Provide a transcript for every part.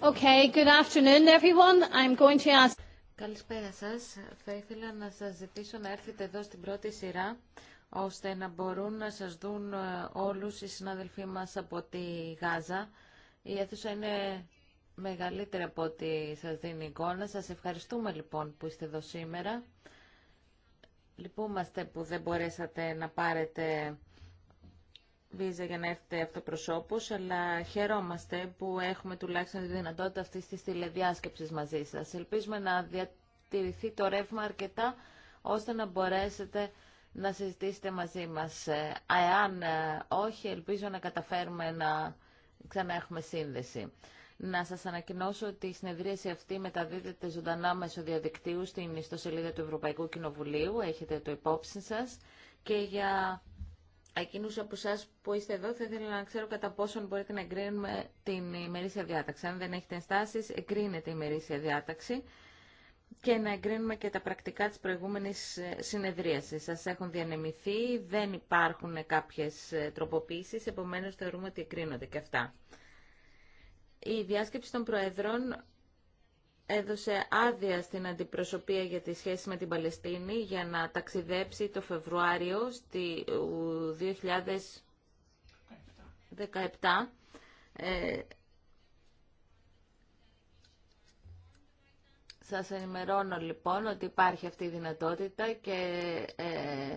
Okay, good afternoon everyone. I'm going to ask... Καλησπέρα σας. Θα ήθελα να σας ζητήσω να έρθετε εδώ στην πρώτη σειρά, ώστε να μπορούν να σας δουν ε, όλους οι συνάδελφοί μας από τη Γάζα. Η αίθουσα είναι μεγαλύτερη από ό,τι σας δίνει η εικόνα. Σας ευχαριστούμε λοιπόν που είστε εδώ σήμερα. Λυπούμαστε που δεν μπορέσατε να πάρετε βίζα για να έρθετε προσώπος, αλλά χαιρόμαστε που έχουμε τουλάχιστον τη δυνατότητα αυτής της τηλεδιάσκεψης μαζί σας. Ελπίζουμε να διατηρηθεί το ρεύμα αρκετά, ώστε να μπορέσετε να συζητήσετε μαζί μας. Ε, εάν ε, όχι, ελπίζω να καταφέρουμε να ξαναέχουμε σύνδεση. Να σας ανακοινώσω ότι η συνεδρίαση αυτή μεταδίδεται ζωντανά μέσω διαδικτύου στην ιστοσελίδα του Ευρωπαϊκού Κοινοβουλίου. Έχετε το υπόψη σας. Και για εκείνους από εσά που είστε εδώ θα ήθελα να ξέρω κατά πόσον μπορείτε να εγκρίνουμε την ημερήσια διάταξη. Αν δεν έχετε ενστάσει, εγκρίνεται η ημερήσια διάταξη και να εγκρίνουμε και τα πρακτικά της προηγούμενης ε, συνεδρίασης. Σας έχουν διανεμηθεί, δεν υπάρχουν κάποιες ε, τροποποίησεις, επομένως θεωρούμε ότι εγκρίνονται και αυτά. Η διάσκεψη των Προέδρων έδωσε άδεια στην αντιπροσωπεία για τη σχέση με την Παλαιστίνη για να ταξιδέψει το Φεβρουάριο του 2017 ε, σας ενημερώνω λοιπόν ότι υπάρχει αυτή η δυνατότητα και ε,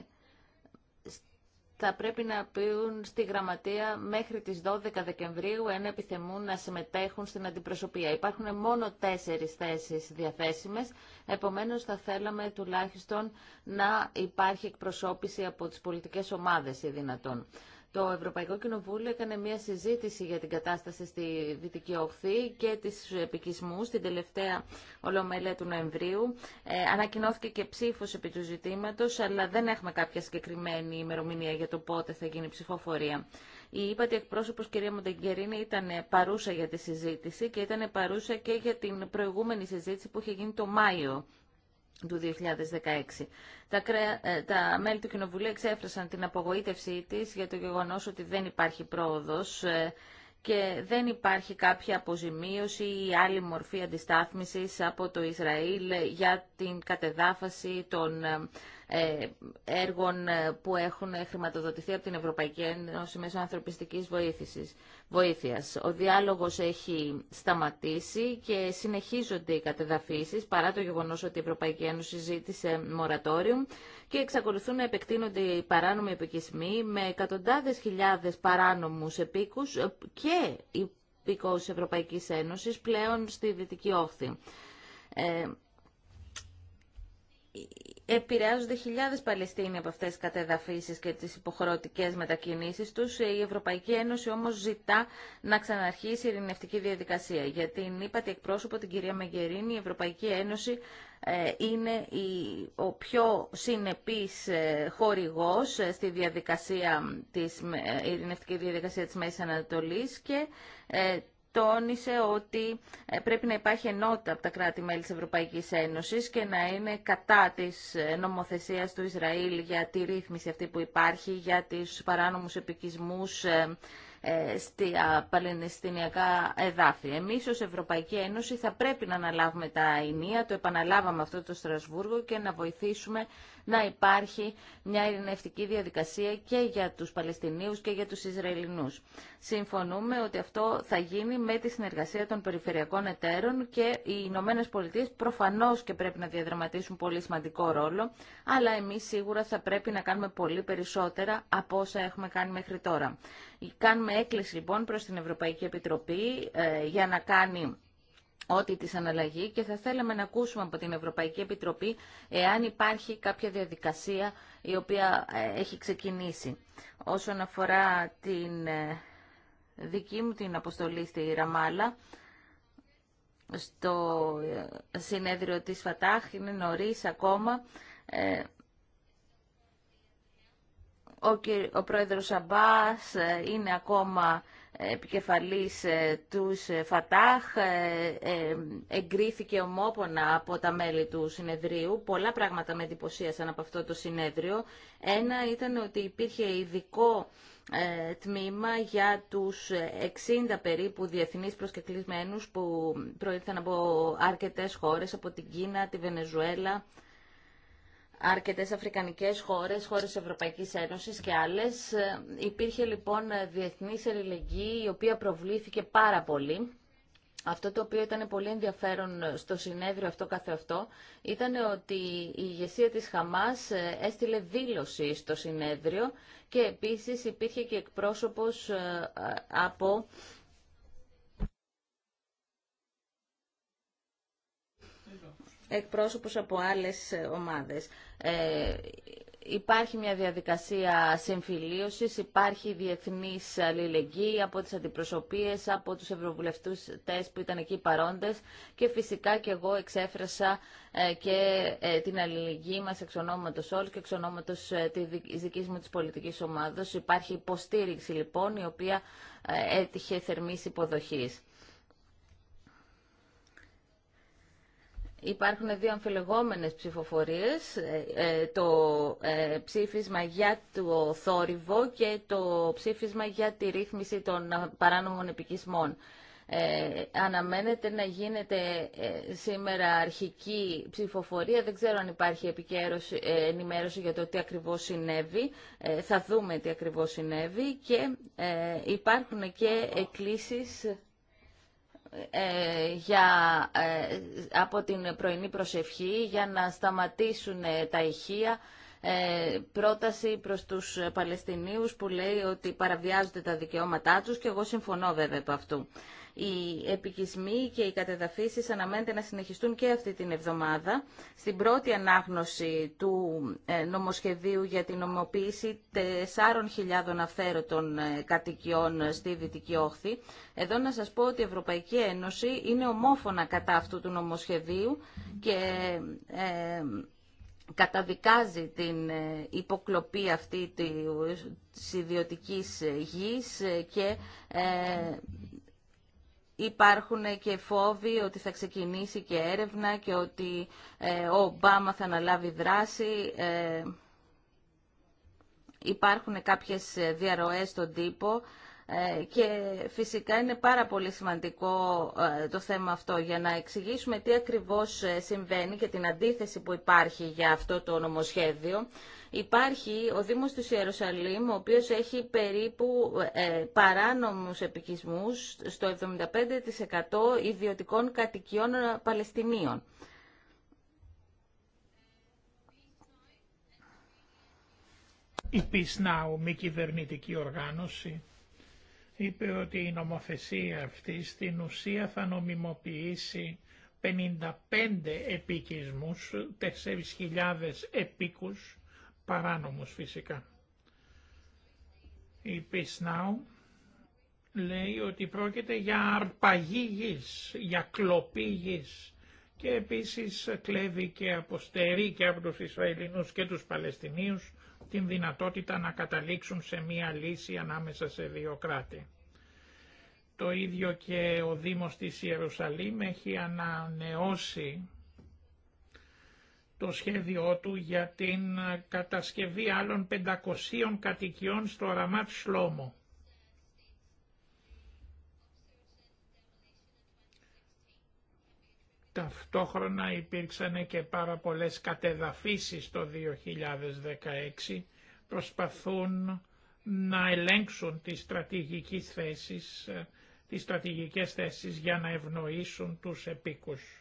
θα πρέπει να πούν στη γραμματεία μέχρι τις 12 Δεκεμβρίου εάν επιθυμούν να συμμετέχουν στην αντιπροσωπεία. Υπάρχουν μόνο τέσσερις θέσεις διαθέσιμες, επομένως θα θέλαμε τουλάχιστον να υπάρχει εκπροσώπηση από τις πολιτικές ομάδες ή δυνατόν. Το Ευρωπαϊκό Κοινοβούλιο έκανε μια συζήτηση για την κατάσταση στη Δυτική Οχθή και τις επικισμούς την τελευταία ολομέλεια του Νοεμβρίου. Ε, ανακοινώθηκε και ψήφος επί του ζητήματος, αλλά δεν έχουμε κάποια συγκεκριμένη ημερομηνία για το πότε θα γίνει ψηφοφορία. Η ύπατη εκπρόσωπος κυρία Μοντεγκερίνη ήταν παρούσα για τη συζήτηση και ήταν παρούσα και για την προηγούμενη συζήτηση που είχε γίνει το Μάιο του 2016. Τα, ε, τα μέλη του Κοινοβουλίου εξέφρασαν την απογοήτευσή της για το γεγονός ότι δεν υπάρχει πρόοδος ε, και δεν υπάρχει κάποια αποζημίωση ή άλλη μορφή αντιστάθμισης από το Ισραήλ για την κατεδάφαση των ε, ε, έργων ε, που έχουν χρηματοδοτηθεί από την Ευρωπαϊκή Ένωση μέσω ανθρωπιστικής βοήθειας. Ο διάλογος έχει σταματήσει και συνεχίζονται οι κατεδαφίσεις παρά το γεγονός ότι η Ευρωπαϊκή Ένωση ζήτησε μορατόριο και εξακολουθούν να επεκτείνονται οι παράνομοι επικισμοί με εκατοντάδες χιλιάδες παράνομους επίκους και υπηκόους Ευρωπαϊκής Ένωσης πλέον στη Δυτική Όχθη. Ε, επηρεάζονται χιλιάδε Παλαιστίνοι από αυτές τι κατεδαφίσεις και τις υποχρεωτικέ μετακινήσεις τους. Η Ευρωπαϊκή Ένωση όμως ζητά να ξαναρχίσει η ειρηνευτική διαδικασία. Για την είπατε εκπρόσωπο, την κυρία Μεγερίνη, η Ευρωπαϊκή Ένωση ε, είναι ο πιο συνεπής ε, χορηγός ε, στη διαδικασία της, ειρηνευτική διαδικασία της Μέσης Ανατολής και τόνισε ότι ε, πρέπει να υπάρχει ενότητα από τα κράτη-μέλη της Ευρωπαϊκής Ένωσης και να είναι κατά της ε, νομοθεσίας του Ισραήλ για τη ρύθμιση αυτή που υπάρχει για τις παράνομους επικισμούς ε, ε, στα παλαινιστινιακά εδάφη. Εμεί ω Ευρωπαϊκή Ένωση θα πρέπει να αναλάβουμε τα ενία, το επαναλάβαμε αυτό το Στρασβούργο και να βοηθήσουμε να υπάρχει μια ειρηνευτική διαδικασία και για του Παλαιστινίου και για του Ισραηλινού. Συμφωνούμε ότι αυτό θα γίνει με τη συνεργασία των περιφερειακών εταίρων και οι Ηνωμένε Πολιτείε προφανώ και πρέπει να διαδραματίσουν πολύ σημαντικό ρόλο, αλλά εμεί σίγουρα θα πρέπει να κάνουμε πολύ περισσότερα από όσα έχουμε κάνει μέχρι τώρα. Κάνουμε έκκληση λοιπόν προς την Ευρωπαϊκή Επιτροπή ε, για να κάνει ό,τι της αναλλαγεί και θα θέλαμε να ακούσουμε από την Ευρωπαϊκή Επιτροπή εάν υπάρχει κάποια διαδικασία η οποία ε, έχει ξεκινήσει. Όσον αφορά την ε, δική μου την αποστολή στη Ραμάλα, στο συνέδριο της Φατάχ, είναι νωρίς ακόμα, ο, ο πρόεδρος Αμπάς ε, είναι ακόμα επικεφαλής ε, του ε, Φατάχ εγκρίθηκε ομόπονα από τα μέλη του συνεδρίου. Πολλά πράγματα με εντυπωσίασαν από αυτό το συνέδριο. Ένα ήταν ότι υπήρχε ειδικό τμήμα για τους 60 περίπου διεθνείς προσκεκλισμένους που προήλθαν από αρκετές χώρες, από την Κίνα, τη Βενεζουέλα, αρκετές αφρικανικές χώρες, χώρες Ευρωπαϊκής Ένωσης και άλλες. Ε, υπήρχε λοιπόν ε, διεθνή ελληνική η οποία προβλήθηκε πάρα πολύ. Αυτό το οποίο ήταν πολύ ενδιαφέρον ε, στο συνέδριο αυτό καθεαυτό ήταν ότι η ηγεσία της Χαμάς έστειλε δήλωση στο συνέδριο και επίσης υπήρχε και εκπρόσωπος από εκπρόσωπους από άλλες ομάδες. Ε, υπάρχει μια διαδικασία συμφιλίωσης, υπάρχει διεθνής αλληλεγγύη από τις αντιπροσωπείες, από τους ευρωβουλευτές τες που ήταν εκεί παρόντες και φυσικά και εγώ εξέφρασα ε, και ε, την αλληλεγγύη μας εξ ονόματος όλους και εξ ονόματος ε, της δικής μου της πολιτικής ομάδος. Υπάρχει υποστήριξη λοιπόν η οποία έτυχε θερμής υποδοχής. Υπάρχουν δύο αμφιλεγόμενες ψηφοφορίες, ε, ε, το ε, ψήφισμα για το θόρυβο και το ψήφισμα για τη ρύθμιση των παράνομων επικισμών. Ε, αναμένεται να γίνεται σήμερα αρχική ψηφοφορία. Δεν ξέρω αν υπάρχει επικέρωση, ενημέρωση για το τι ακριβώς συνέβη. θα δούμε τι ακριβώς συνέβη και υπάρχουν και εκκλήσεις... Ε, για, ε, από την πρωινή προσευχή για να σταματήσουν τα ηχεία ε, πρόταση προς τους Παλαιστινίους που λέει ότι παραβιάζονται τα δικαιώματά τους και εγώ συμφωνώ βέβαια από αυτού. Οι επικισμοί και οι κατεδαφίσεις αναμένεται να συνεχιστούν και αυτή την εβδομάδα. Στην πρώτη ανάγνωση του ε, νομοσχεδίου για την νομοποίηση 4.000 αυθέρωτων ε, κατοικιών στη Δυτική Όχθη. Εδώ να σας πω ότι η Ευρωπαϊκή Ένωση είναι ομόφωνα κατά αυτού του νομοσχεδίου και ε, καταδικάζει την υποκλοπή αυτή της ιδιωτικής γης και υπάρχουν και φόβοι ότι θα ξεκινήσει και έρευνα και ότι ε, ο Ομπάμα θα αναλάβει δράση. Ε, υπάρχουν κάποιες διαρροές στον τύπο ε, και φυσικά είναι πάρα πολύ σημαντικό το θέμα αυτό για να εξηγήσουμε τι ακριβώς συμβαίνει και την αντίθεση που υπάρχει για αυτό το νομοσχέδιο. Υπάρχει ο Δήμος της Ιερουσαλήμ, ο οποίος έχει περίπου ε, παράνομους επικισμούς στο 75% ιδιωτικών κατοικιών Παλαιστινίων. Η Πισνάου, μη κυβερνητική οργάνωση, είπε ότι η νομοθεσία αυτή στην ουσία θα νομιμοποιήσει 55 επικισμούς, 4.000 επίκους παράνομος φυσικά. Η Peace Now λέει ότι πρόκειται για αρπαγή για κλοπή και επίσης κλέβει και αποστερεί και από τους Ισραηλινούς και τους Παλαιστινίους την δυνατότητα να καταλήξουν σε μία λύση ανάμεσα σε δύο κράτη. Το ίδιο και ο Δήμος της Ιερουσαλήμ έχει ανανεώσει το σχέδιό του για την ε, κατασκευή άλλων 500 κατοικιών στο Ραμάτ Σλόμο. Ταυτόχρονα υπήρξαν και πάρα πολλές κατεδαφίσεις το 2016, προσπαθούν να ελέγξουν τις στρατηγικές θέσεις, ε, τις στρατηγικές θέσεις για να ευνοήσουν τους επίκους.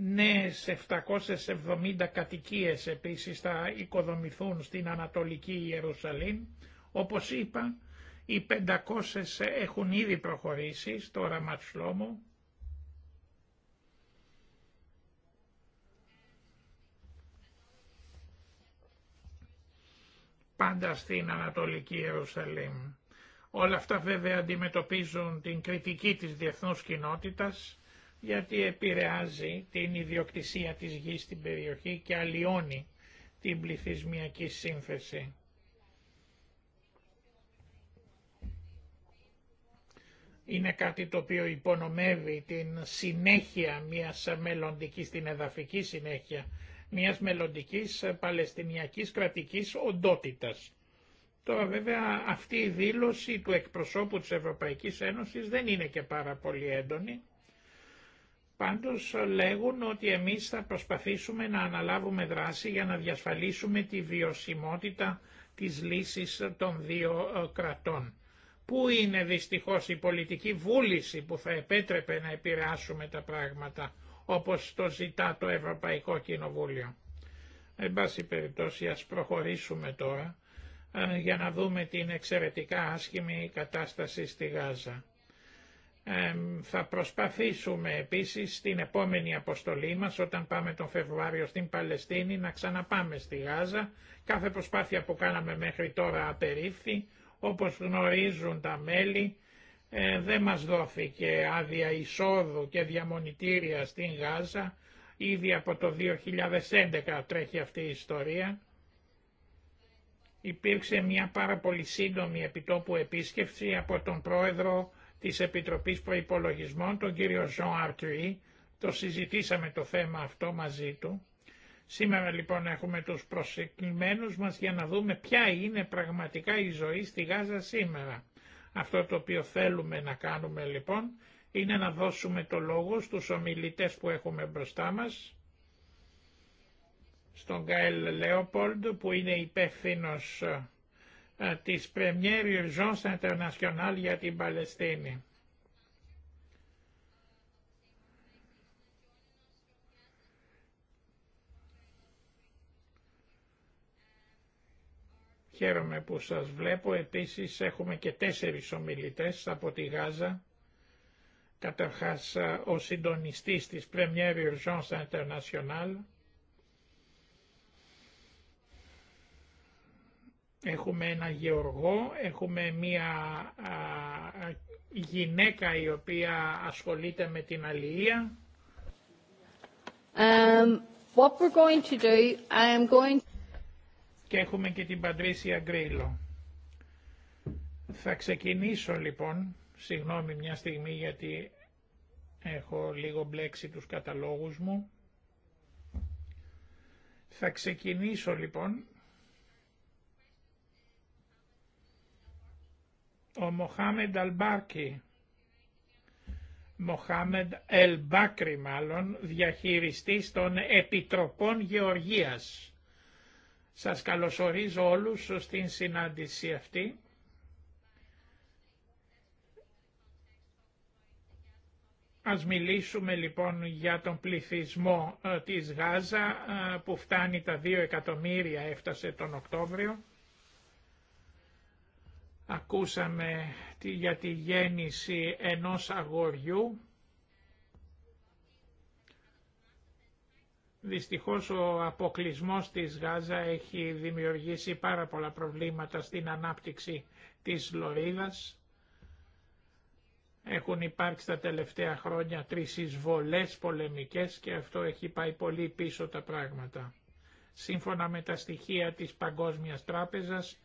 Νέες 770 κατοικίες επίσης θα οικοδομηθούν στην Ανατολική Ιερουσαλήμ. Όπως είπα, οι 500 έχουν ήδη προχωρήσει στο Ραματσλόμο. Πάντα στην Ανατολική Ιερουσαλήμ. Όλα αυτά βέβαια αντιμετωπίζουν την κριτική της διεθνούς κοινότητας γιατί επηρεάζει την ιδιοκτησία της γης στην περιοχή και αλλοιώνει την πληθυσμιακή σύνθεση. Είναι κάτι το οποίο υπονομεύει την συνέχεια μιας μελλοντικής, την εδαφική συνέχεια, μιας μελλοντικής παλαιστινιακής κρατικής οντότητας. Τώρα βέβαια αυτή η δήλωση του εκπροσώπου της Ευρωπαϊκής Ένωσης δεν είναι και πάρα πολύ έντονη Πάντως ε, λέγουν ότι εμείς θα προσπαθήσουμε να αναλάβουμε δράση για να διασφαλίσουμε τη βιωσιμότητα της λύσης των δύο ε, κρατών. Πού είναι δυστυχώς η πολιτική βούληση που θα επέτρεπε να επηρεάσουμε τα πράγματα όπως το ζητά το Ευρωπαϊκό Κοινοβούλιο. Εν πάση περιπτώσει ας προχωρήσουμε τώρα ε, για να δούμε την εξαιρετικά άσχημη κατάσταση στη Γάζα θα προσπαθήσουμε επίσης στην επόμενη αποστολή μας όταν πάμε τον Φεβρουάριο στην Παλαιστίνη να ξαναπάμε στη Γάζα. Κάθε προσπάθεια που κάναμε μέχρι τώρα απερίφθη. Όπως γνωρίζουν τα μέλη ε, δεν μας δόθηκε άδεια εισόδου και διαμονητήρια στην Γάζα. Ήδη από το 2011 τρέχει αυτή η ιστορία. Υπήρξε μια πάρα πολύ σύντομη επιτόπου επίσκεψη από τον πρόεδρο της Επιτροπής Προϋπολογισμών, τον κύριο Ζων Αρτουή. Το συζητήσαμε το θέμα αυτό μαζί του. Σήμερα λοιπόν έχουμε τους προσεκλημένους μας για να δούμε ποια είναι πραγματικά η ζωή στη Γάζα σήμερα. Αυτό το οποίο θέλουμε να κάνουμε λοιπόν είναι να δώσουμε το λόγο στους ομιλητές που έχουμε μπροστά μας, στον Γκάιλ Λέοπολντ που είναι υπεύθυνο ε, της Premier Urgence Internationale για την Παλαιστίνη. Χαίρομαι που σας βλέπω. Επίσης έχουμε και τέσσερις ομιλητές από τη Γάζα. Καταρχάς ο συντονιστής της Premier Urgence Internationale, Έχουμε ένα γεωργό, έχουμε μία γυναίκα η οποία ασχολείται με την αλληλεία. Um, what we're going to do, I going... Και έχουμε και την Πατρίσια Γκρίλο. Θα ξεκινήσω λοιπόν, συγγνώμη μια στιγμή γιατί έχω λίγο μπλέξει τους καταλόγους μου. Θα ξεκινήσω λοιπόν Ο Μοχάμεντ Αλμπάκη, Μοχάμεντ Ελμπάκρη μάλλον, διαχειριστής των Επιτροπών Γεωργίας. Σας καλωσορίζω όλους στην συνάντηση αυτή. Ας μιλήσουμε λοιπόν για τον πληθυσμό ε, της Γάζα ε, που φτάνει τα 2 εκατομμύρια, έφτασε τον Οκτώβριο. Ακούσαμε για τη γέννηση ενός αγοριού. Δυστυχώς ο αποκλισμός της Γάζα έχει δημιουργήσει πάρα πολλά προβλήματα στην ανάπτυξη της Λωρίδας. Έχουν υπάρξει τα τελευταία χρόνια τρεις εισβολές πολεμικές και αυτό έχει πάει πολύ πίσω τα πράγματα. Σύμφωνα με τα στοιχεία της Παγκόσμιας Τράπεζας,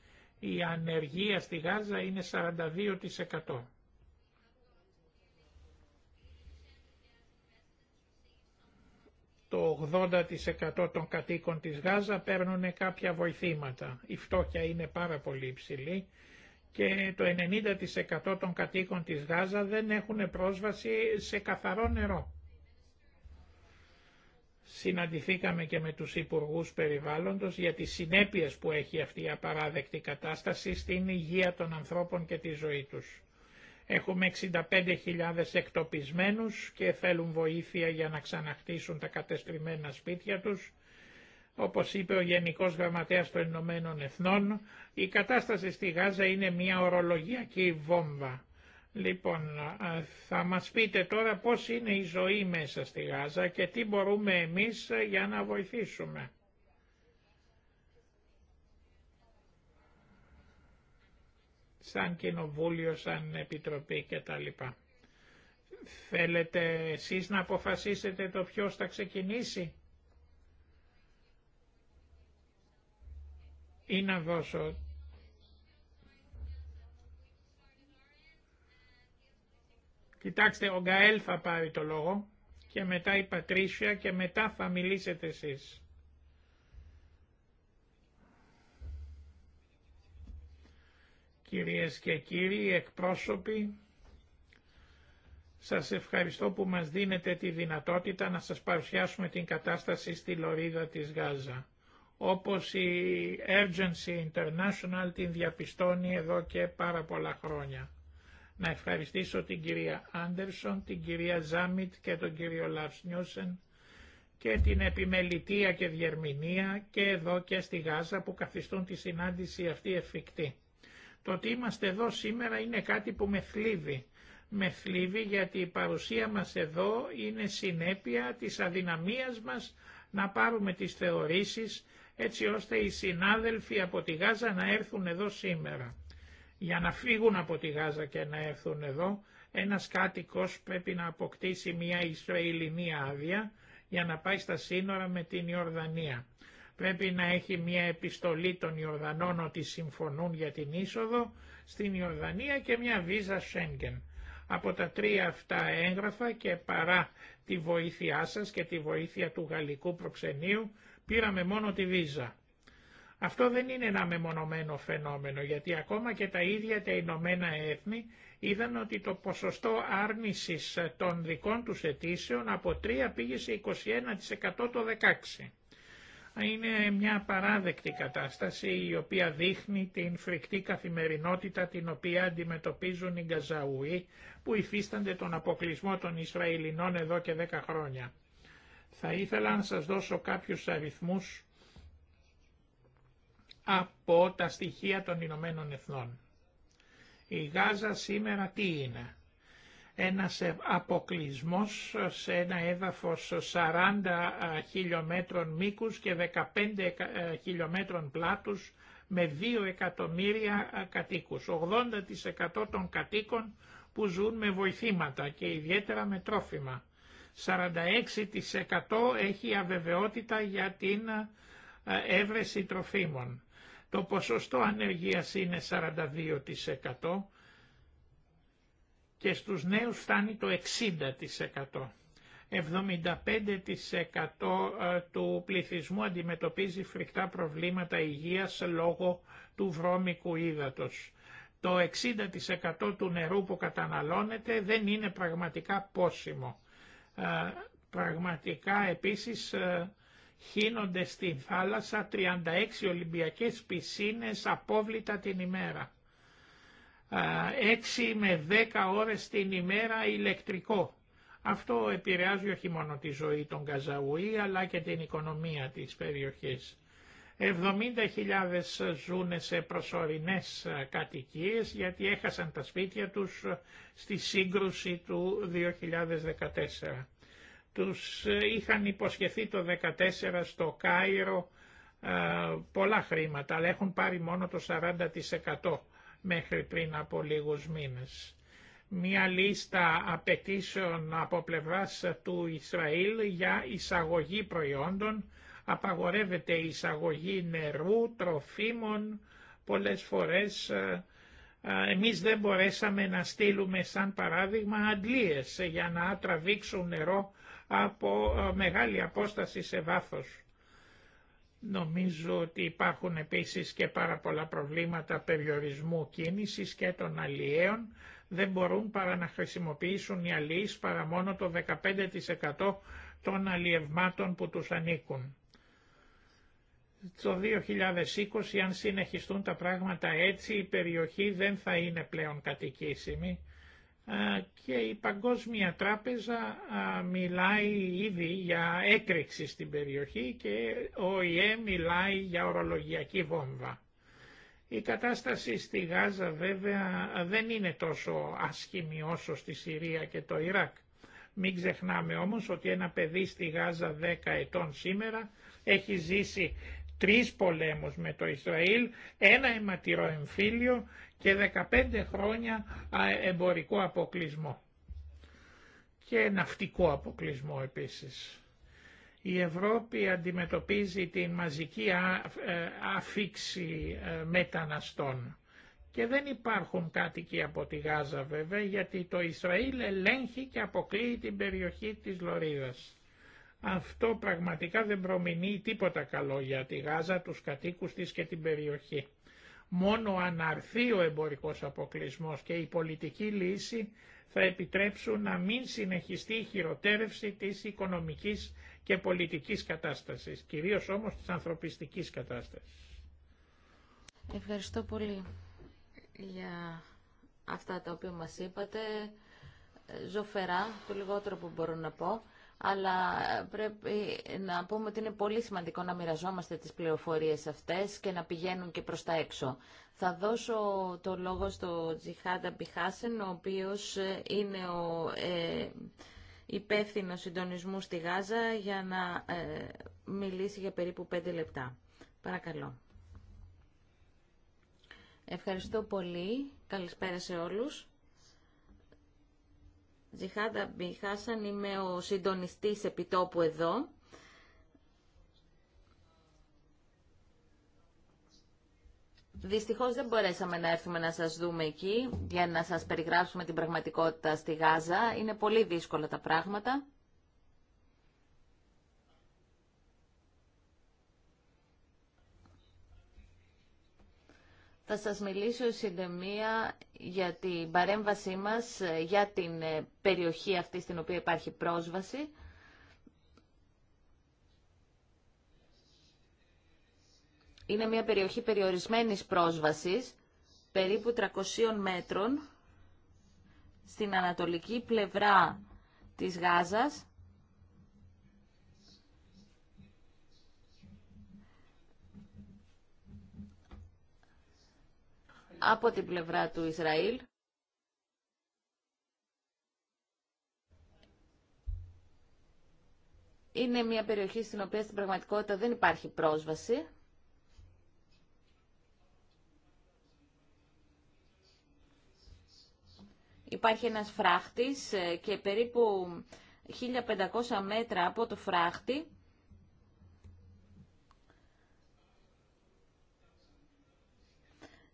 η ανεργία στη Γάζα είναι 42%. Το 80% των κατοίκων της Γάζα παίρνουν κάποια βοηθήματα. Η φτώχεια είναι πάρα πολύ υψηλή και το 90% των κατοίκων της Γάζα δεν έχουν πρόσβαση σε καθαρό νερό. Συναντηθήκαμε και με τους Υπουργούς Περιβάλλοντος για τις συνέπειες που έχει αυτή η απαράδεκτη κατάσταση στην υγεία των ανθρώπων και τη ζωή τους. Έχουμε 65.000 εκτοπισμένους και θέλουν βοήθεια για να ξαναχτίσουν τα κατεστριμμένα σπίτια τους. Όπως είπε ο Γενικός Γραμματέας των Ηνωμένων Εθνών, η κατάσταση στη Γάζα είναι μια ορολογιακή βόμβα. Λοιπόν, θα μας πείτε τώρα πώς είναι η ζωή μέσα στη Γάζα και τι μπορούμε εμείς ε, για να βοηθήσουμε. σαν κοινοβούλιο, σαν επιτροπή κτλ. Θέλετε εσείς να αποφασίσετε το ποιος θα ξεκινήσει ή να δώσω Κοιτάξτε, ο Γκαέλ θα πάρει το λόγο και μετά η Πατρίσια και μετά θα μιλήσετε εσείς. Κυρίες και κύριοι, εκπρόσωποι, σας ευχαριστώ που μας δίνετε τη δυνατότητα να σας παρουσιάσουμε την κατάσταση στη Λωρίδα της Γάζα. Όπως η Urgency International την διαπιστώνει εδώ και πάρα πολλά χρόνια να ευχαριστήσω την κυρία Άντερσον, την κυρία Ζάμιτ και τον κύριο Λαυσνιούσεν και την επιμελητία και διερμηνία και εδώ και στη Γάζα που καθιστούν τη συνάντηση αυτή εφικτή. Το ότι είμαστε εδώ σήμερα είναι κάτι που με θλίβει. Με θλίβει γιατί η παρουσία μας εδώ είναι συνέπεια της αδυναμίας μας να πάρουμε τις θεωρήσεις έτσι ώστε οι συνάδελφοι από τη Γάζα να έρθουν εδώ σήμερα. Για να φύγουν από τη Γάζα και να έρθουν εδώ, ένας κάτοικος πρέπει να αποκτήσει μια Ισραηλινή άδεια για να πάει στα σύνορα με την Ιορδανία. Πρέπει να έχει μια επιστολή των Ιορδανών ότι συμφωνούν για την είσοδο στην Ιορδανία και μια βίζα Σέγγεν. Από τα τρία αυτά έγγραφα και παρά τη βοήθειά σας και τη βοήθεια του γαλλικού προξενείου πήραμε μόνο τη βίζα. Αυτό δεν είναι ένα μεμονωμένο φαινόμενο, γιατί ακόμα και τα ίδια τα Ηνωμένα Έθνη είδαν ότι το ποσοστό άρνησης των δικών τους αιτήσεων από 3 πήγε σε 21% το 16%. Είναι μια παράδεκτη κατάσταση η οποία δείχνει την φρικτή καθημερινότητα την οποία αντιμετωπίζουν οι Γκαζαούοι που υφίστανται τον αποκλεισμό των Ισραηλινών εδώ και 10 χρόνια. Θα ήθελα να σας δώσω κάποιους αριθμούς από τα στοιχεία των Ηνωμένων Εθνών. Η Γάζα σήμερα τι είναι. Ένας ε, αποκλεισμός σε ένα έδαφος 40 ε, χιλιόμετρων μήκους και 15 ε, χιλιόμετρων πλάτους με 2 εκατομμύρια κατοίκους. 80% των κατοίκων που ζουν με βοηθήματα και ιδιαίτερα με τρόφιμα. 46% έχει αβεβαιότητα για την έβρεση τροφίμων. Το ποσοστό ανεργίας είναι 42% και στους νέους φτάνει το 60%. 75% ε, του πληθυσμού αντιμετωπίζει φρικτά προβλήματα υγείας λόγω του βρώμικου ύδατος. Το 60% του νερού που καταναλώνεται δεν είναι πραγματικά πόσιμο. Ε, πραγματικά επίσης ε, χύνονται στη θάλασσα 36 Ολυμπιακές πισίνες απόβλητα την ημέρα. 6 με 10 ώρες την ημέρα ηλεκτρικό. Αυτό επηρεάζει όχι μόνο τη ζωή των Καζαουή αλλά και την οικονομία της περιοχής. 70.000 ζουν σε προσωρινές κατοικίες γιατί έχασαν τα σπίτια τους στη σύγκρουση του 2014. Τους ε, είχαν υποσχεθεί το 2014 στο Κάιρο ε, πολλά χρήματα, αλλά έχουν πάρει μόνο το 40% μέχρι πριν από λίγους μήνες. Μία λίστα απαιτήσεων από πλευράς του Ισραήλ για εισαγωγή προϊόντων, απαγορεύεται η εισαγωγή νερού, τροφίμων, πολλές φορές ε, εμείς δεν μπορέσαμε να στείλουμε σαν παράδειγμα αντλίες για να τραβήξουν νερό από ε, μεγάλη απόσταση σε βάθος. Νομίζω ότι υπάρχουν επίσης και πάρα πολλά προβλήματα περιορισμού κίνησης και των αλλιέων. Δεν μπορούν παρά να χρησιμοποιήσουν οι αλλιείς παρά μόνο το 15% των αλλιευμάτων που τους ανήκουν. Το 2020, αν συνεχιστούν τα πράγματα έτσι, η περιοχή δεν θα είναι πλέον κατοικήσιμη και η Παγκόσμια Τράπεζα μιλάει ήδη για έκρηξη στην περιοχή και ο ΙΕ μιλάει για ορολογιακή βόμβα. Η κατάσταση στη Γάζα βέβαια δεν είναι τόσο άσχημη όσο στη Συρία και το Ιράκ. Μην ξεχνάμε όμως ότι ένα παιδί στη Γάζα 10 ετών σήμερα έχει ζήσει τρεις πολέμους με το Ισραήλ, ένα αιματηρό εμφύλιο και 15 χρόνια εμπορικό αποκλεισμό και ναυτικό αποκλεισμό επίσης. Η Ευρώπη αντιμετωπίζει την μαζική ε, αφήξη ε, μεταναστών και δεν υπάρχουν κάτοικοι από τη Γάζα βέβαια γιατί το Ισραήλ ελέγχει και αποκλείει την περιοχή της Λωρίδας. Αυτό πραγματικά δεν προμηνύει τίποτα καλό για τη Γάζα, τους κατοίκους της και την περιοχή. Μόνο αν αρθεί ο εμπορικός αποκλεισμός και η πολιτική λύση θα επιτρέψουν να μην συνεχιστεί η χειροτέρευση της οικονομικής και πολιτικής κατάστασης, κυρίως όμως της ανθρωπιστικής κατάστασης. Ευχαριστώ πολύ για αυτά τα οποία μας είπατε. Ε, ζωφερά, το λιγότερο που μπορώ να πω αλλά πρέπει να πούμε ότι είναι πολύ σημαντικό να μοιραζόμαστε τις πληροφορίες αυτές και να πηγαίνουν και προς τα έξω. Θα δώσω το λόγο στο Τζιχάντα Μπιχάσεν, ο οποίος ε, είναι ο ε, υπεύθυνος συντονισμού στη Γάζα, για να ε, μιλήσει για περίπου πέντε λεπτά. Παρακαλώ. Ευχαριστώ πολύ. Καλησπέρα σε όλους. Ζιχάδα Μπιχάσαν, είμαι ο συντονιστής επιτόπου εδώ. Δυστυχώς δεν μπορέσαμε να έρθουμε να σας δούμε εκεί για να σας περιγράψουμε την πραγματικότητα στη Γάζα. Είναι πολύ δύσκολα τα πράγματα. Θα σας μιλήσω Συντεμία, για την παρέμβασή μας ε, για την ε, περιοχή αυτή στην οποία υπάρχει πρόσβαση. Είναι μια περιοχή περιορισμένης πρόσβασης, περίπου 300 μέτρων, στην ανατολική πλευρά της Γάζας, από την πλευρά του Ισραήλ. Είναι μια περιοχή στην οποία στην πραγματικότητα δεν υπάρχει πρόσβαση. Υπάρχει ένας φράχτης ε, και περίπου 1500 μέτρα από το φράχτη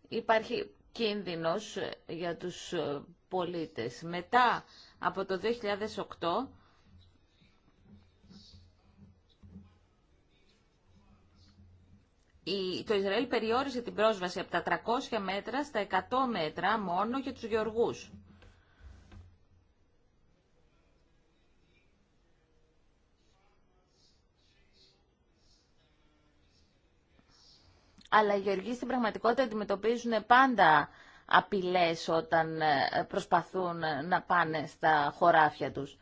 υπάρχει κίνδυνος για τους ε, πολίτες. Μετά από το 2008 το Ισραήλ περιόρισε την πρόσβαση από τα 300 μέτρα στα 100 μέτρα μόνο για τους γεωργούς. αλλά οι γεωργοί στην πραγματικότητα αντιμετωπίζουν πάντα απειλές όταν ε, προσπαθούν ε, να πάνε στα χωράφια τους.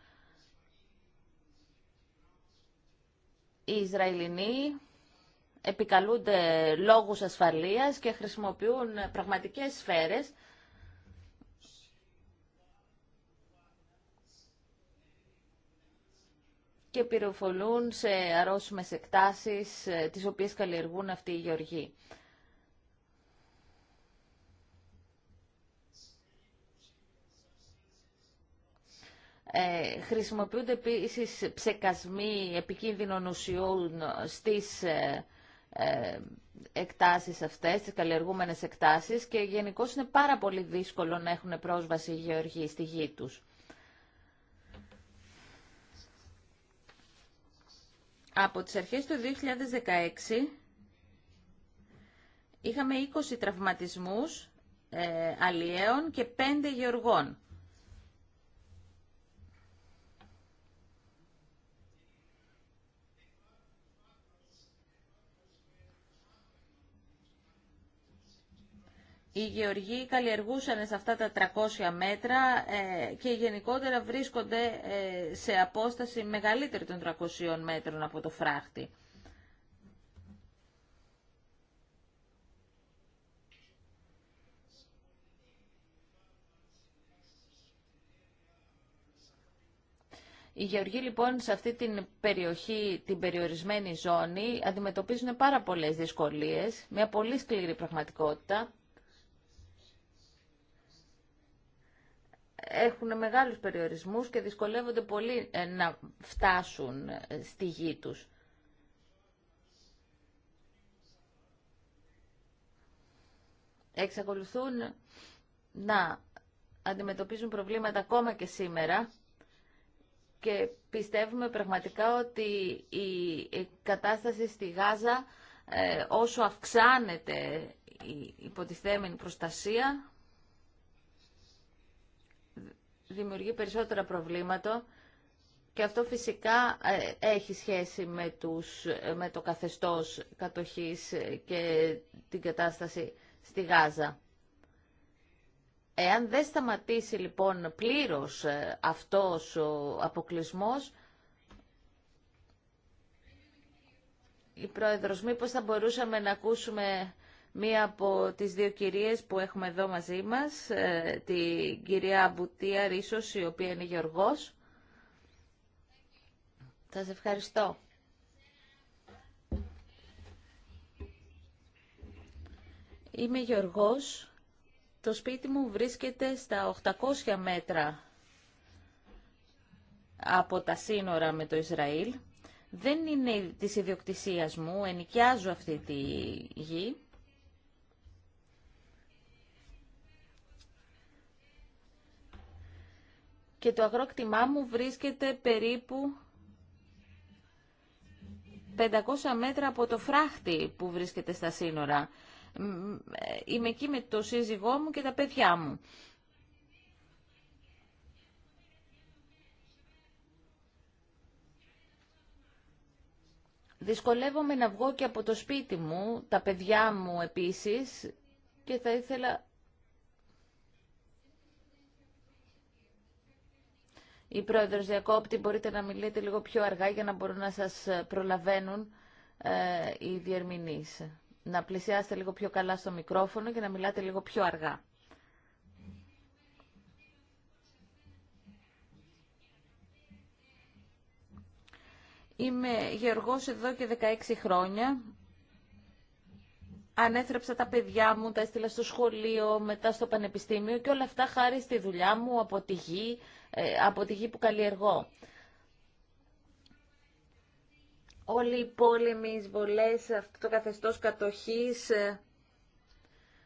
Οι Ισραηλινοί επικαλούνται λόγους ασφαλείας και χρησιμοποιούν ε, πραγματικές σφαίρες και πυροφολούν σε αρρώσιμες εκτάσεις ε, τις οποίες καλλιεργούν αυτοί οι γεωργοί. Ε, χρησιμοποιούνται επίσης ψεκασμοί επικίνδυνων ουσιών στις ε, ε, εκτάσεις αυτές, τις καλλιεργούμενες εκτάσεις και γενικώ είναι πάρα πολύ δύσκολο να έχουν πρόσβαση οι γεωργοί στη γη τους. Από τις αρχές του 2016 είχαμε 20 τραυματισμούς ε, αλλιέων και 5 γεωργών. Οι γεωργοί καλλιεργούσαν σε αυτά τα 300 μέτρα ε, και γενικότερα βρίσκονται ε, σε απόσταση μεγαλύτερη των 300 μέτρων από το φράχτη. Οι γεωργοί λοιπόν σε αυτή την περιοχή, την περιορισμένη ζώνη, αντιμετωπίζουν πάρα πολλές δυσκολίες, μια πολύ σκληρή πραγματικότητα. έχουν μεγάλους περιορισμούς και δυσκολεύονται πολύ ε, να φτάσουν ε, στη γη τους. Εξακολουθούν να αντιμετωπίζουν προβλήματα ακόμα και σήμερα και πιστεύουμε πραγματικά ότι η κατάσταση στη Γάζα ε, όσο αυξάνεται η υποτιθέμενη προστασία δημιουργεί περισσότερα προβλήματα και αυτό φυσικά ε, έχει σχέση με, τους, ε, με το καθεστώς κατοχής και την κατάσταση στη Γάζα. Εάν δεν σταματήσει λοιπόν πλήρως ε, αυτός ο αποκλεισμός, η Πρόεδρος, μήπως θα μπορούσαμε να ακούσουμε Μία από τις δύο κυρίες που έχουμε εδώ μαζί μας, ε, την κυρία Μπουτία Ρίσος, η οποία είναι γεωργός. Θα σας ευχαριστώ. Είμαι γεωργός. Το σπίτι μου βρίσκεται στα 800 μέτρα από τα σύνορα με το Ισραήλ. Δεν είναι της ιδιοκτησίας μου, ενοικιάζω αυτή τη γη και το αγρόκτημά μου βρίσκεται περίπου 500 μέτρα από το φράχτη που βρίσκεται στα σύνορα. Είμαι εκεί με το σύζυγό μου και τα παιδιά μου. Δυσκολεύομαι να βγω και από το σπίτι μου, τα παιδιά μου επίσης και θα ήθελα Η πρόεδρος διακόπτη μπορείτε να μιλείτε λίγο πιο αργά για να μπορούν να σας προλαβαίνουν ε, οι διερμηνείς. Να πλησιάσετε λίγο πιο καλά στο μικρόφωνο και να μιλάτε λίγο πιο αργά. Είμαι γεωργός εδώ και 16 χρόνια. Ανέθρεψα τα παιδιά μου, τα έστειλα στο σχολείο, μετά στο πανεπιστήμιο και όλα αυτά χάρη στη δουλειά μου, από τη γη, ε, από τη γη που καλλιεργώ. Όλοι οι πόλεμοι, οι εισβολές, αυτό το καθεστώς κατοχής ε,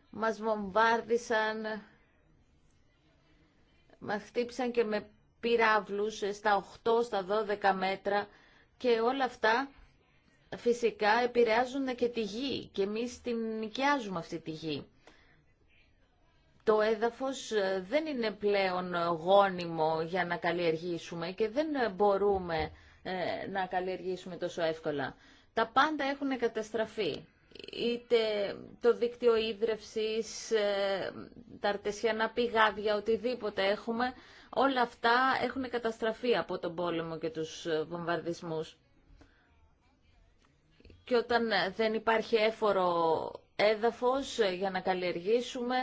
μας βομβάρδισαν, μας χτύπησαν και με πυράβλους ε, στα 8, στα 12 μέτρα και όλα αυτά φυσικά επηρεάζουν και τη γη και εμείς την νοικιάζουμε αυτή τη γη το έδαφος ε, δεν είναι πλέον ε, γόνιμο για να καλλιεργήσουμε και δεν ε, μπορούμε να καλλιεργήσουμε τόσο εύκολα. Τα πάντα έχουν καταστραφεί. Είτε το δίκτυο ίδρευσης, τα αρτεσιανά πηγάδια, οτιδήποτε έχουμε, όλα αυτά έχουν καταστραφεί από τον πόλεμο και τους βομβαρδισμούς. Και όταν δεν υπάρχει έφορο έδαφος για να καλλιεργήσουμε,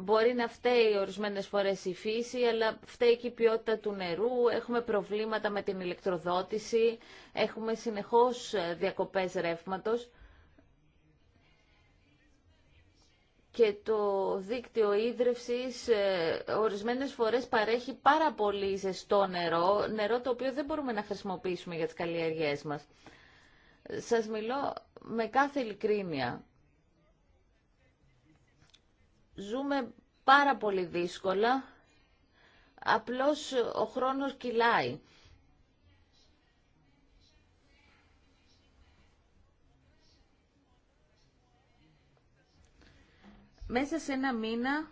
Μπορεί να φταίει ορισμένες φορές η φύση, αλλά φταίει και η ποιότητα του νερού, έχουμε προβλήματα με την ηλεκτροδότηση, έχουμε συνεχώς ε, διακοπές ρεύματος. και το δίκτυο ίδρυυσης ε, ορισμένες φορές παρέχει πάρα πολύ ζεστό νερό, νερό το οποίο δεν μπορούμε να χρησιμοποιήσουμε για τις καλλιέργειές μας. Σας μιλώ με κάθε ειλικρίνεια. Ζούμε πάρα πολύ δύσκολα, απλώς ο χρόνος κυλάει. Μέσα σε ένα μήνα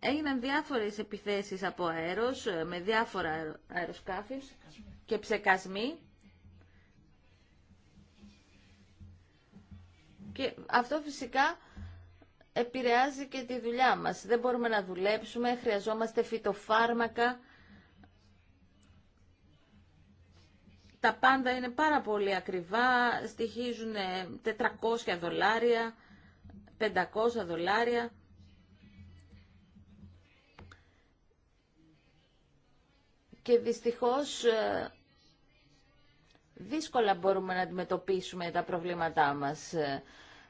έγιναν διάφορες επιθέσεις από αέρος, με διάφορα αεροσκάφη και ψεκασμοί. Και αυτό φυσικά επηρεάζει και τη δουλειά μας. Δεν μπορούμε να δουλέψουμε, χρειαζόμαστε φυτοφάρμακα. Τα πάντα είναι πάρα πολύ ακριβά, στοιχίζουν 400 δολάρια, 500 δολάρια. Και δυστυχώς ε, δύσκολα μπορούμε να αντιμετωπίσουμε τα προβλήματά μας. Ε,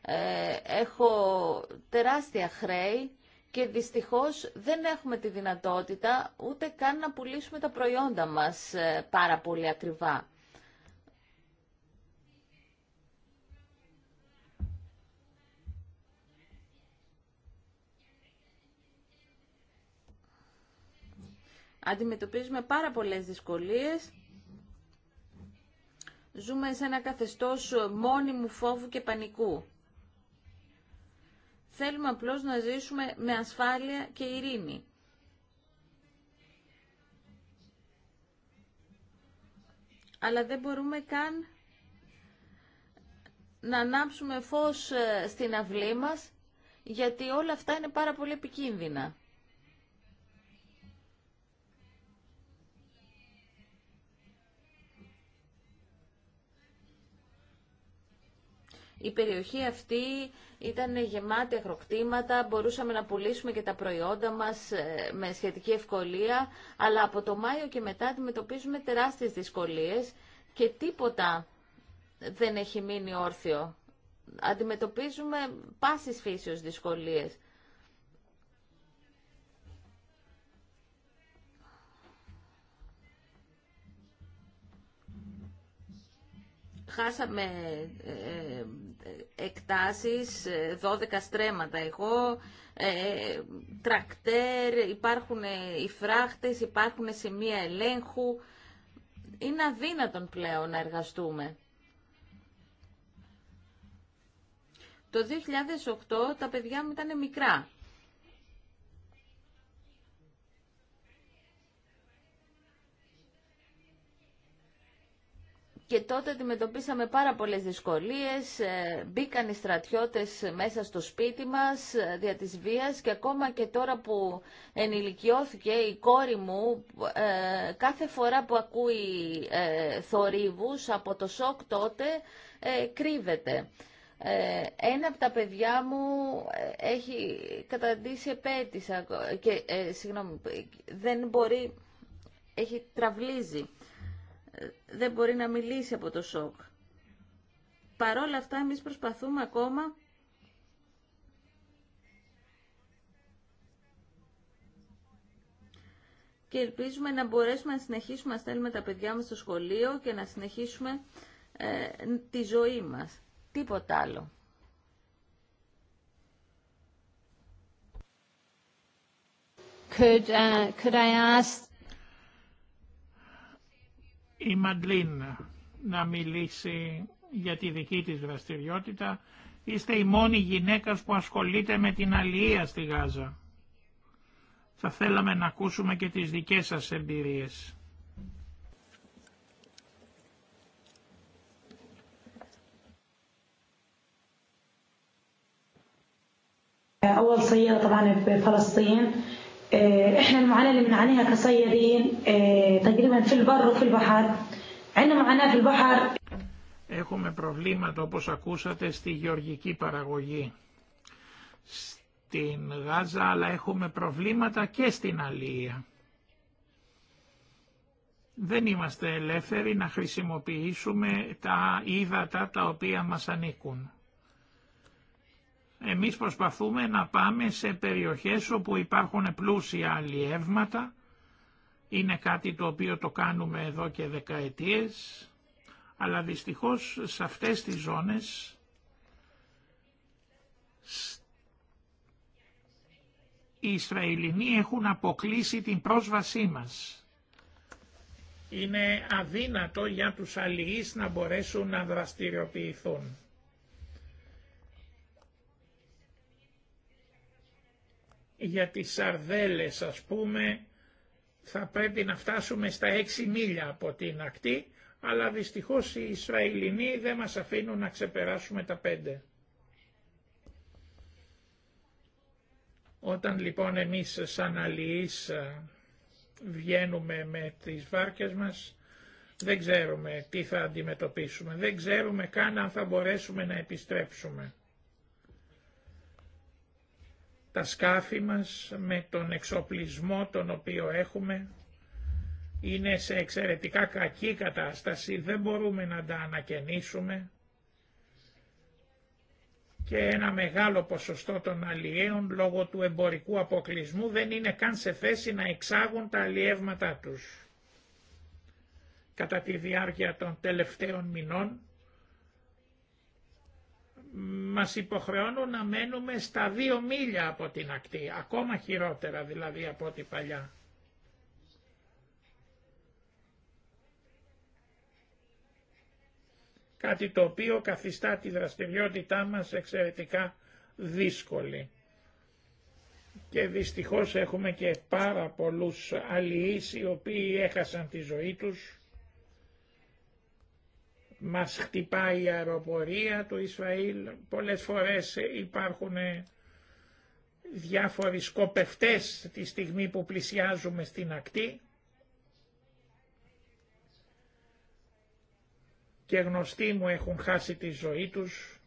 ε, έχω τεράστια χρέη και δυστυχώς δεν έχουμε τη δυνατότητα ούτε καν να πουλήσουμε τα προϊόντα μας ε, πάρα πολύ ακριβά. Αντιμετωπίζουμε πάρα πολλές δυσκολίες. Ζούμε σε ένα καθεστώς μόνιμου φόβου και πανικού. Θέλουμε απλώς να ζήσουμε με ασφάλεια και ειρήνη. Αλλά δεν μπορούμε καν να ανάψουμε φως ε, στην αυλή μας, γιατί όλα αυτά είναι πάρα πολύ επικίνδυνα. Η περιοχή αυτή ήταν γεμάτη αγροκτήματα, μπορούσαμε να πουλήσουμε και τα προϊόντα μας ε, με σχετική ευκολία, αλλά από το Μάιο και μετά αντιμετωπίζουμε τεράστιες δυσκολίες και τίποτα δεν έχει μείνει όρθιο. Αντιμετωπίζουμε πάσης φύσεως δυσκολίες. Χάσαμε ε, ε, εκτάσεις, 12 ε, στρέμματα εγώ, τρακτέρ, υπάρχουν ε, οι φράχτες, υπάρχουν σημεία ελέγχου. Είναι αδύνατον πλέον να εργαστούμε. Το 2008 τα παιδιά μου ήταν μικρά. και τότε αντιμετωπίσαμε πάρα πολλές δυσκολίες, ε, μπήκαν οι στρατιώτες μέσα στο σπίτι μας ε, δια της βίας και ακόμα και τώρα που ενηλικιώθηκε η κόρη μου ε, κάθε φορά που ακούει θορύβους από το σοκ τότε κρύβεται. Ένα από τα παιδιά μου έχει καταντήσει επέτησα και συγγνώμη, δεν μπορεί, έχει τραυλίζει δεν μπορεί να μιλήσει από το σοκ. Παρόλα αυτά εμείς προσπαθούμε ακόμα και ελπίζουμε να μπορέσουμε να συνεχίσουμε να στέλνουμε τα παιδιά μας στο σχολείο και να συνεχίσουμε ε, τη ζωή μας. Τίποτα άλλο. Could, uh, could η Μαντλίν να μιλήσει για τη δική της δραστηριότητα. Είστε η μόνη γυναίκα που ασχολείται με την αλληλεία στη Γάζα. Θα θέλαμε να ακούσουμε και τις δικές σας εμπειρίες. أول سيارة طبعا فلسطين Έχουμε προβλήματα όπως ακούσατε στη γεωργική παραγωγή στην Γάζα αλλά έχουμε προβλήματα και στην Αλία. Δεν είμαστε ελεύθεροι να χρησιμοποιήσουμε τα ύδατα τα οποία μας ανήκουν. Εμείς προσπαθούμε να πάμε σε περιοχές όπου υπάρχουν πλούσια αλλιεύματα. Είναι κάτι το οποίο το κάνουμε εδώ και δεκαετίες, αλλά δυστυχώς σε αυτές τις ζώνες οι Ισραηλινοί έχουν αποκλείσει την πρόσβασή μας. Είναι αδύνατο για τους αλληλείς να μπορέσουν να δραστηριοποιηθούν. για τις Σαρδέλες ας πούμε θα πρέπει να φτάσουμε στα 6 μίλια από την ακτή, αλλά δυστυχώς οι Ισραηλινοί δεν μας αφήνουν να ξεπεράσουμε τα 5. Όταν λοιπόν εμείς σαν αλληλείς ε, βγαίνουμε με τις βάρκες μας, δεν ξέρουμε τι θα αντιμετωπίσουμε, δεν ξέρουμε καν αν θα μπορέσουμε να επιστρέψουμε τα σκάφη μας με τον εξοπλισμό τον οποίο έχουμε είναι σε εξαιρετικά κακή κατάσταση, δεν μπορούμε να τα ανακαινήσουμε και ένα μεγάλο ποσοστό των αλλιέων λόγω του εμπορικού αποκλεισμού δεν είναι καν σε θέση να εξάγουν τα αλλιεύματά τους. Κατά τη διάρκεια των τελευταίων μηνών μας υποχρεώνουν να μένουμε στα δύο μίλια από την ακτή, ακόμα χειρότερα δηλαδή από ό,τι παλιά. Κάτι το οποίο καθιστά τη δραστηριότητά μας εξαιρετικά δύσκολη. Και δυστυχώς έχουμε και πάρα πολλούς αλληλείς οι οποίοι έχασαν τη ζωή τους μας χτυπάει η αεροπορία του Ισραήλ. Πολλές φορές υπάρχουν ε, διάφοροι σκοπευτές τη στιγμή που πλησιάζουμε στην ακτή. Και γνωστοί μου έχουν χάσει τη ζωή τους.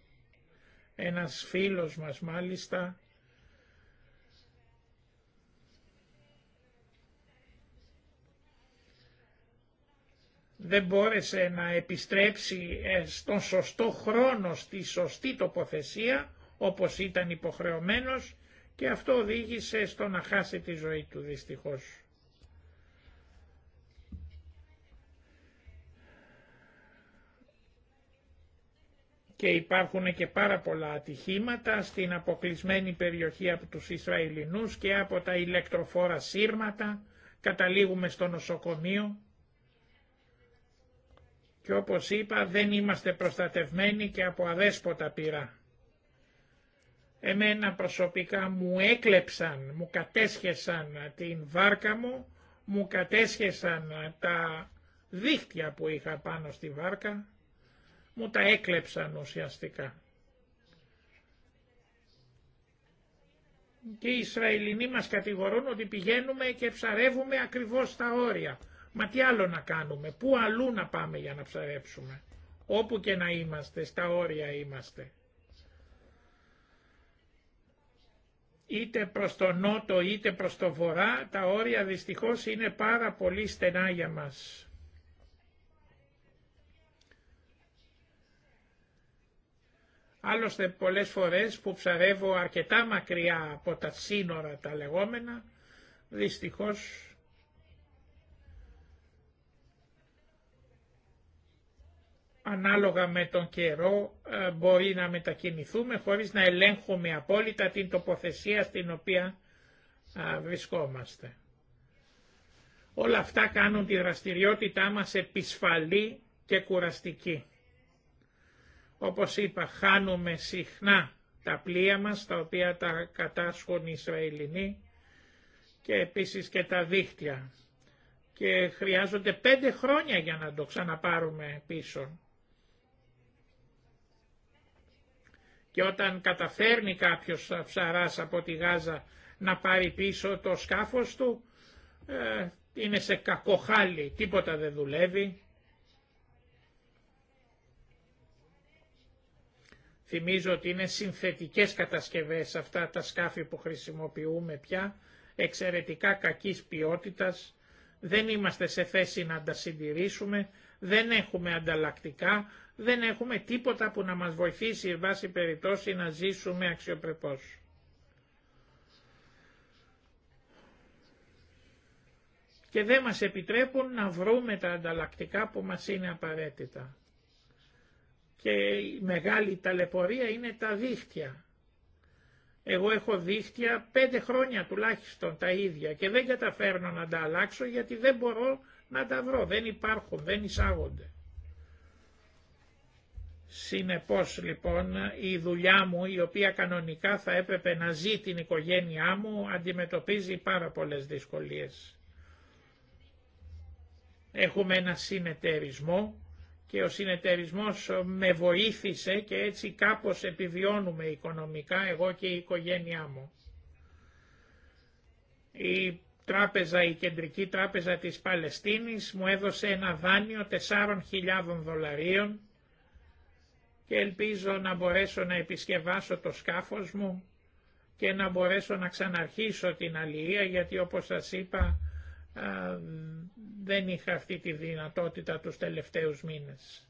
Ένας φίλος μας μάλιστα δεν μπόρεσε να επιστρέψει ε, στον σωστό χρόνο, στη σωστή τοποθεσία, όπως ήταν υποχρεωμένος και αυτό οδήγησε στο να χάσει τη ζωή του δυστυχώς. Και υπάρχουν και πάρα πολλά ατυχήματα στην αποκλεισμένη περιοχή από τους Ισραηλινούς και από τα ηλεκτροφόρα σύρματα, καταλήγουμε στο νοσοκομείο και όπως είπα δεν είμαστε προστατευμένοι και από αδέσποτα πυρά. Εμένα προσωπικά μου έκλεψαν, μου κατέσχεσαν την βάρκα μου, μου κατέσχεσαν τα δίχτυα που είχα πάνω στη βάρκα, μου τα έκλεψαν ουσιαστικά. Και οι Ισραηλινοί μας κατηγορούν ότι πηγαίνουμε και ψαρεύουμε ακριβώς στα όρια. Μα τι άλλο να κάνουμε, πού αλλού να πάμε για να ψαρέψουμε. Όπου και να είμαστε, στα όρια είμαστε. Είτε προς το νότο είτε προς το βορρά, τα όρια δυστυχώς είναι πάρα πολύ στενά για μας. Άλλωστε πολλές φορές που ψαρεύω αρκετά μακριά από τα σύνορα τα λεγόμενα, δυστυχώς ανάλογα με τον καιρό ε, μπορεί να μετακινηθούμε χωρίς να ελέγχουμε απόλυτα την τοποθεσία στην οποία βρισκόμαστε. Όλα αυτά κάνουν τη δραστηριότητά μας επισφαλή και κουραστική. Όπως είπα, χάνουμε συχνά τα πλοία μας, τα οποία τα κατάσχουν οι Ισραηλινοί και επίσης και τα δίχτυα. Και χρειάζονται πέντε χρόνια για να το ξαναπάρουμε πίσω. Και όταν καταφέρνει κάποιος ε, ψαράς από τη Γάζα να πάρει πίσω το σκάφος του, ε, είναι σε κακοχάλι, τίποτα δεν δουλεύει. Θυμίζω ότι είναι συνθετικές κατασκευές αυτά τα σκάφη που χρησιμοποιούμε πια, εξαιρετικά κακής ποιότητας, δεν είμαστε σε θέση να τα συντηρήσουμε, δεν έχουμε ανταλλακτικά, δεν έχουμε τίποτα που να μας βοηθήσει εν βάση περιπτώσει να ζήσουμε αξιοπρεπώς. Και δεν μας επιτρέπουν να βρούμε τα ανταλλακτικά που μας είναι απαραίτητα. Και η μεγάλη ταλαιπωρία είναι τα δίχτυα. Εγώ έχω δίχτυα πέντε χρόνια τουλάχιστον τα ίδια και δεν καταφέρνω να τα αλλάξω γιατί δεν μπορώ να τα βρω, δεν υπάρχουν, δεν εισάγονται. Συνεπώς λοιπόν η δουλειά μου η οποία κανονικά θα έπρεπε να ζει την οικογένειά μου αντιμετωπίζει πάρα πολλές δυσκολίες. Έχουμε ένα συνεταιρισμό και ο συνεταιρισμός με βοήθησε και έτσι κάπως επιβιώνουμε οικονομικά εγώ και η οικογένειά μου. Η τράπεζα, η κεντρική τράπεζα της Παλαιστίνης μου έδωσε ένα δάνειο 4.000 δολαρίων και ελπίζω να μπορέσω να επισκευάσω το σκάφος μου και να μπορέσω να ξαναρχίσω την αλληλεία γιατί όπως σας είπα δεν είχα αυτή τη δυνατότητα τους τελευταίους μήνες.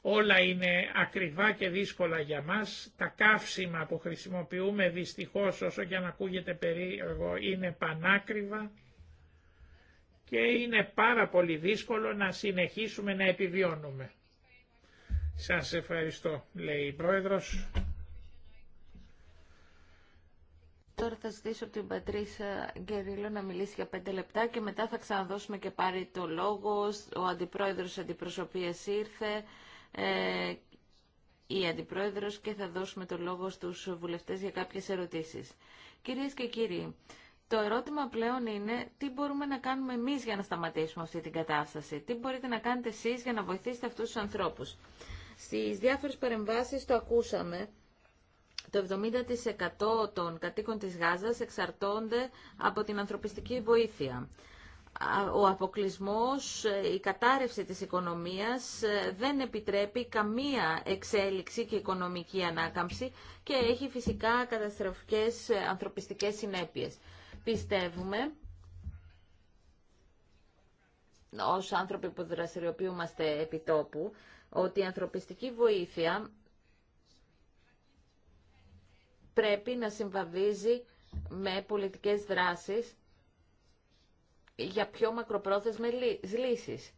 Όλα είναι ακριβά και δύσκολα για μας. Τα καύσιμα που χρησιμοποιούμε δυστυχώς όσο και αν ακούγεται περίεργο είναι πανάκριβα και είναι πάρα πολύ δύσκολο να συνεχίσουμε να επιβιώνουμε. Σας ευχαριστώ, λέει η Πρόεδρος. Τώρα θα ζητήσω από την Πατρίσα Γκερίλο να μιλήσει για πέντε λεπτά και μετά θα ξαναδώσουμε και πάρει το λόγο. Ο Αντιπρόεδρος Αντιπροσωπείας ήρθε, ε, η Αντιπρόεδρος και θα δώσουμε το λόγο στους βουλευτές για κάποιες ερωτήσεις. Κυρίες και κύριοι, το ερώτημα πλέον είναι τι μπορούμε να κάνουμε εμείς για να σταματήσουμε αυτή την κατάσταση. Τι μπορείτε να κάνετε εσείς για να βοηθήσετε αυτούς τους ανθρώπους. Στις διάφορες παρεμβάσεις το ακούσαμε. Το 70% των κατοίκων της Γάζας εξαρτώνται από την ανθρωπιστική βοήθεια. Ο αποκλισμός, ε, η κατάρρευση της οικονομίας ε, δεν επιτρέπει καμία εξέλιξη και οικονομική ανάκαμψη και έχει φυσικά καταστροφικές ε, ανθρωπιστικές συνέπειες. Πιστεύουμε ως άνθρωποι που δραστηριοποιούμαστε επιτόπου, ότι η ανθρωπιστική βοήθεια πρέπει να συμβαδίζει με πολιτικές δράσεις για πιο μακροπρόθεσμες λύσεις.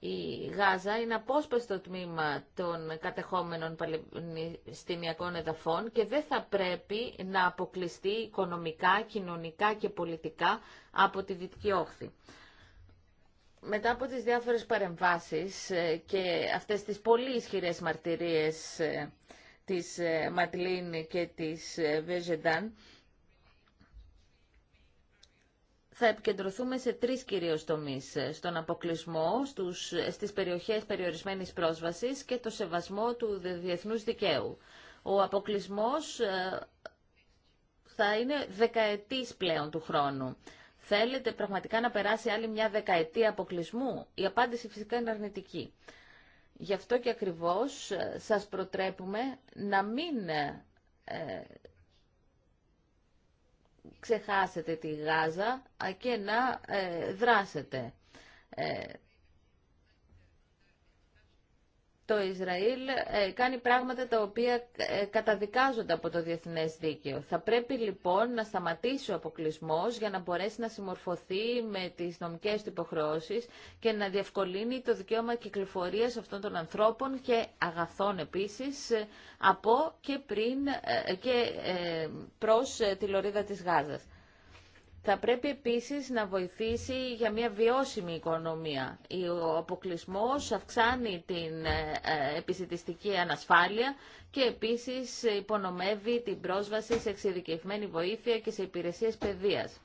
Η Γάζα είναι απόσπαστο τμήμα των κατεχόμενων παλαιστινιακών εδαφών και δεν θα πρέπει να αποκλειστεί οικονομικά, κοινωνικά και πολιτικά από τη Δυτική Όχθη μετά από τις διάφορες παρεμβάσεις ε, και αυτές τις πολύ ισχυρές μαρτυρίες ε, της ε, Ματλίν και της Βέζενταν, θα επικεντρωθούμε σε τρεις κυρίως τομείς. Στον αποκλεισμό, στους, στις περιοχές περιορισμένης πρόσβασης και το σεβασμό του διεθνούς δικαίου. Ο αποκλεισμός θα είναι δεκαετής πλέον του χρόνου. Θέλετε πραγματικά να περάσει άλλη μια δεκαετία αποκλεισμού. Η απάντηση φυσικά είναι αρνητική. Γι' αυτό και ακριβώς ε, σας προτρέπουμε να μην ε, ε, ξεχάσετε τη Γάζα και να δράσετε το Ισραήλ ε, κάνει πράγματα τα οποία ε, καταδικάζονται από το διεθνές δίκαιο. Θα πρέπει λοιπόν να σταματήσει ο αποκλεισμό για να μπορέσει να συμμορφωθεί με τις νομικές του υποχρεώσεις και να διευκολύνει το δικαίωμα κυκλοφορίας αυτών των ανθρώπων και αγαθών επίσης από και πριν ε, και προς τη λωρίδα της Γάζας. Θα πρέπει επίσης να βοηθήσει για μια βιώσιμη οικονομία. Ο αποκλεισμός αυξάνει την ε, επισητιστική ανασφάλεια και επίσης υπονομεύει την πρόσβαση σε εξειδικευμένη βοήθεια και σε υπηρεσίες παιδείας.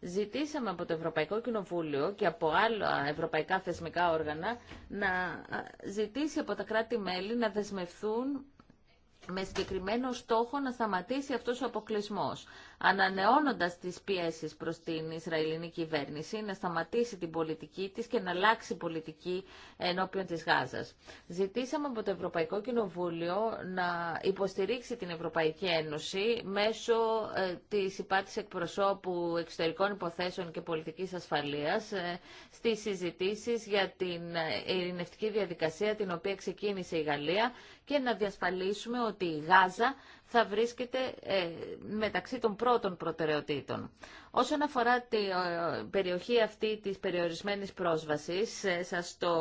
Ζητήσαμε από το Ευρωπαϊκό Κοινοβούλιο και από άλλα ευρωπαϊκά θεσμικά όργανα να ε, ζητήσει από τα κράτη-μέλη να δεσμευθούν με συγκεκριμένο στόχο να σταματήσει αυτός ο αποκλεισμός ανανεώνοντας τις πιέσεις προ την Ισραηλινή κυβέρνηση, να σταματήσει την πολιτική της και να αλλάξει πολιτική ενώπιον της Γάζας. Ζητήσαμε από το Ευρωπαϊκό Κοινοβούλιο να υποστηρίξει την Ευρωπαϊκή Ένωση μέσω ε, της υπάτης εκπροσώπου εξωτερικών υποθέσεων και πολιτικής ασφαλείας ε, στις συζητήσεις για την ε, ειρηνευτική διαδικασία την οποία ξεκίνησε η Γαλλία και να διασφαλίσουμε ότι η Γάζα θα βρίσκεται ε, μεταξύ των πρώτων προτεραιοτήτων. Όσον αφορά την ε, περιοχή αυτή της περιορισμένης πρόσβασης, ε, σας το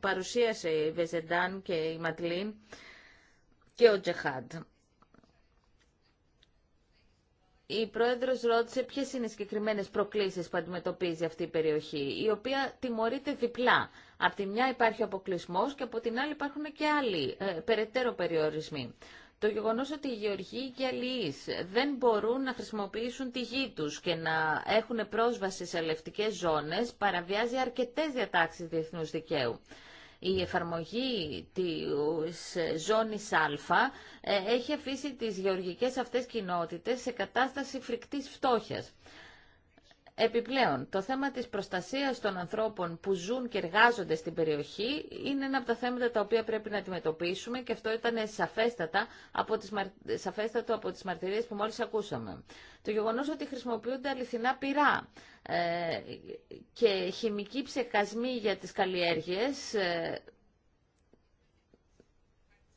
παρουσίασε η Βεζεντάν και η Ματλίν και ο Τζεχάντ. Η πρόεδρος ρώτησε ποιες είναι οι συγκεκριμένες προκλήσεις που αντιμετωπίζει αυτή η περιοχή, η οποία τιμωρείται διπλά. Από τη μια υπάρχει ο και από την άλλη υπάρχουν και άλλοι περαιτέρω περιορισμοί το γεγονός ότι οι γεωργοί και αλληλείς δεν μπορούν να χρησιμοποιήσουν τη γη τους και να έχουν πρόσβαση σε ελευτικές ζώνες παραβιάζει αρκετές διατάξεις διεθνούς δικαίου. Η εφαρμογή της ζώνης Α ε, έχει αφήσει τις γεωργικές αυτές κοινότητες σε κατάσταση φρικτής φτώχειας. Επιπλέον, το θέμα της προστασίας των ανθρώπων που ζουν και εργάζονται στην περιοχή είναι ένα από τα θέματα τα οποία πρέπει να αντιμετωπίσουμε και αυτό ήταν σαφέστατα από τις μαρ... σαφέστατο από τις μαρτυρίες που μόλις ακούσαμε. Το γεγονός ότι χρησιμοποιούνται αληθινά πυρά ε, και χημικοί ψεκασμοί για τις καλλιέργειες ε,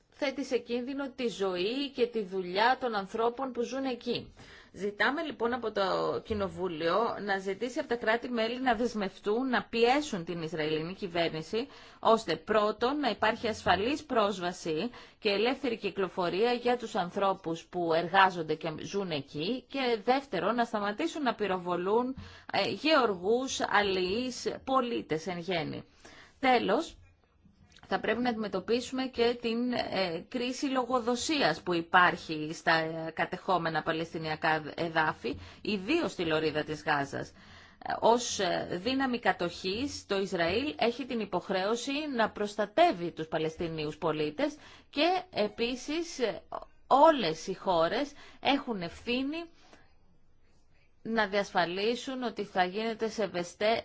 θέτει σε κίνδυνο τη ζωή και τη δουλειά των ανθρώπων που ζουν εκεί. Ζητάμε λοιπόν από το Κοινοβούλιο να ζητήσει από τα κράτη-μέλη να δεσμευτούν, να πιέσουν την Ισραηλινή κυβέρνηση, ώστε πρώτον να υπάρχει ασφαλής πρόσβαση και ελεύθερη κυκλοφορία για τους ανθρώπους που εργάζονται και ζουν εκεί και δεύτερον να σταματήσουν να πυροβολούν ε, γεωργούς, αλληλείς, πολίτες εν γέννη. Τέλος, θα πρέπει να αντιμετωπίσουμε και την ε, κρίση λογοδοσίας που υπάρχει στα ε, κατεχόμενα παλαιστινιακά εδάφη, ιδίως στη λωρίδα της Γάζας. Ε, ως δύναμη κατοχής, το Ισραήλ έχει την υποχρέωση να προστατεύει τους Παλαιστινίους πολίτες και επίσης όλες οι χώρες έχουν ευθύνη να διασφαλίσουν ότι θα γίνεται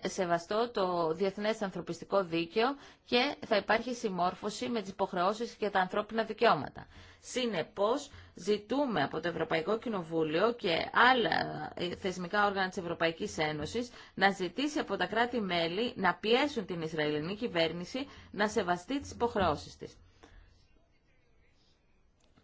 σεβαστό το διεθνές ανθρωπιστικό δίκαιο και θα υπάρχει συμμόρφωση με τις υποχρεώσεις και τα ανθρώπινα δικαιώματα. Σύνεπώς, ζητούμε από το Ευρωπαϊκό Κοινοβούλιο και άλλα ε, θεσμικά όργανα της Ευρωπαϊκής Ένωσης να ζητήσει από τα κράτη-μέλη να πιέσουν την Ισραηλινή κυβέρνηση να σεβαστεί τις υποχρεώσεις της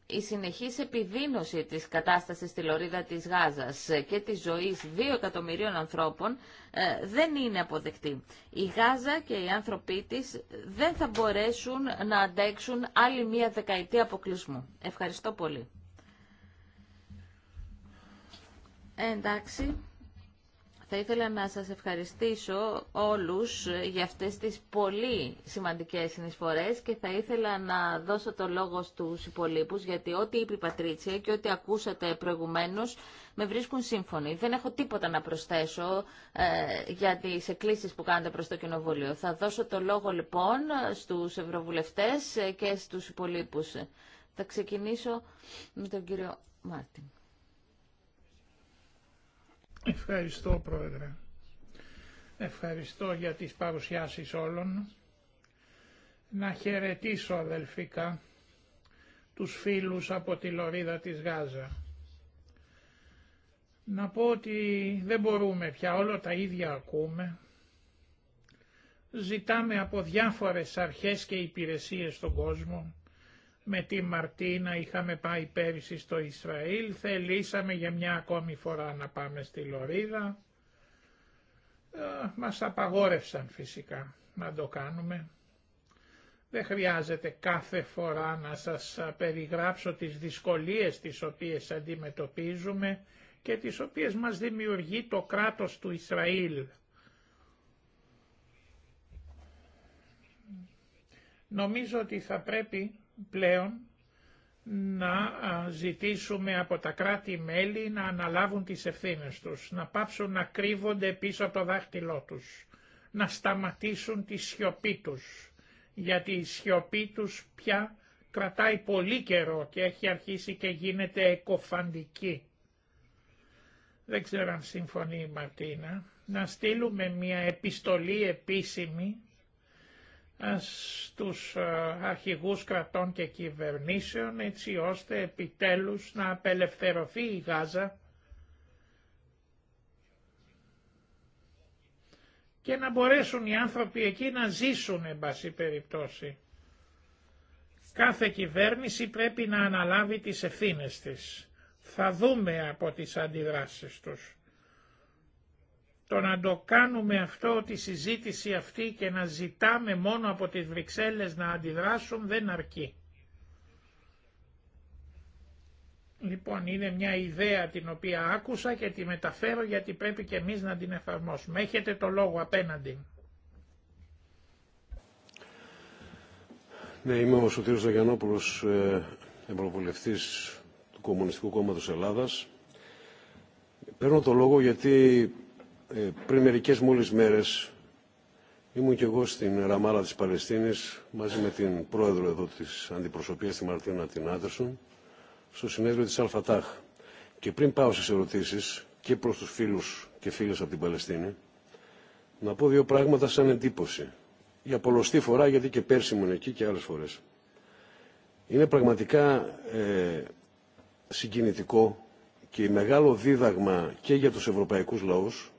η συνεχής επιδείνωση της κατάστασης στη Λωρίδα της Γάζας και της ζωής δύο εκατομμυρίων ανθρώπων ε, δεν είναι αποδεκτή. Η Γάζα και οι άνθρωποι της δεν θα μπορέσουν να αντέξουν άλλη μία δεκαετία αποκλεισμού. Ευχαριστώ πολύ. Ε, εντάξει. Θα ήθελα να σας ευχαριστήσω όλους ε, για αυτές τις πολύ σημαντικές συνεισφορές και θα ήθελα να δώσω το λόγο στους υπολείπους γιατί ό,τι είπε η Πατρίτσια και ό,τι ακούσατε προηγουμένως με βρίσκουν σύμφωνοι. Δεν έχω τίποτα να προσθέσω ε, για τις εκκλήσεις που κάνετε προς το Κοινοβούλιο. Θα δώσω το λόγο λοιπόν στους Ευρωβουλευτές ε, και στους υπολείπους. Θα ξεκινήσω με τον κύριο Μάρτιν. Ευχαριστώ Πρόεδρε. Ευχαριστώ για τις παρουσιάσεις όλων. Να χαιρετήσω αδελφικά τους φίλους από τη Λωρίδα της Γάζα. Να πω ότι δεν μπορούμε πια, όλα τα ίδια ακούμε. Ζητάμε από διάφορες αρχές και υπηρεσίες στον κόσμο με τη Μαρτίνα είχαμε πάει πέρυσι στο Ισραήλ, θελήσαμε για μια ακόμη φορά να πάμε στη Λωρίδα. Μα ε, μας απαγόρευσαν φυσικά να το κάνουμε. Δεν χρειάζεται κάθε φορά να σας περιγράψω τις δυσκολίες τις οποίες αντιμετωπίζουμε και τις οποίες μας δημιουργεί το κράτος του Ισραήλ. Νομίζω ότι θα πρέπει πλέον να ζητήσουμε από τα κράτη-μέλη να αναλάβουν τις ευθύνες τους, να πάψουν να κρύβονται πίσω από το δάχτυλό τους, να σταματήσουν τη σιωπή τους, γιατί η σιωπή τους πια κρατάει πολύ καιρό και έχει αρχίσει και γίνεται εκοφαντική. Δεν ξέρω αν συμφωνεί η Μαρτίνα. Να στείλουμε μια επιστολή επίσημη στους ε, αρχηγούς κρατών και κυβερνήσεων έτσι ώστε επιτέλους να απελευθερωθεί η Γάζα και να μπορέσουν οι άνθρωποι εκεί να ζήσουν εν πάση περιπτώσει. Κάθε κυβέρνηση πρέπει να αναλάβει τις ευθύνες της. Θα δούμε από τις αντιδράσεις τους. Το να το κάνουμε αυτό, τη συζήτηση αυτή και να ζητάμε μόνο από τις Βρυξέλλες να αντιδράσουν δεν αρκεί. Λοιπόν, είναι μια ιδέα την οποία άκουσα και τη μεταφέρω γιατί πρέπει και εμείς να την εφαρμόσουμε. Έχετε το λόγο απέναντι. Ναι, είμαι ο Σωτήρος Δαγιανόπουλος, ε, ευρωβουλευτής του Κομμουνιστικού Κόμματος Ελλάδας. Παίρνω το λόγο γιατί ε, πριν μερικές μόλις μέρες ήμουν και εγώ στην Ραμάλα της Παλαιστίνης μαζί με την πρόεδρο εδώ της αντιπροσωπείας τη Μαρτίνα την Άντερσον στο συνέδριο της Αλφατάχ. Και πριν πάω στις ερωτήσεις και προς τους φίλους και φίλες από την Παλαιστίνη να πω δύο πράγματα σαν εντύπωση. Για πολλωστή φορά γιατί και πέρσι ήμουν εκεί και άλλες φορές. Είναι πραγματικά ε, συγκινητικό και μεγάλο δίδαγμα και για τους ευρωπαϊκούς λαούς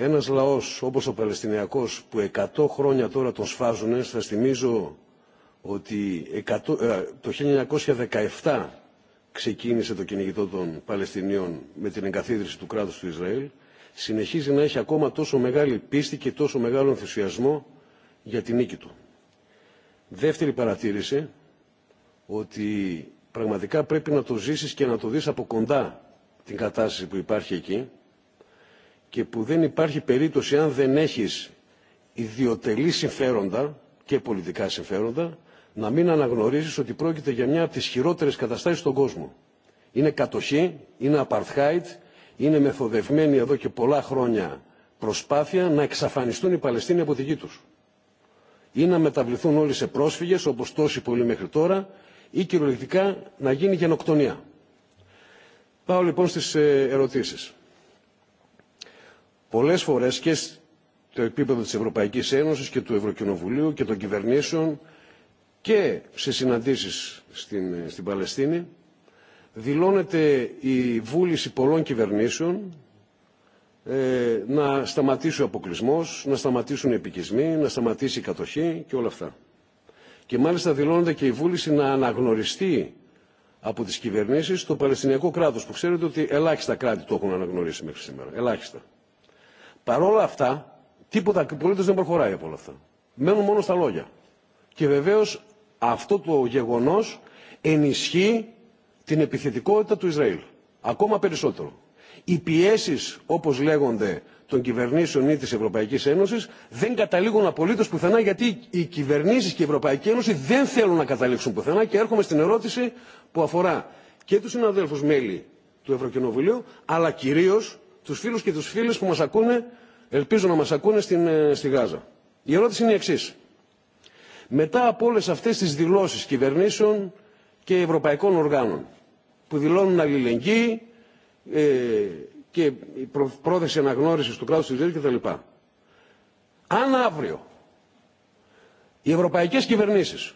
ένας λαός όπως ο Παλαιστινιακός που 100 χρόνια τώρα τον σφάζουν θα θυμίζω ότι ε, το 1917 ξεκίνησε το κυνηγητό των Παλαιστινίων με την εγκαθίδρυση του κράτους του Ισραήλ, συνεχίζει να έχει ακόμα τόσο μεγάλη πίστη και τόσο μεγάλο ενθουσιασμό για την νίκη του. Δεύτερη παρατήρηση, ότι πραγματικά πρέπει να το ζήσεις και να το δεις από κοντά την κατάσταση που υπάρχει εκεί και που δεν υπάρχει περίπτωση αν δεν έχεις ιδιωτελή συμφέροντα και πολιτικά συμφέροντα να μην αναγνωρίζεις ότι πρόκειται για μια από τις χειρότερες καταστάσεις στον κόσμο. Είναι κατοχή, είναι apartheid, είναι μεθοδευμένη εδώ και πολλά χρόνια προσπάθεια να εξαφανιστούν οι Παλαιστίνοι από τη γη τους. Ή να μεταβληθούν όλοι σε πρόσφυγες, όπως τόσοι πολλοί μέχρι τώρα, ή κυριολεκτικά να γίνει γενοκτονία. Πάω λοιπόν στις ε, ερωτήσεις πολλές φορές και στο επίπεδο της Ευρωπαϊκής Ένωσης και του Ευρωκοινοβουλίου και των κυβερνήσεων και σε συναντήσεις στην, στην Παλαιστίνη δηλώνεται η βούληση πολλών κυβερνήσεων ε, να σταματήσει ο αποκλεισμό, να σταματήσουν οι επικισμοί, να σταματήσει η κατοχή και όλα αυτά. Και μάλιστα δηλώνεται και η βούληση να αναγνωριστεί από τις κυβερνήσεις το Παλαιστινιακό κράτος που ξέρετε ότι ελάχιστα κράτη το έχουν αναγνωρίσει μέχρι σήμερα. Ελάχιστα όλα αυτά, τίποτα πολίτε δεν προχωράει από όλα αυτά. Μένουν μόνο στα λόγια. Και βεβαίω αυτό το γεγονό ενισχύει την επιθετικότητα του Ισραήλ. Ακόμα περισσότερο. Οι πιέσει, όπω λέγονται, των κυβερνήσεων ή τη Ευρωπαϊκή Ένωση δεν καταλήγουν απολύτω πουθενά γιατί οι κυβερνήσει και η Ευρωπαϊκή Ένωση δεν θέλουν να καταλήξουν πουθενά και έρχομαι στην ερώτηση που αφορά και του συναδέλφου μέλη του Ευρωκοινοβουλίου αλλά κυρίω του φίλου και του φίλες που μα ακούνε, ελπίζω να μα ακούνε στην, ε, στη Γάζα. Η ερώτηση είναι η εξή. Μετά από όλε αυτέ τι δηλώσει κυβερνήσεων και ευρωπαϊκών οργάνων που δηλώνουν αλληλεγγύη ε, και πρόθεση αναγνώριση του κράτους της Ισραήλ κτλ. Αν αύριο οι ευρωπαϊκές κυβερνήσεις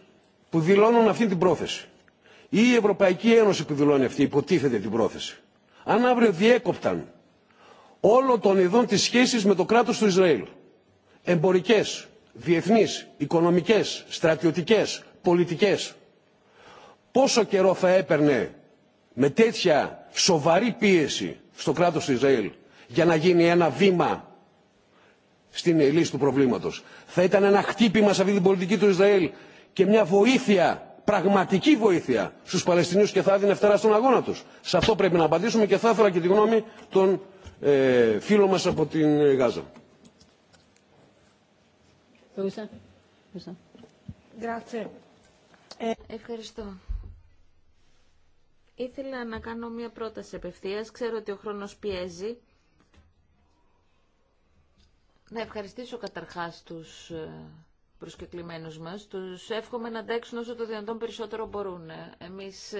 που δηλώνουν αυτή την πρόθεση ή η Ευρωπαϊκή Ένωση που δηλώνει αυτή υποτίθεται την πρόθεση αν αύριο διέκοπταν όλων των ειδών τις σχέσεις με το κράτος του Ισραήλ. Εμπορικές, διεθνείς, οικονομικές, στρατιωτικές, πολιτικές. Πόσο καιρό θα έπαιρνε με τέτοια σοβαρή πίεση στο κράτος του Ισραήλ για να γίνει ένα βήμα στην λύση του προβλήματος. Θα ήταν ένα χτύπημα σε αυτή την πολιτική του Ισραήλ και μια βοήθεια, πραγματική βοήθεια στους Παλαιστινίους και θα έδινε φτερά στον αγώνα τους. Σε αυτό πρέπει να απαντήσουμε και θα ήθελα και τη γνώμη των ε, φίλο μας από την ε, Γάζα. Ε, Ευχαριστώ. Ήθελα να κάνω μία πρόταση απευθείας. Ξέρω ότι ο χρόνος πιέζει. Να ευχαριστήσω καταρχάς τους προσκεκλημένους μας. Τους εύχομαι να αντέξουν όσο το δυνατόν περισσότερο μπορούν. Εμείς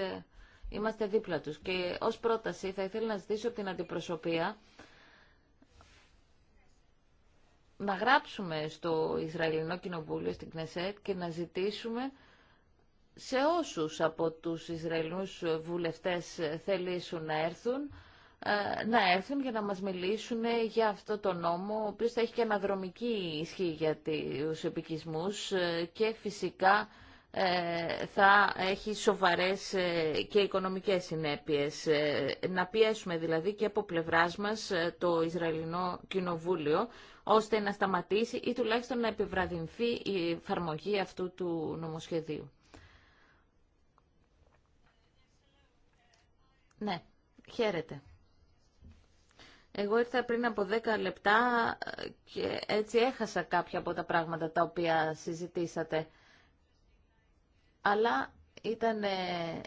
Είμαστε δίπλα τους. Και ως πρόταση θα ήθελα να ζητήσω από την αντιπροσωπεία να γράψουμε στο Ισραηλινό Κοινοβούλιο, στην Κνεσέτ, και να ζητήσουμε σε όσους από τους Ισραηλινούς βουλευτές θελήσουν να έρθουν, ε, να έρθουν για να μας μιλήσουν για αυτό το νόμο, ο οποίος θα έχει και αναδρομική ισχύ για τους επικισμούς ε, και φυσικά ε, θα έχει σοβαρές ε, και οικονομικές συνέπειες. Ε, να πιέσουμε δηλαδή και από πλευράς μας το Ισραηλινό Κοινοβούλιο ώστε να σταματήσει ή τουλάχιστον να επιβραδυνθεί η εφαρμογή αυτού του νομοσχεδίου. Ναι, χαίρετε. Εγώ ήρθα πριν από 10 λεπτά και έτσι έχασα κάποια από τα πράγματα τα οποία συζητήσατε αλλά ήταν ε,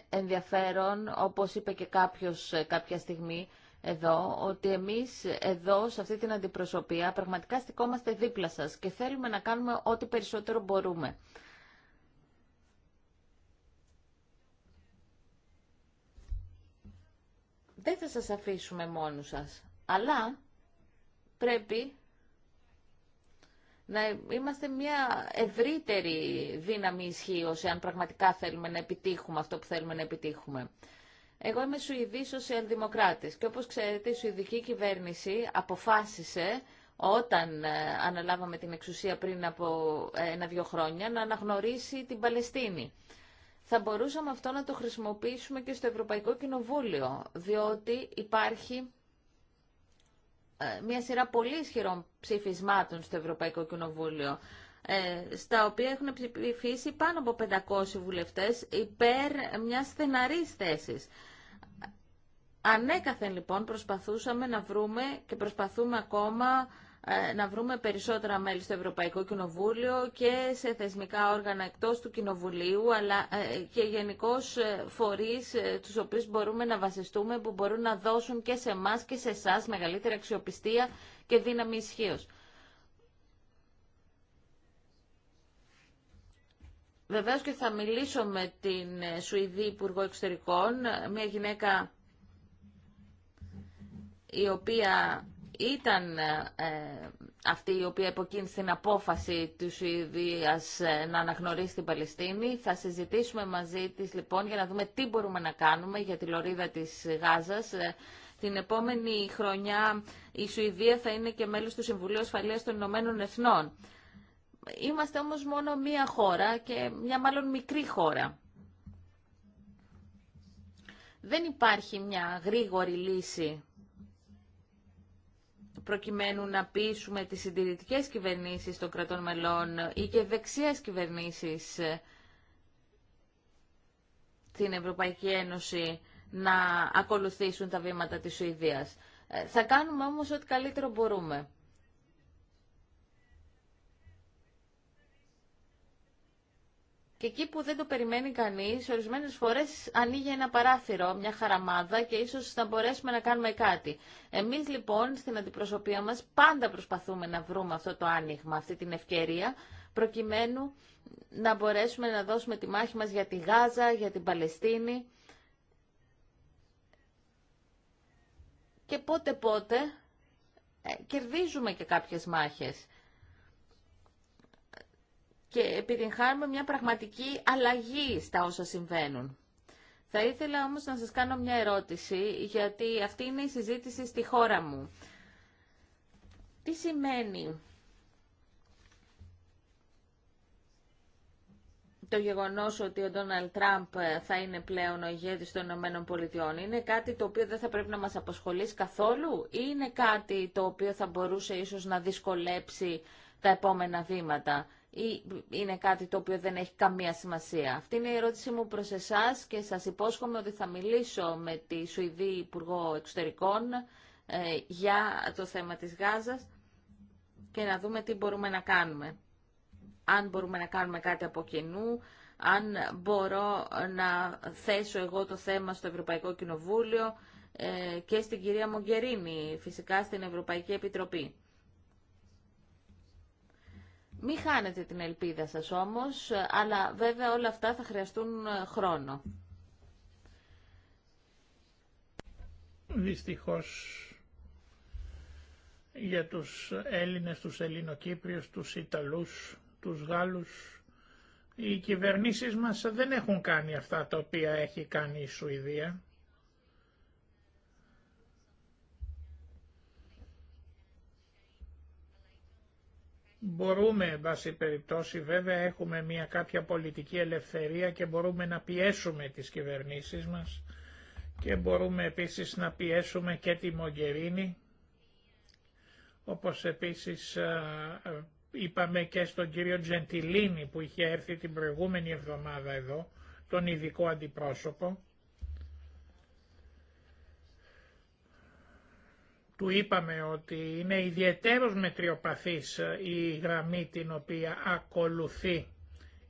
ενδιαφέρον, όπως είπε και κάποιος ε, κάποια στιγμή εδώ, ότι εμείς εδώ, σε αυτή την αντιπροσωπεία, πραγματικά στικόμαστε δίπλα σας και θέλουμε να κάνουμε ό,τι περισσότερο μπορούμε. Δεν θα σας αφήσουμε μόνους σας, αλλά πρέπει να είμαστε μια ευρύτερη δύναμη ισχύω εάν πραγματικά θέλουμε να επιτύχουμε αυτό που θέλουμε να επιτύχουμε. Εγώ είμαι Σουηδή σοσιαλδημοκράτη. και όπως ξέρετε η Σουηδική κυβέρνηση αποφάσισε όταν ε, αναλάβαμε την εξουσία πριν από ένα-δύο χρόνια να αναγνωρίσει την Παλαιστίνη. Θα μπορούσαμε αυτό να το χρησιμοποιήσουμε και στο Ευρωπαϊκό Κοινοβούλιο, διότι υπάρχει ε, μια σειρά πολύ ισχυρών ψηφισμάτων στο Ευρωπαϊκό Κοινοβούλιο ε, στα οποία έχουν ψηφίσει πάνω από 500 βουλευτές υπέρ μιας στεναρής θέσης. Ανέκαθεν λοιπόν προσπαθούσαμε να βρούμε και προσπαθούμε ακόμα ε, να βρούμε περισσότερα μέλη στο Ευρωπαϊκό Κοινοβούλιο και σε θεσμικά όργανα εκτός του Κοινοβουλίου αλλά ε, και γενικώ ε, φορείς τους οποίους μπορούμε να βασιστούμε που μπορούν να δώσουν και σε εμά και σε εσά μεγαλύτερη αξιοπιστία και δύναμη ισχύω. Βεβαίως και θα μιλήσω με την Σουηδή Υπουργό Εξωτερικών, μια γυναίκα η οποία ήταν ε, αυτή η οποία υποκίνησε την απόφαση του Σουηδίας ε, να αναγνωρίσει την Παλαιστίνη. Θα συζητήσουμε μαζί της λοιπόν για να δούμε τι μπορούμε να κάνουμε για τη λωρίδα της Γάζας. Ε, την επόμενη χρονιά η Σουηδία θα είναι και μέλος του Συμβουλίου Ασφαλείας των Ηνωμένων Εθνών. Είμαστε όμως μόνο μία χώρα και μια μάλλον μικρή χώρα. Δεν υπάρχει μια γρήγορη λύση προκειμένου να πείσουμε τις συντηρητικές κυβερνήσεις των κρατών μελών ή και δεξιές κυβερνήσεις στην Ευρωπαϊκή Ένωση να ακολουθήσουν τα βήματα της Σουηδίας. Ε, θα κάνουμε όμως ό,τι καλύτερο μπορούμε. Και εκεί που δεν το περιμένει κανείς, ορισμένε φορές ανοίγει ένα παράθυρο, μια χαραμάδα και ίσως να μπορέσουμε να κάνουμε κάτι. Εμείς λοιπόν στην αντιπροσωπεία μας πάντα προσπαθούμε να βρούμε αυτό το άνοιγμα, αυτή την ευκαιρία, προκειμένου να μπορέσουμε να δώσουμε τη μάχη μας για τη Γάζα, για την Παλαιστίνη. Και πότε πότε κερδίζουμε και κάποιες μάχες και επιτυγχάνουμε μια πραγματική αλλαγή στα όσα συμβαίνουν. Θα ήθελα όμως να σας κάνω μια ερώτηση, γιατί αυτή είναι η συζήτηση στη χώρα μου. Τι σημαίνει το γεγονός ότι ο Ντόναλτ Τραμπ θα είναι πλέον ο ηγέτης των Ηνωμένων Πολιτειών. Είναι κάτι το οποίο δεν θα πρέπει να μας αποσχολήσει καθόλου ή είναι κάτι το οποίο θα μπορούσε ίσως να δυσκολέψει τα επόμενα βήματα ή είναι κάτι το οποίο δεν έχει καμία σημασία. Αυτή είναι η ερώτησή μου προς εσάς και σας υπόσχομαι ότι θα μιλήσω με τη Σουηδή Υπουργό Εξωτερικών ε, για το θέμα της Γάζας και να δούμε τι μπορούμε να κάνουμε. Αν μπορούμε να κάνουμε κάτι από κοινού, αν μπορώ να θέσω εγώ το θέμα στο Ευρωπαϊκό Κοινοβούλιο ε, και στην κυρία Μογκερίνη, φυσικά στην Ευρωπαϊκή Επιτροπή. Μη χάνετε την ελπίδα σας όμως, αλλά βέβαια όλα αυτά θα χρειαστούν ε, χρόνο. Δυστυχώς για τους Έλληνες, τους Ελληνοκύπριους, τους Ιταλούς, τους Γάλλους, οι κυβερνήσεις μας δεν έχουν κάνει αυτά τα οποία έχει κάνει η Σουηδία. Μπορούμε, εν περιπτώσει, βέβαια έχουμε μια κάποια πολιτική ελευθερία και μπορούμε να πιέσουμε τις κυβερνήσεις μας και μπορούμε επίσης να πιέσουμε και τη Μογκερίνη, όπως επίσης είπαμε και στον κύριο Τζεντιλίνη που είχε έρθει την προηγούμενη εβδομάδα εδώ, τον ειδικό αντιπρόσωπο, Του είπαμε ότι είναι ιδιαίτερος μετριοπαθής ε, η γραμμή την οποία ακολουθεί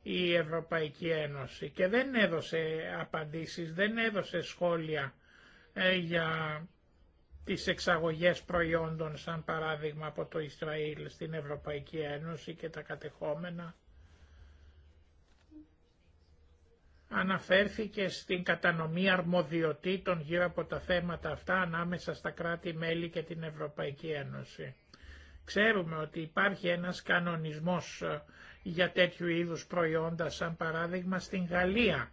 η Ευρωπαϊκή Ένωση και δεν έδωσε απαντήσεις, δεν έδωσε σχόλια ε, για τις εξαγωγές προϊόντων σαν παράδειγμα από το Ισραήλ στην Ευρωπαϊκή Ένωση και τα κατεχόμενα. αναφέρθηκε στην κατανομή αρμοδιοτήτων γύρω από τα θέματα αυτά ανάμεσα στα κράτη-μέλη και την Ευρωπαϊκή Ένωση. Ξέρουμε ότι υπάρχει ένας κανονισμός ε, για τέτοιου είδους προϊόντα, σαν παράδειγμα στην Γαλλία,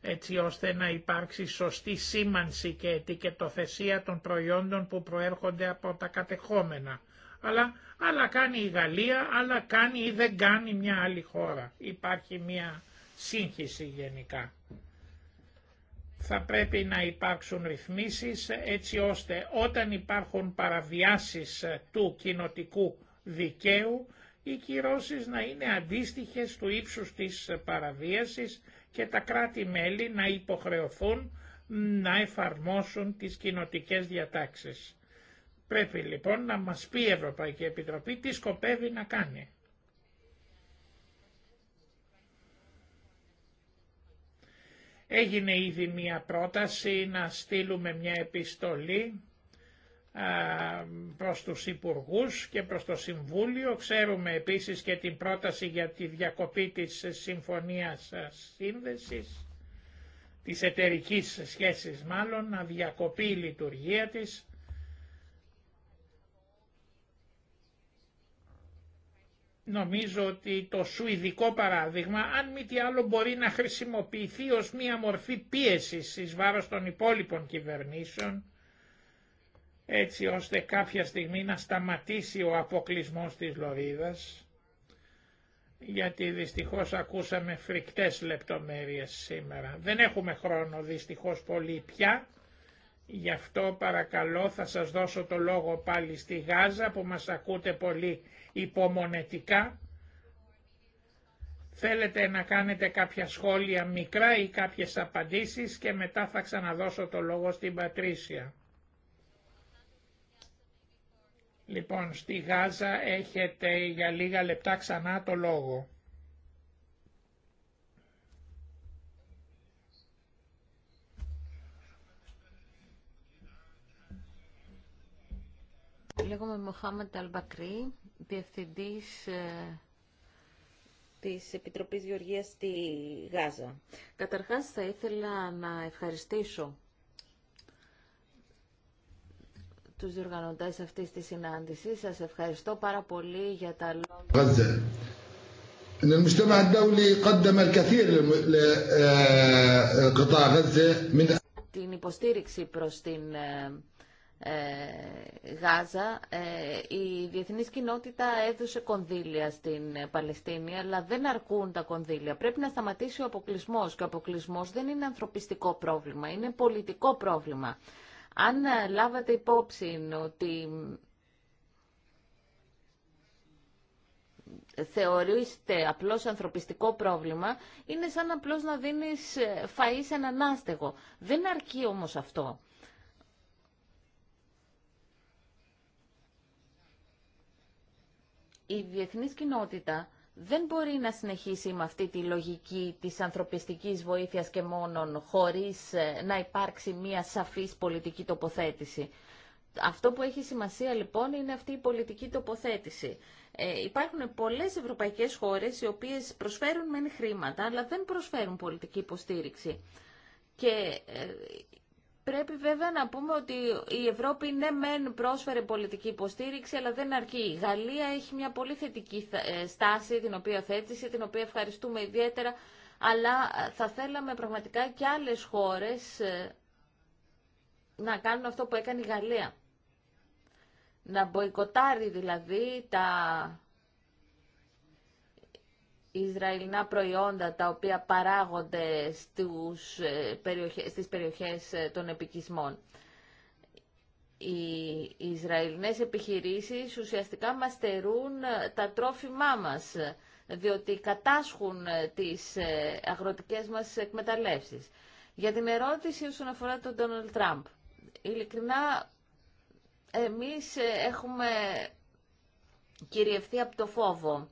έτσι ώστε να υπάρξει σωστή σήμανση και ετικετοθεσία των προϊόντων που προέρχονται από τα κατεχόμενα. Αλλά άλλα κάνει η Γαλλία, άλλα κάνει ή δεν κάνει μια άλλη χώρα. Υπάρχει μια σύγχυση γενικά. Θα πρέπει να υπάρξουν ρυθμίσεις έτσι ώστε όταν υπάρχουν παραβιάσεις του κοινοτικού δικαίου οι κυρώσεις να είναι αντίστοιχες του ύψους της παραβίασης και τα κράτη-μέλη να υποχρεωθούν να εφαρμόσουν τις κοινοτικές διατάξεις. Πρέπει λοιπόν να μας πει η Ευρωπαϊκή Επιτροπή τι σκοπεύει να κάνει. Έγινε ήδη μία πρόταση να στείλουμε μια επιστολή προς τους Υπουργούς και προς το Συμβούλιο. Ξέρουμε επίσης και την πρόταση για τη διακοπή της Συμφωνίας Σύνδεσης, της εταιρικής σχέσης μάλλον, να διακοπεί η λειτουργία της Νομίζω ότι το σουηδικό παράδειγμα, αν μη τι άλλο, μπορεί να χρησιμοποιηθεί ως μία μορφή πίεσης εις βάρος των υπόλοιπων κυβερνήσεων, έτσι ώστε κάποια στιγμή να σταματήσει ο αποκλεισμός της Λωρίδας, γιατί δυστυχώς ακούσαμε φρικτές λεπτομέρειες σήμερα. Δεν έχουμε χρόνο δυστυχώς πολύ πια, γι' αυτό παρακαλώ θα σας δώσω το λόγο πάλι στη Γάζα που μας ακούτε πολύ υπομονετικά. Θέλετε να κάνετε κάποια σχόλια μικρά ή κάποιες απαντήσεις και μετά θα ξαναδώσω το λόγο στην Πατρίσια. Λοιπόν, στη Γάζα έχετε για λίγα λεπτά ξανά το λόγο. Λέγομαι Μοχάμεντ Αλμπακρή, Διευθυντής ε, της Επιτροπής Γεωργίας στη Γάζα. Καταρχάς θα ήθελα να ευχαριστήσω τους διοργανωτές αυτής της συνάντησης. Σας ευχαριστώ πάρα πολύ για τα λόγια. ان المجتمع الدولي قدم الكثير لقطاع غزة من την υποστήριξη προς την ε, ε, Γάζα, ε, η διεθνής κοινότητα έδωσε κονδύλια στην Παλαιστίνη, αλλά δεν αρκούν τα κονδύλια. Πρέπει να σταματήσει ο αποκλεισμό και ο αποκλεισμό δεν είναι ανθρωπιστικό πρόβλημα, είναι πολιτικό πρόβλημα. Αν ε, λάβατε υπόψη ότι θεωρείστε απλώς ανθρωπιστικό πρόβλημα, είναι σαν απλώς να δίνεις φαΐ σε έναν άστεγο. Δεν αρκεί όμως αυτό. η διεθνής κοινότητα δεν μπορεί να συνεχίσει με αυτή τη λογική της ανθρωπιστικής βοήθειας και μόνον χωρίς ε, να υπάρξει μια σαφής πολιτική τοποθέτηση. Αυτό που έχει σημασία λοιπόν είναι αυτή η πολιτική τοποθέτηση. Ε, υπάρχουν πολλές ευρωπαϊκές χώρες οι οποίες προσφέρουν μεν χρήματα αλλά δεν προσφέρουν πολιτική υποστήριξη. Και ε, Πρέπει βέβαια να πούμε ότι η Ευρώπη ναι μεν πρόσφερε πολιτική υποστήριξη αλλά δεν αρκεί. Η Γαλλία έχει μια πολύ θετική ε, στάση την οποία θέτησε, την οποία ευχαριστούμε ιδιαίτερα αλλά ε, θα θέλαμε πραγματικά και άλλες χώρες ε, να κάνουν αυτό που έκανε η Γαλλία. Να μποϊκοτάρει δηλαδή τα Ισραηλινά προϊόντα τα οποία παράγονται στους ε, περιοχές, στις περιοχές ε, των επικισμών. Οι Ισραηλινές επιχειρήσεις ουσιαστικά μας στερούν ε, τα τρόφιμά μας, διότι κατάσχουν τις αγροτικές μας εκμεταλλεύσεις. Για την ερώτηση όσον αφορά τον Ντόναλτ Τραμπ, ειλικρινά εμείς έχουμε κυριευθεί από το φόβο.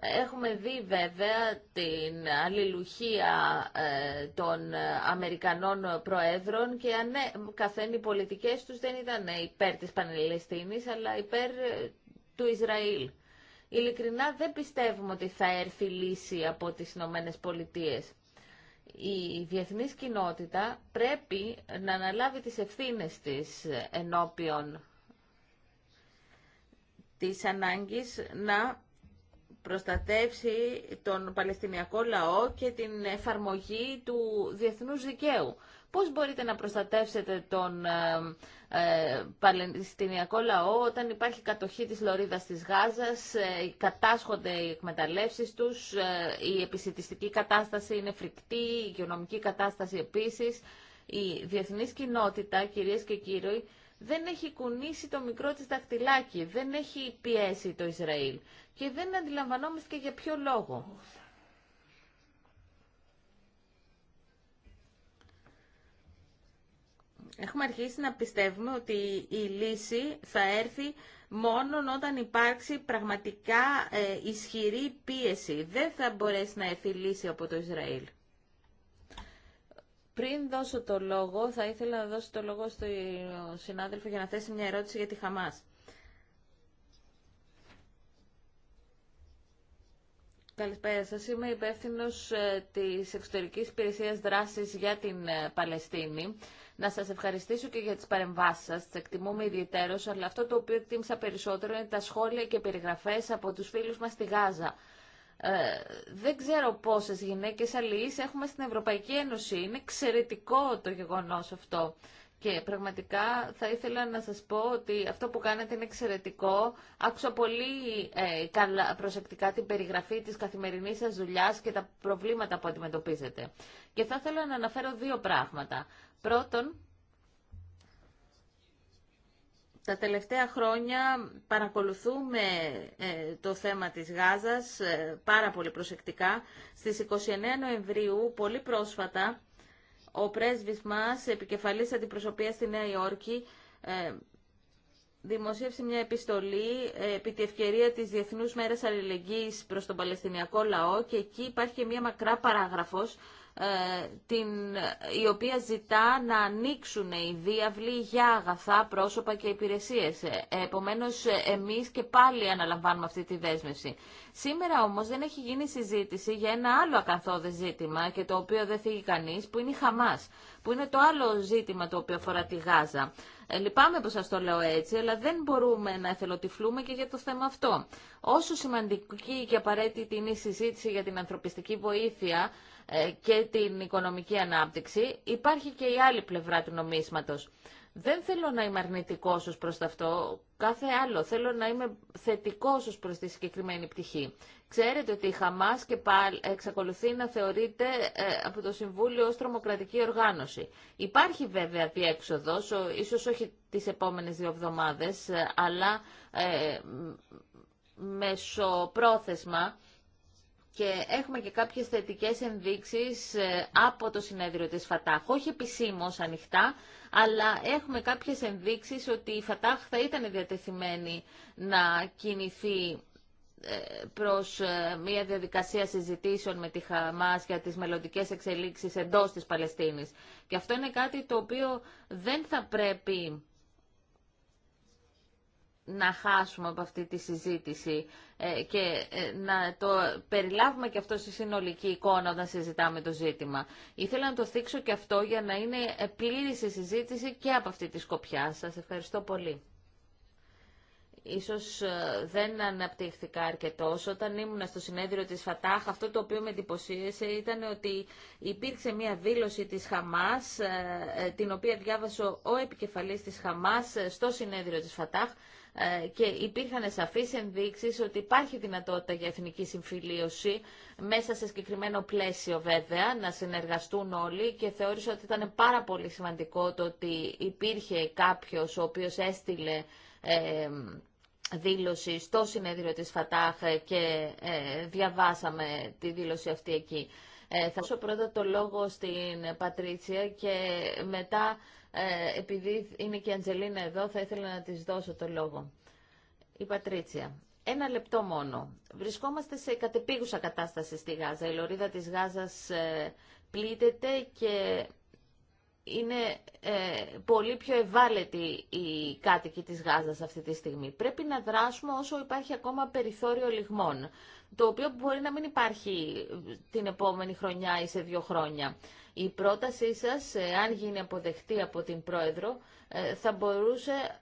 Έχουμε δει βέβαια την αλληλουχία ε, των Αμερικανών Προέδρων και αν ναι, καθένα οι πολιτικές τους δεν ήταν ε, υπέρ της Πανελληστίνης αλλά υπέρ ε, του Ισραήλ. Ειλικρινά δεν πιστεύουμε ότι θα έρθει λύση από τις Ηνωμένε Πολιτείε. Η διεθνής κοινότητα πρέπει να αναλάβει τις ευθύνες της ενώπιον της ανάγκης να προστατεύσει τον Παλαιστινιακό λαό και την εφαρμογή του διεθνούς δικαίου. Πώς μπορείτε να προστατεύσετε τον ε, ε Παλαιστινιακό λαό όταν υπάρχει κατοχή της Λωρίδας της Γάζας, ε, κατάσχονται οι εκμεταλλεύσεις τους, ε, η επισητιστική κατάσταση είναι φρικτή, η οικονομική κατάσταση επίσης. Η διεθνής κοινότητα, κυρίες και κύριοι, δεν έχει κουνήσει το μικρό της δαχτυλάκι, δεν έχει πιέσει το Ισραήλ και δεν αντιλαμβανόμαστε και για ποιο λόγο. Έχουμε αρχίσει να πιστεύουμε ότι η λύση θα έρθει μόνο όταν υπάρξει πραγματικά ε, ισχυρή πίεση. Δεν θα μπορέσει να έρθει λύση από το Ισραήλ. Πριν δώσω το λόγο, θα ήθελα να δώσω το λόγο στο συνάδελφο για να θέσει μια ερώτηση για τη Χαμάς. Καλησπέρα σας. Είμαι υπεύθυνο ε, της Εξωτερικής Υπηρεσίας Δράσης για την ε, Παλαιστίνη. Να σας ευχαριστήσω και για τις παρεμβάσεις σας. Τις εκτιμούμε ιδιαίτερως, αλλά αυτό το οποίο εκτίμησα περισσότερο είναι τα σχόλια και περιγραφές από τους φίλους μας στη Γάζα. Ε, δεν ξέρω πόσες γυναίκες αλληλείς έχουμε στην Ευρωπαϊκή Ένωση. Είναι εξαιρετικό το γεγονός αυτό. Και πραγματικά θα ήθελα να σας πω ότι αυτό που κάνετε είναι εξαιρετικό. Άκουσα πολύ ε, καλά, προσεκτικά την περιγραφή της καθημερινής σας δουλειάς και τα προβλήματα που αντιμετωπίζετε. Και θα ήθελα να αναφέρω δύο πράγματα. Πρώτον, τα τελευταία χρόνια παρακολουθούμε ε, το θέμα της Γάζας ε, πάρα πολύ προσεκτικά. Στις 29 Νοεμβρίου, πολύ πρόσφατα, ο πρέσβης μας, επικεφαλής αντιπροσωπείας στη Νέα Υόρκη, ε, δημοσίευσε μια επιστολή επί τη ευκαιρία της Διεθνούς Μέρας Αλληλεγγύης προς τον Παλαιστινιακό λαό και εκεί υπάρχει μια μακρά παράγραφος ε, την, η οποία ζητά να ανοίξουν οι διάβλοι για αγαθά, πρόσωπα και υπηρεσίες. Ε, επομένως, ε, εμείς και πάλι αναλαμβάνουμε αυτή τη δέσμευση. Σήμερα όμως δεν έχει γίνει συζήτηση για ένα άλλο ακαθόδες ζήτημα και το οποίο δεν θίγει κανείς, που είναι η Χαμάς, που είναι το άλλο ζήτημα το οποίο αφορά τη Γάζα. Λυπάμαι που σας το λέω έτσι, αλλά δεν μπορούμε να εθελοτυφλούμε και για το θέμα αυτό. Όσο σημαντική και απαραίτητη είναι η συζήτηση για την ανθρωπιστική βοήθεια, και την οικονομική ανάπτυξη, υπάρχει και η άλλη πλευρά του νομίσματος. Δεν θέλω να είμαι αρνητικό ω προ αυτό. Κάθε άλλο. Θέλω να είμαι θετικό ω προ τη συγκεκριμένη πτυχή. Ξέρετε ότι η ΧΑΜΑΣ και πάλι εξακολουθεί να θεωρείται από το Συμβούλιο ω τρομοκρατική οργάνωση. Υπάρχει βέβαια διέξοδο, ίσω όχι τι επόμενε δύο εβδομάδε, αλλά ε, μεσοπρόθεσμα και έχουμε και κάποιες θετικές ενδείξεις ε, από το συνέδριο της ΦΑΤΑΧ. Όχι επισήμως ανοιχτά, αλλά έχουμε κάποιες ενδείξεις ότι η ΦΑΤΑΧ θα ήταν διατεθειμένη να κινηθεί ε, προς ε, μια διαδικασία συζητήσεων με τη Χαμάς για τις μελλοντικέ εξελίξεις εντός της Παλαιστίνης. Και αυτό είναι κάτι το οποίο δεν θα πρέπει να χάσουμε από αυτή τη συζήτηση ε, και ε, να το περιλάβουμε και αυτό στη συνολική εικόνα όταν συζητάμε το ζήτημα. Ήθελα να το θίξω και αυτό για να είναι πλήρη η συζήτηση και από αυτή τη σκοπιά. Σας ευχαριστώ πολύ. Ίσως ε, δεν αναπτύχθηκα αρκετό. Όταν ήμουν στο συνέδριο της Φατάχ, αυτό το οποίο με εντυπωσίασε ήταν ότι υπήρξε μια δήλωση της Χαμάς, την οποία διάβασε ο επικεφαλής της Χαμάς στο συνέδριο της Φατάχ, ε, και υπήρχαν σαφείς ενδείξεις ότι υπάρχει δυνατότητα για εθνική συμφιλίωση μέσα σε συγκεκριμένο πλαίσιο βέβαια να συνεργαστούν όλοι και θεώρησα ότι ήταν πάρα πολύ σημαντικό το ότι υπήρχε κάποιος ο οποίος έστειλε ε, δήλωση στο συνέδριο της ΦΑΤΑΧ και ε, διαβάσαμε τη δήλωση αυτή εκεί. θα δώσω πρώτα το λόγο στην Πατρίτσια και μετά ε, επειδή είναι και η Αντζελίνα εδώ, θα ήθελα να της δώσω το λόγο. Η Πατρίτσια. Ένα λεπτό μόνο. Βρισκόμαστε σε κατεπίγουσα κατάσταση στη Γάζα. Η λωρίδα της Γάζας ε, πλήττεται και είναι ε, πολύ πιο ευάλωτοι η κάτοικοι της Γάζας αυτή τη στιγμή. Πρέπει να δράσουμε όσο υπάρχει ακόμα περιθώριο λιγμών, το οποίο μπορεί να μην υπάρχει ε, την επόμενη χρονιά ή σε δύο χρόνια. Η πρότασή σας, ε, αν γίνει αποδεχτή από την Πρόεδρο, θα μπορούσε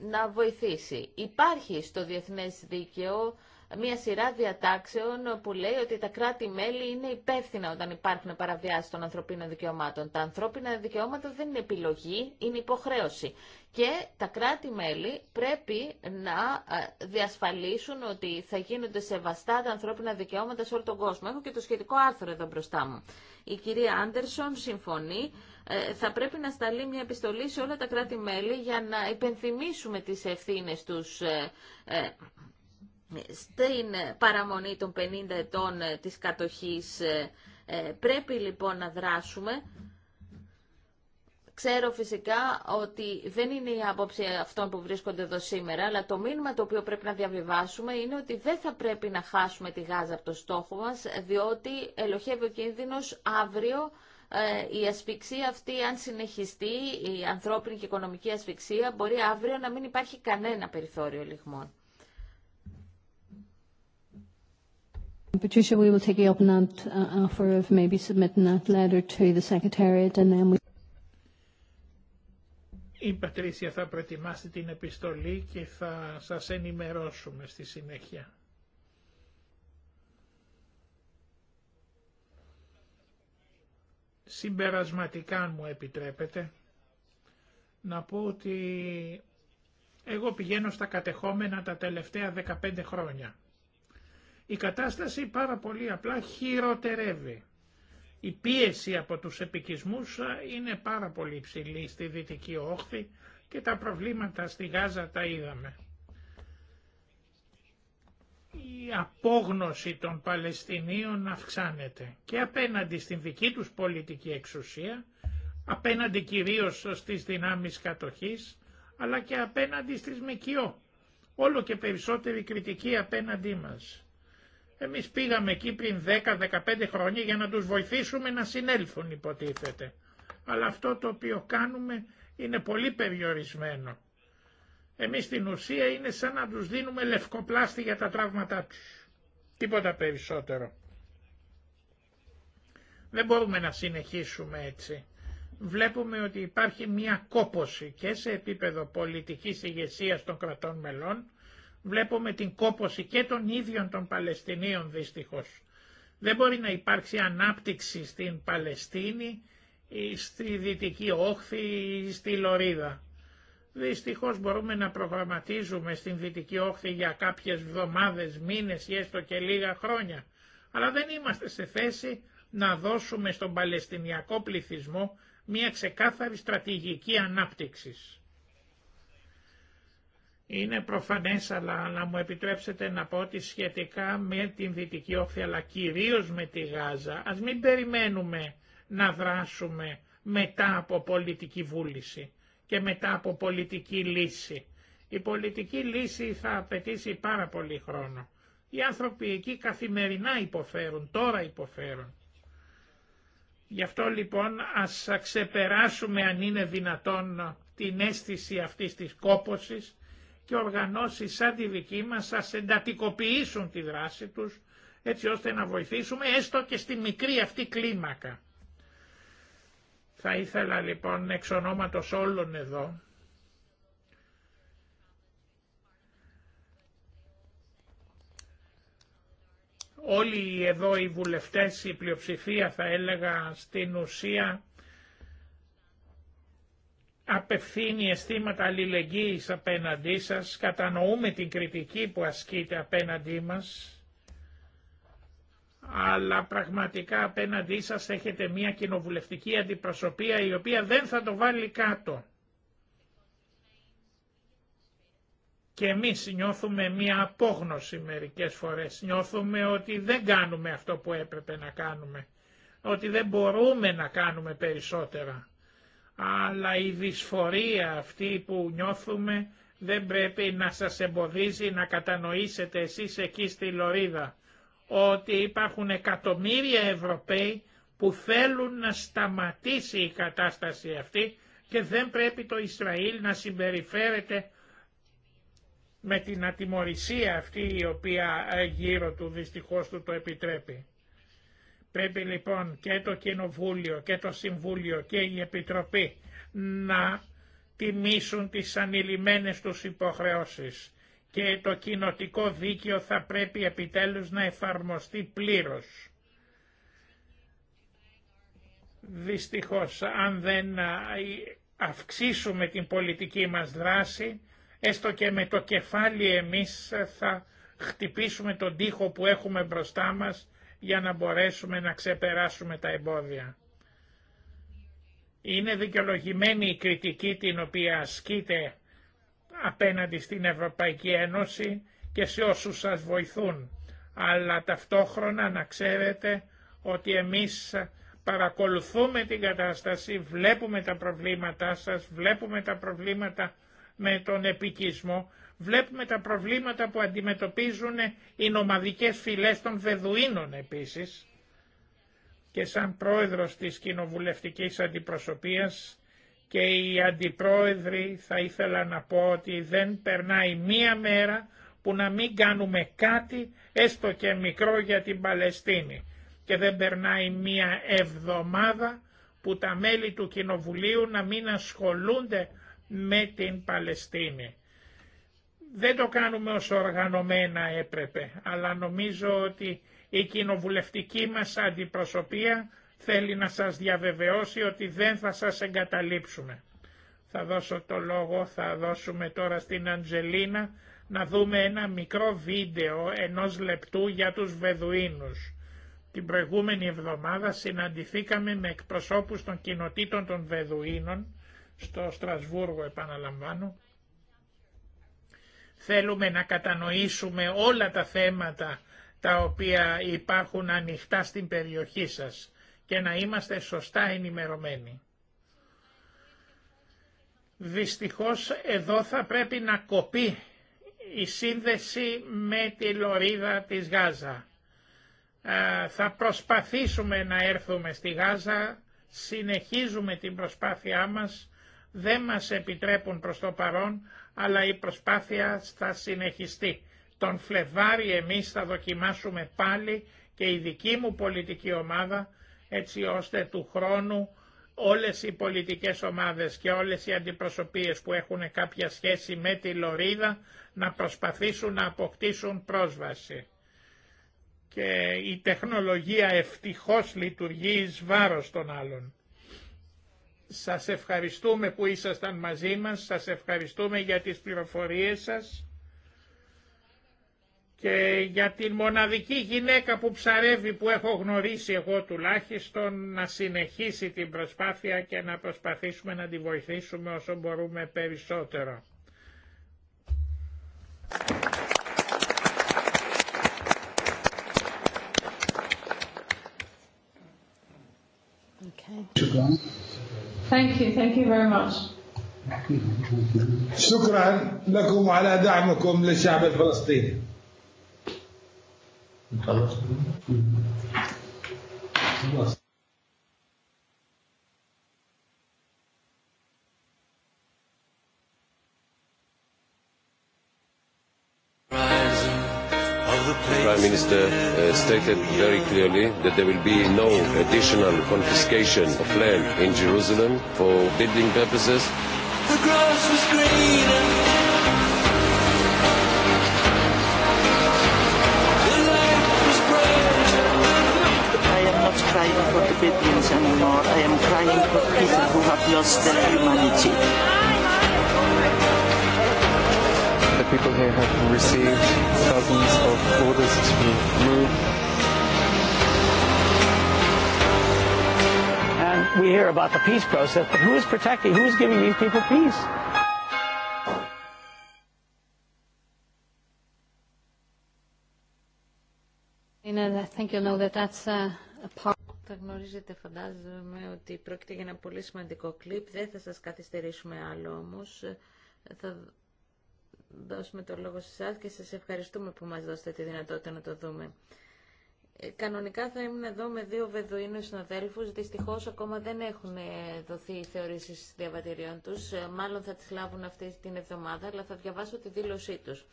να βοηθήσει. Υπάρχει στο διεθνές δίκαιο μια σειρά διατάξεων που λέει ότι τα κράτη-μέλη είναι υπεύθυνα όταν υπάρχουν παραβιάσεις των ανθρωπίνων δικαιωμάτων. Τα ανθρώπινα δικαιώματα δεν είναι επιλογή, είναι υποχρέωση. Και τα κράτη-μέλη πρέπει να ε, διασφαλίσουν ότι θα γίνονται σεβαστά τα ανθρώπινα δικαιώματα σε όλο τον κόσμο. Έχω και το σχετικό άρθρο εδώ μπροστά μου. Η κυρία Άντερσον συμφωνεί ε, θα πρέπει να σταλεί μια επιστολή σε όλα τα κράτη-μέλη για να υπενθυμίσουμε τις ευθύνες τους ε, στην παραμονή των 50 ετών ε, της κατοχής ε, ε, πρέπει λοιπόν να δράσουμε. Ξέρω φυσικά ότι δεν είναι η άποψη αυτών που βρίσκονται εδώ σήμερα, αλλά το μήνυμα το οποίο πρέπει να διαβιβάσουμε είναι ότι δεν θα πρέπει να χάσουμε τη Γάζα από το στόχο μας, διότι ελοχεύει ο κίνδυνος αύριο η ασφυξία αυτή, αν συνεχιστεί, η ανθρώπινη και οικονομική ασφυξία, μπορεί αύριο να μην υπάρχει κανένα περιθώριο λιγμών. Η Πατρίσια θα προετοιμάσει την επιστολή και θα σας ενημερώσουμε στη συνέχεια. Συμπερασματικά, μου επιτρέπετε, να πω ότι εγώ πηγαίνω στα κατεχόμενα τα τελευταία 15 χρόνια. Η κατάσταση πάρα πολύ απλά χειροτερεύει. Η πίεση από τους επικισμούς είναι πάρα πολύ ψηλή στη Δυτική Όχθη και τα προβλήματα στη Γάζα τα είδαμε. Η απόγνωση των Παλαιστινίων αυξάνεται και απέναντι στην δική τους πολιτική εξουσία, απέναντι κυρίως στις δυνάμεις κατοχής, αλλά και απέναντι στις ΜΚΟ. Όλο και περισσότερη κριτική απέναντί μας. Εμείς πήγαμε εκεί πριν 10-15 χρόνια για να τους βοηθήσουμε να συνέλθουν υποτίθεται. Αλλά αυτό το οποίο κάνουμε είναι πολύ περιορισμένο. Εμείς στην ουσία είναι σαν να τους δίνουμε λευκοπλάστη για τα τραύματά τους. Τίποτα περισσότερο. Δεν μπορούμε να συνεχίσουμε έτσι. Βλέπουμε ότι υπάρχει μια κόποση και σε επίπεδο πολιτικής ηγεσία των κρατών μελών βλέπουμε την κόπωση και των ίδιων των Παλαιστινίων δυστυχώς. Δεν μπορεί να υπάρξει ανάπτυξη στην Παλαιστίνη, στη Δυτική Όχθη ή στη Λωρίδα. Δυστυχώς μπορούμε να προγραμματίζουμε στην Δυτική Όχθη για κάποιες εβδομάδες, μήνες ή έστω και λίγα χρόνια, αλλά δεν είμαστε σε θέση να δώσουμε στον Παλαιστινιακό πληθυσμό μια ξεκάθαρη στρατηγική ανάπτυξης. Είναι προφανές, αλλά να μου επιτρέψετε να πω ότι σχετικά με την Δυτική Όχθη, αλλά κυρίως με τη Γάζα, ας μην περιμένουμε να δράσουμε μετά από πολιτική βούληση και μετά από πολιτική λύση. Η πολιτική λύση θα απαιτήσει πάρα πολύ χρόνο. Οι άνθρωποι εκεί καθημερινά υποφέρουν, τώρα υποφέρουν. Γι' αυτό λοιπόν ας ξεπεράσουμε αν είναι δυνατόν την αίσθηση αυτής της κόπωσης και οργανώσεις σαν τη δική μας θα συντατικοποιήσουν τη δράση τους έτσι ώστε να βοηθήσουμε έστω και στη μικρή αυτή κλίμακα. Θα ήθελα λοιπόν εξ ονόματος όλων εδώ όλοι εδώ οι βουλευτές, η πλειοψηφία θα έλεγα στην ουσία απευθύνει αισθήματα αλληλεγγύης απέναντί σας, κατανοούμε την κριτική που ασκείται απέναντί μας, αλλά πραγματικά απέναντί σας έχετε μια κοινοβουλευτική αντιπροσωπεία η οποία δεν θα το βάλει κάτω. Και εμείς νιώθουμε μια απόγνωση μερικές φορές, νιώθουμε ότι δεν κάνουμε αυτό που έπρεπε να κάνουμε, ότι δεν μπορούμε να κάνουμε περισσότερα αλλά η δυσφορία αυτή που νιώθουμε δεν πρέπει να σας εμποδίζει να κατανοήσετε εσείς εκεί στη Λωρίδα ότι υπάρχουν εκατομμύρια Ευρωπαίοι που θέλουν να σταματήσει η κατάσταση αυτή και δεν πρέπει το Ισραήλ να συμπεριφέρεται με την ατιμορρησία αυτή η οποία γύρω του δυστυχώς του το επιτρέπει. Πρέπει λοιπόν και το Κοινοβούλιο και το Συμβούλιο και η Επιτροπή να τιμήσουν τις ανηλυμένες τους υποχρεώσεις και το κοινοτικό δίκαιο θα πρέπει επιτέλους να εφαρμοστεί πλήρως. Δυστυχώς, αν δεν αυξήσουμε την πολιτική μας δράση, έστω και με το κεφάλι εμείς θα χτυπήσουμε τον τοίχο που έχουμε μπροστά μας για να μπορέσουμε να ξεπεράσουμε τα εμπόδια. Είναι δικαιολογημένη η κριτική την οποία ασκείται απέναντι στην Ευρωπαϊκή Ένωση και σε όσους σας βοηθούν. Αλλά ταυτόχρονα να ξέρετε ότι εμείς παρακολουθούμε την κατάσταση, βλέπουμε τα προβλήματά σας, βλέπουμε τα προβλήματα με τον επικισμό Βλέπουμε τα προβλήματα που αντιμετωπίζουν οι νομαδικές φυλές των Βεδουίνων επίσης και σαν πρόεδρος της κοινοβουλευτικής αντιπροσωπείας και οι αντιπρόεδροι θα ήθελα να πω ότι δεν περνάει μία μέρα που να μην κάνουμε κάτι έστω και μικρό για την Παλαιστίνη και δεν περνάει μία εβδομάδα που τα μέλη του Κοινοβουλίου να μην ασχολούνται με την Παλαιστίνη. Δεν το κάνουμε όσο οργανωμένα έπρεπε, αλλά νομίζω ότι η κοινοβουλευτική μας αντιπροσωπεία θέλει να σας διαβεβαιώσει ότι δεν θα σας εγκαταλείψουμε. Θα δώσω το λόγο, θα δώσουμε τώρα στην Αντζελίνα να δούμε ένα μικρό βίντεο ενός λεπτού για τους Βεδουίνους. Την προηγούμενη εβδομάδα συναντηθήκαμε με εκπροσώπους των κοινοτήτων των Βεδουίνων στο Στρασβούργο επαναλαμβάνω Θέλουμε να κατανοήσουμε όλα τα θέματα τα οποία υπάρχουν ανοιχτά στην περιοχή σας και να είμαστε σωστά ενημερωμένοι. Δυστυχώς εδώ θα πρέπει να κοπεί η σύνδεση με τη λωρίδα της Γάζα. θα προσπαθήσουμε να έρθουμε στη Γάζα, συνεχίζουμε την προσπάθειά μας, δεν μας επιτρέπουν προς το παρόν αλλά η προσπάθεια θα συνεχιστεί. Τον Φλεβάρι εμείς θα δοκιμάσουμε πάλι και η δική μου πολιτική ομάδα έτσι ώστε του χρόνου όλες οι πολιτικές ομάδες και όλες οι αντιπροσωπείες που έχουν κάποια σχέση με τη Λωρίδα να προσπαθήσουν να αποκτήσουν πρόσβαση. Και η τεχνολογία ευτυχώς λειτουργεί εις βάρος των άλλων. Σας ευχαριστούμε που ήσασταν μαζί μας, σας ευχαριστούμε για τις πληροφορίες σας και για την μοναδική γυναίκα που ψαρεύει που έχω γνωρίσει εγώ τουλάχιστον να συνεχίσει την προσπάθεια και να προσπαθήσουμε να τη βοηθήσουμε όσο μπορούμε περισσότερο. Thank you, thank you very much. شكرا لكم على دعمكم للشعب الفلسطيني. خلاص Prime Minister stated very clearly that there will be no additional confiscation of land in Jerusalem for building purposes. The grass was green. not crying for the Bedouins anymore. I am crying for people who have lost their humanity people here have received thousands of orders to move. And we hear about the peace process, but who is protecting, who is giving these people peace? And I think you know that that's a, a part. Θα γνωρίζετε, φαντάζομαι, ότι πρόκειται για ένα πολύ σημαντικό κλιπ. Δεν θα σας καθυστερήσουμε άλλο, όμως. Θα δώσουμε το λόγο σε εσά και σας ευχαριστούμε που μας δώσετε τη δυνατότητα να το δούμε. Ε, κανονικά θα ήμουν εδώ με δύο Βεδουίνους συναδέλφου. Δυστυχώ ακόμα δεν έχουν ε, δοθεί οι θεωρήσεις διαβατηρίων τους. Ε, μάλλον θα τις λάβουν αυτή την εβδομάδα, αλλά θα διαβάσω τη δήλωσή τους.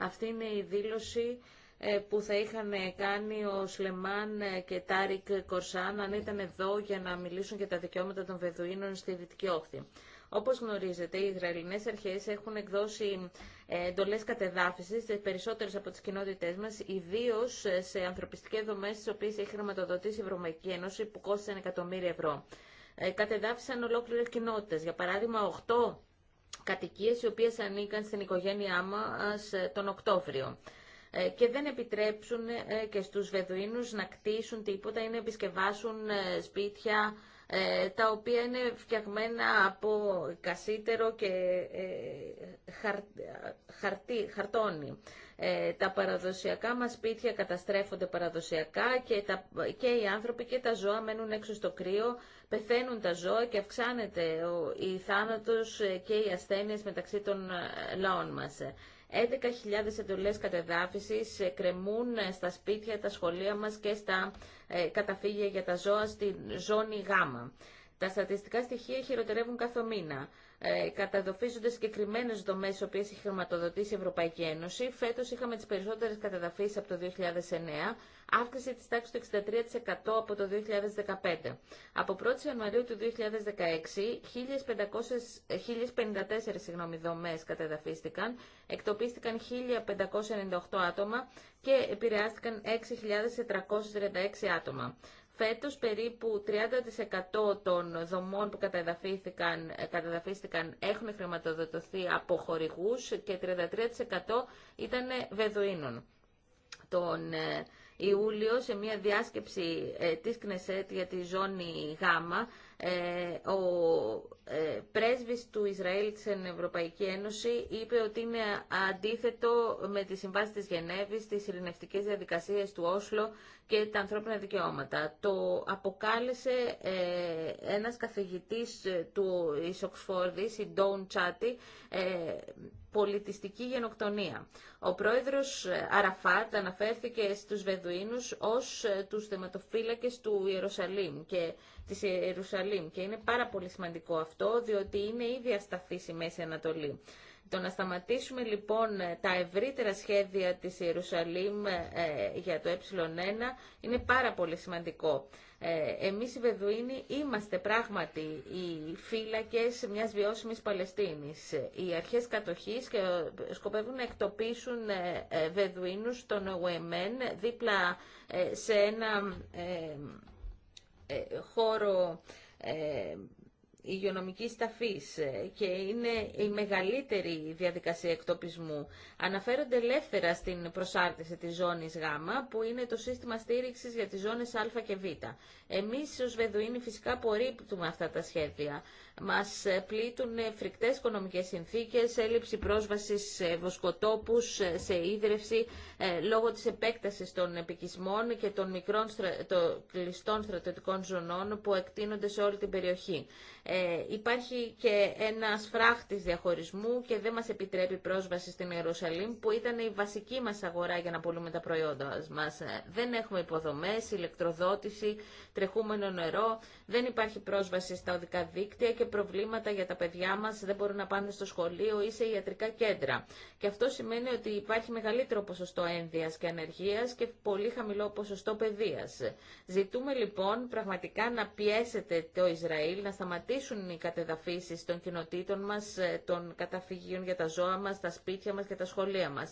Αυτή είναι η δήλωση που θα είχαν κάνει ο Σλεμάν και Τάρικ Κορσάν αν ήταν εδώ για να μιλήσουν για τα δικαιώματα των Βεδουίνων στη Δυτική Όχθη. Όπως γνωρίζετε, οι Ισραηλινές αρχές έχουν εκδώσει ε, εντολές κατεδάφιση σε περισσότερες από τις κοινότητές μας, ιδίως σε ανθρωπιστικές δομές τις οποίες έχει χρηματοδοτήσει η Ευρωπαϊκή Ένωση που κόστησαν εκατομμύρια ευρώ. Ε, κατεδάφισαν ολόκληρες κοινότητες. Για παράδειγμα, 8 κατοικίες οι οποίες ανήκαν στην οικογένειά μας ε, τον Οκτώβριο και δεν επιτρέψουν και στους Βεδουίνους να κτίσουν τίποτα ή να επισκευάσουν σπίτια ε, τα οποία είναι φτιαγμένα από κασίτερο και ε, χαρτί, χαρτόνι. Ε, τα παραδοσιακά μας σπίτια καταστρέφονται παραδοσιακά και, τα, και οι άνθρωποι και τα ζώα μένουν έξω στο κρύο, πεθαίνουν τα ζώα και αυξάνεται η θάνατος και οι ασθένειες μεταξύ των λαών μας. 11.000 εντολές κατεδάφισης ε, κρεμούν ε, στα σπίτια, τα σχολεία μας και στα ε, καταφύγια για τα ζώα στην ζώνη Γ. Τα στατιστικά στοιχεία χειροτερεύουν κάθε μήνα ε, καταδοφίζονται συγκεκριμένε δομέ, οι οποίε έχει χρηματοδοτήσει η Ευρωπαϊκή Ένωση. Φέτο είχαμε τι περισσότερε καταδαφίσει από το 2009, αύξηση τη τάξη του 63% από το 2015. Από 1η Ιανουαρίου του 2016, 1.054 δομέ καταδαφίστηκαν, εκτοπίστηκαν 1.598 άτομα και επηρεάστηκαν 6.436 άτομα. Φέτος περίπου 30% των δομών που καταδαφίστηκαν, ε, έχουν χρηματοδοτηθεί από χορηγούς και 33% ήταν βεδοίνων. Τον ε, Ιούλιο σε μια διάσκεψη ε, της Κνεσέτ για τη ζώνη ΓΑΜΑ... ο πρέσβης του Ισραήλ στην Ευρωπαϊκή Ένωση είπε ότι είναι αντίθετο με τις συμβάσεις της Γενέβης, τις ειρηνευτικές διαδικασίες του Όσλο και τα ανθρώπινα δικαιώματα. Το αποκάλεσε ε, ένας καθηγητής ε, του Ισοξφόρδης, η Ντόουν Τσάτι, ε, πολιτιστική γενοκτονία. Ο πρόεδρος ε, Αραφάτ αναφέρθηκε στους Βεδουίνους ως ε, τους θεματοφύλακες του Ιερουσαλήμ και, της Ιερουσαλήμ και είναι πάρα πολύ σημαντικό αυτό διότι είναι ήδη ασταθή η Μέση Ανατολή. Το να σταματήσουμε λοιπόν τα ευρύτερα σχέδια της Ιερουσαλήμ ε, για το ε1 είναι πάρα πολύ σημαντικό. Ε, εμείς οι Βεδουίνοι είμαστε πράγματι οι φύλακες μιας βιώσιμης Παλαιστίνης. Οι αρχές κατοχής ε, σκοπεύουν να εκτοπίσουν Βεδουίνους στον ΟΕΜΕΝ δίπλα σε ένα χώρο υγειονομικής ταφής ε, και είναι η μεγαλύτερη διαδικασία εκτοπισμού. Αναφέρονται ελεύθερα στην προσάρτηση της ζώνης Γ, που είναι το σύστημα στήριξης για τις ζώνες Α και Β. Εμείς ως Βεδουίνοι φυσικά απορρίπτουμε αυτά τα σχέδια, μας πλήττουν φρικτές οικονομικές συνθήκες, έλλειψη πρόσβασης σε βοσκοτόπους, σε ίδρυυση, ε, λόγω της επέκτασης των επικισμών και των μικρών κλειστών στρατιωτικών ζωνών που εκτείνονται σε όλη την περιοχή. Ε, υπάρχει και ένα φράχτης διαχωρισμού και δεν μας επιτρέπει πρόσβαση στην Ιερουσαλήμ που ήταν η βασική μας αγορά για να πουλούμε τα προϊόντα μας. Ε, δεν έχουμε υποδομές, ηλεκτροδότηση, τρεχούμενο νερό, δεν υπάρχει πρόσβαση στα οδικά δίκτυα και προβλήματα για τα παιδιά μας, δεν μπορούν να πάνε στο σχολείο ή σε ιατρικά κέντρα. Και αυτό σημαίνει ότι υπάρχει μεγαλύτερο ποσοστό ένδυα και ανεργίας και πολύ χαμηλό ποσοστό παιδεία. Ζητούμε λοιπόν πραγματικά να πιέσετε το Ισραήλ να σταματήσουν οι κατεδαφίσεις των κοινοτήτων μας, ε, των καταφυγίων για τα ζώα μα, τα σπίτια μα και τα σχολεία μα.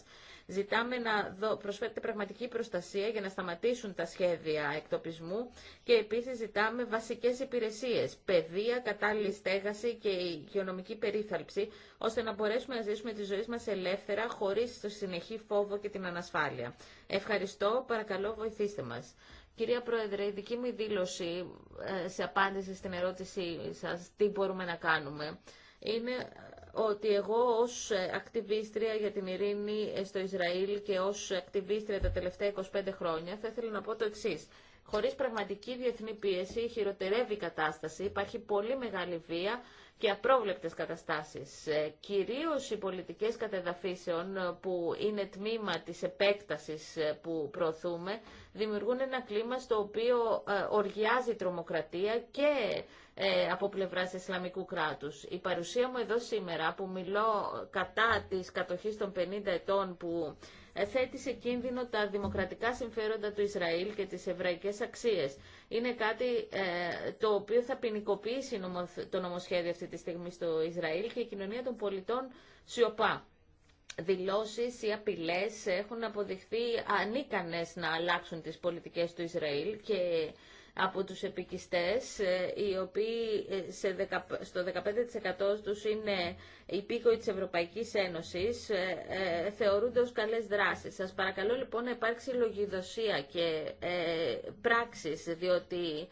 Ζητάμε να προσφέρετε πραγματική προστασία για να σταματήσουν τα σχέδια εκτοπισμού και επίσης ζητάμε βασικές υπηρεσίε: παιδεία, κατάλληλη στέγαση και υγειονομική περίθαλψη, ώστε να μπορέσουμε να ζήσουμε τη ζωή μας ελεύθερα, χωρίς το συνεχή φόβο και την ανασφάλεια. Ευχαριστώ, παρακαλώ βοηθήστε μα. Κυρία Πρόεδρε, η δική μου δήλωση ε, σε απάντηση στην ερώτησή σας, τι μπορούμε να κάνουμε, είναι ότι εγώ ως ε, ακτιβίστρια για την ειρήνη ε, στο Ισραήλ και ως ακτιβίστρια τα τελευταία 25 χρόνια θα ήθελα να πω το εξή: Χωρίς πραγματική διεθνή πίεση χειροτερεύει η κατάσταση, υπάρχει πολύ μεγάλη βία και απρόβλεπτες καταστάσεις. Ε, κυρίως οι πολιτικές κατεδαφίσεων που είναι τμήμα της επέκτασης που προωθούμε δημιουργούν ένα κλίμα στο οποίο οργιάζει η τρομοκρατία και ε, από πλευράς Ισλαμικού κράτους. Η παρουσία μου εδώ σήμερα που μιλώ κατά της κατοχής των 50 ετών που ε, θέτει σε κίνδυνο τα δημοκρατικά συμφέροντα του Ισραήλ και τις εβραϊκές αξίες. Είναι κάτι ε, το οποίο θα ποινικοποιήσει το νομοσχέδιο αυτή τη στιγμή στο Ισραήλ και η κοινωνία των πολιτών σιωπά. Δηλώσεις ή απειλές έχουν αποδειχθεί ανίκανες να αλλάξουν τις πολιτικές του Ισραήλ και από τους επικιστές, ε, οι οποίοι ε, στο 15% τους είναι υπήκοοι της Ευρωπαϊκής Ένωσης, ε, θεωρούνται ως καλές δράσεις. Σας παρακαλώ λοιπόν να υπάρξει λογιδοσία και ε, πράξεις, διότι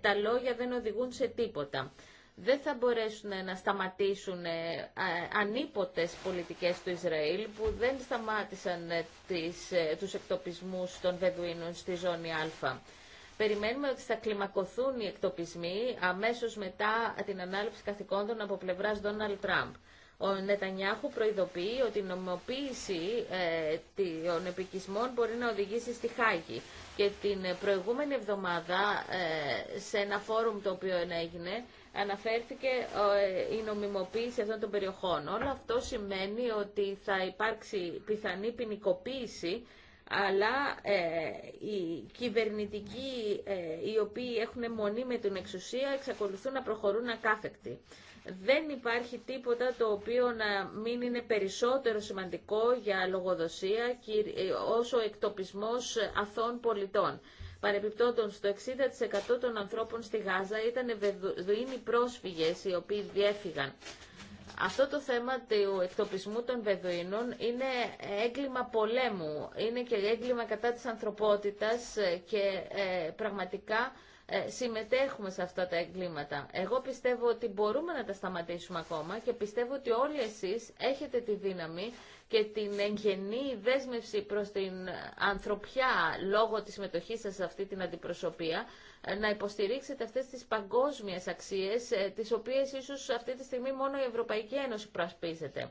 τα λόγια δεν οδηγούν σε τίποτα δεν θα μπορέσουν να σταματήσουν ανίποτες πολιτικές του Ισραήλ που δεν σταμάτησαν τις, τους εκτοπισμούς των Βεδουίνων στη ζώνη Α. Περιμένουμε ότι θα κλιμακωθούν οι εκτοπισμοί αμέσως μετά την ανάληψη καθηκόντων από πλευράς Ντόναλτ Τραμπ. Ο Νετανιάχου προειδοποιεί ότι η νομιμοποίηση ε, των επικισμών μπορεί να οδηγήσει στη Χάγη. Και την προηγούμενη εβδομάδα, ε, σε ένα φόρουμ το οποίο έγινε, αναφέρθηκε ε, η νομιμοποίηση αυτών των περιοχών. Όλο αυτό σημαίνει ότι θα υπάρξει πιθανή ποινικοποίηση αλλά ε, οι κυβερνητικοί ε, οι οποίοι έχουν μονή με την εξουσία εξακολουθούν να προχωρούν ακάθεκτοι. Δεν υπάρχει τίποτα το οποίο να μην είναι περισσότερο σημαντικό για λογοδοσία ε, όσο εκτοπισμός αθών πολιτών. Παρεπιπτόντων, στο 60% των ανθρώπων στη Γάζα ήταν ευεδοίνοι πρόσφυγες οι οποίοι διέφυγαν. Αυτό το θέμα του εκτοπισμού των Βεδουίνων είναι έγκλημα πολέμου, είναι και έγκλημα κατά της ανθρωπότητας και ε, πραγματικά ε, συμμετέχουμε σε αυτά τα εγκλήματα. Εγώ πιστεύω ότι μπορούμε να τα σταματήσουμε ακόμα και πιστεύω ότι όλοι εσείς έχετε τη δύναμη και την εγγενή δέσμευση προς την ανθρωπιά λόγω της συμμετοχής σας σε αυτή την αντιπροσωπεία να υποστηρίξετε αυτές τις παγκόσμιες αξίες, ε, τις οποίες ίσως αυτή τη στιγμή μόνο η Ευρωπαϊκή Ένωση προασπίζεται.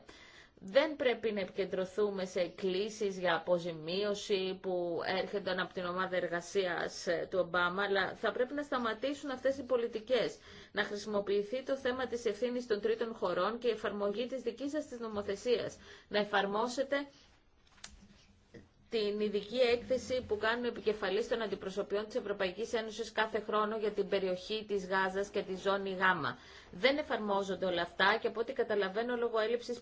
Δεν πρέπει να επικεντρωθούμε σε κλήσεις για αποζημίωση που έρχονταν από την ομάδα εργασίας ε, του Ομπάμα, αλλά θα πρέπει να σταματήσουν αυτές οι πολιτικές. Να χρησιμοποιηθεί το θέμα της ευθύνης των τρίτων χωρών και η εφαρμογή της δικής σας της νομοθεσίας. Να εφαρμόσετε την ειδική έκθεση που κάνουν επικεφαλής των αντιπροσωπιών της Ευρωπαϊκής Ένωσης κάθε χρόνο για την περιοχή της Γάζας και τη ζώνη Γάμα. Δεν εφαρμόζονται όλα αυτά και από ό,τι καταλαβαίνω λόγω έλλειψης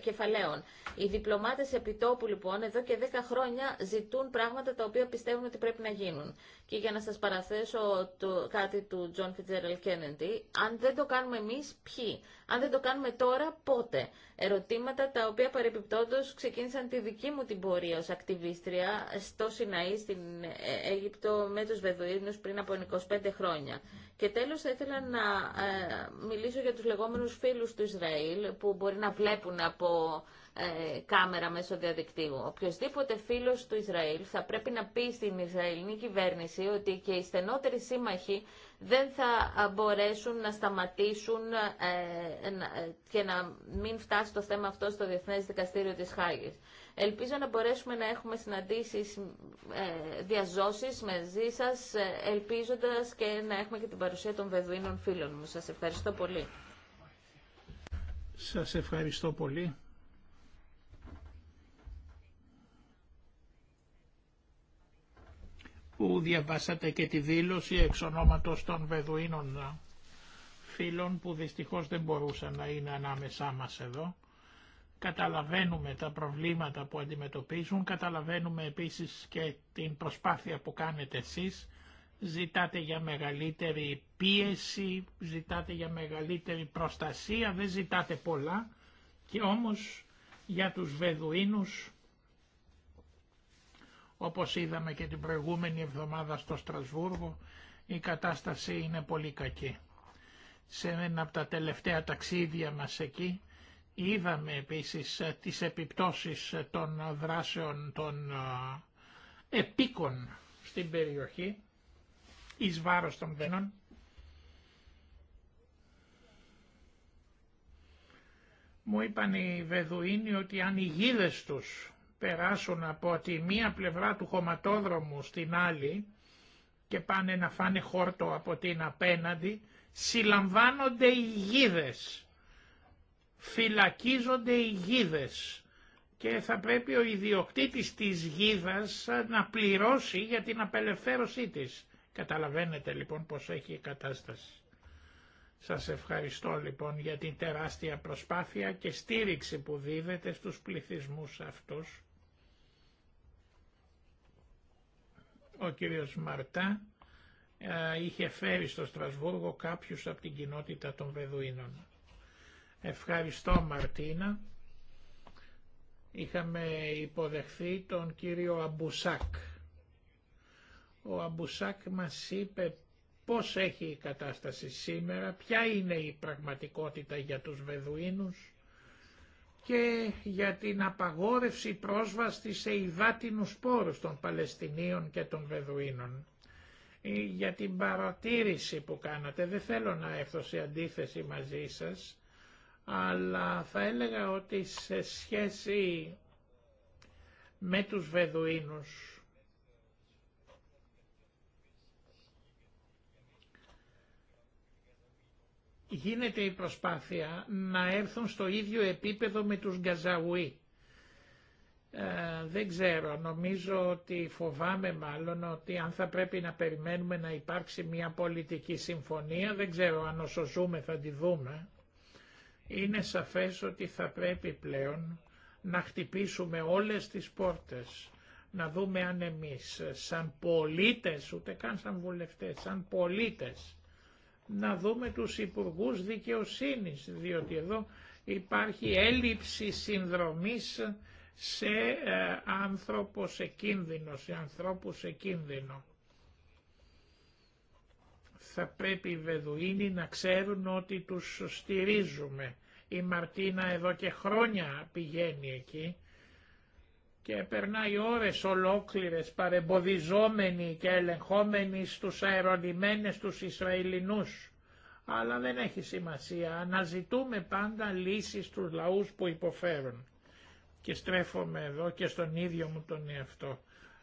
κεφαλαίων. Οι διπλωμάτε επιτόπου λοιπόν εδώ και 10 χρόνια ζητούν πράγματα τα οποία πιστεύουν ότι πρέπει να γίνουν. Και για να σα παραθέσω το, κάτι του Τζον Fitzgerald Kennedy, αν δεν το κάνουμε εμεί, ποιοι, αν δεν το κάνουμε τώρα πότε. Ερωτήματα τα οποία παρεπιπτόντω ξεκίνησαν τη δική μου την πορεία ω ακτιβίστρια στο Σιναή στην Αίγυπτο με του Βεδουίνου πριν από 25 χρόνια. Και τέλο, θα ήθελα να ε, μιλήσω για τους λεγόμενους φίλους του Ισραήλ που μπορεί να βλέπουν από ε, κάμερα μέσω διαδικτύου. Οποιοςδήποτε φίλος του Ισραήλ θα πρέπει να πει στην Ισραηλινή κυβέρνηση ότι και οι στενότεροι σύμμαχοι δεν θα μπορέσουν να σταματήσουν ε, ε, και να μην φτάσει το θέμα αυτό στο Διεθνές Δικαστήριο της Χάγης. Ελπίζω να μπορέσουμε να έχουμε συναντήσεις, ε, διαζώσεις μαζί σας, ελπίζοντας και να έχουμε και την παρουσία των Βεδουίνων φίλων μου. Σας ευχαριστώ πολύ. Σας ευχαριστώ πολύ. που διαβάσατε και τη δήλωση εξ ονόματος των Βεδουίνων φίλων που δυστυχώς δεν μπορούσαν να είναι ανάμεσά μας εδώ. Καταλαβαίνουμε τα προβλήματα που αντιμετωπίζουν, καταλαβαίνουμε επίσης και την προσπάθεια που κάνετε εσείς. Ζητάτε για μεγαλύτερη πίεση, ζητάτε για μεγαλύτερη προστασία, δεν ζητάτε πολλά και όμως για τους Βεδουίνους όπως είδαμε και την προηγούμενη εβδομάδα στο Στρασβούργο, η κατάσταση είναι πολύ κακή. Σε ένα από τα τελευταία ταξίδια μας εκεί, είδαμε επίσης ε, τις επιπτώσεις ε, των δράσεων των ε, επίκων στην περιοχή, εις βάρος των Βένων, μου είπαν οι Βεδουίνοι ότι αν οι γίδες τους περάσουν από τη μία πλευρά του χωματόδρομου στην άλλη και πάνε να φάνε χόρτο από την απέναντι, συλλαμβάνονται οι γίδες, φυλακίζονται οι γίδες και θα πρέπει ο ιδιοκτήτης της γίδας να πληρώσει για την απελευθέρωσή της. Καταλαβαίνετε λοιπόν πως έχει η κατάσταση. Σας ευχαριστώ λοιπόν για την τεράστια προσπάθεια και στήριξη που δίδεται στους πληθυσμούς αυτούς Ο κύριος Μαρτά ε, είχε φέρει στο Στρασβούργο κάποιους από την κοινότητα των Βεδουίνων. Ευχαριστώ Μαρτίνα. Είχαμε υποδεχθεί τον κύριο Αμπουσάκ. Ο Αμπουσάκ μας είπε πώς έχει η κατάσταση σήμερα, ποια είναι η πραγματικότητα για τους Βεδουίνους και για την απαγόρευση πρόσβαση σε υδάτινους πόρους των Παλαιστινίων και των Βεδουίνων. Ε, για την παρατήρηση που κάνατε, δεν θέλω να έρθω σε αντίθεση μαζί σας, αλλά θα έλεγα ότι σε σχέση με τους Βεδουίνους γίνεται η προσπάθεια να έρθουν στο ίδιο επίπεδο με τους Γκαζαουί. Ε, δεν ξέρω, νομίζω ότι φοβάμαι μάλλον ότι αν θα πρέπει να περιμένουμε να υπάρξει μια πολιτική συμφωνία, δεν ξέρω αν όσο ζούμε θα τη δούμε, είναι σαφές ότι θα πρέπει πλέον να χτυπήσουμε όλες τις πόρτες, να δούμε αν εμείς σαν πολίτες, ούτε καν σαν βουλευτές, σαν πολίτες, να δούμε τους υπουργούς δικαιοσύνης, διότι εδώ υπάρχει έλλειψη συνδρομής σε ε, άνθρωπο σε κίνδυνο, σε ανθρώπου σε κίνδυνο. Θα πρέπει οι Βεδουίνοι να ξέρουν ότι τους στηρίζουμε. Η Μαρτίνα εδώ και χρόνια πηγαίνει εκεί και περνάει ώρες ολόκληρες παρεμποδιζόμενοι και ελεγχόμενοι στους αερονημένες τους Ισραηλινούς. Αλλά δεν έχει σημασία, αναζητούμε πάντα λύσεις στους λαούς που υποφέρουν. Και στρέφομαι εδώ και στον ίδιο μου τον εαυτό.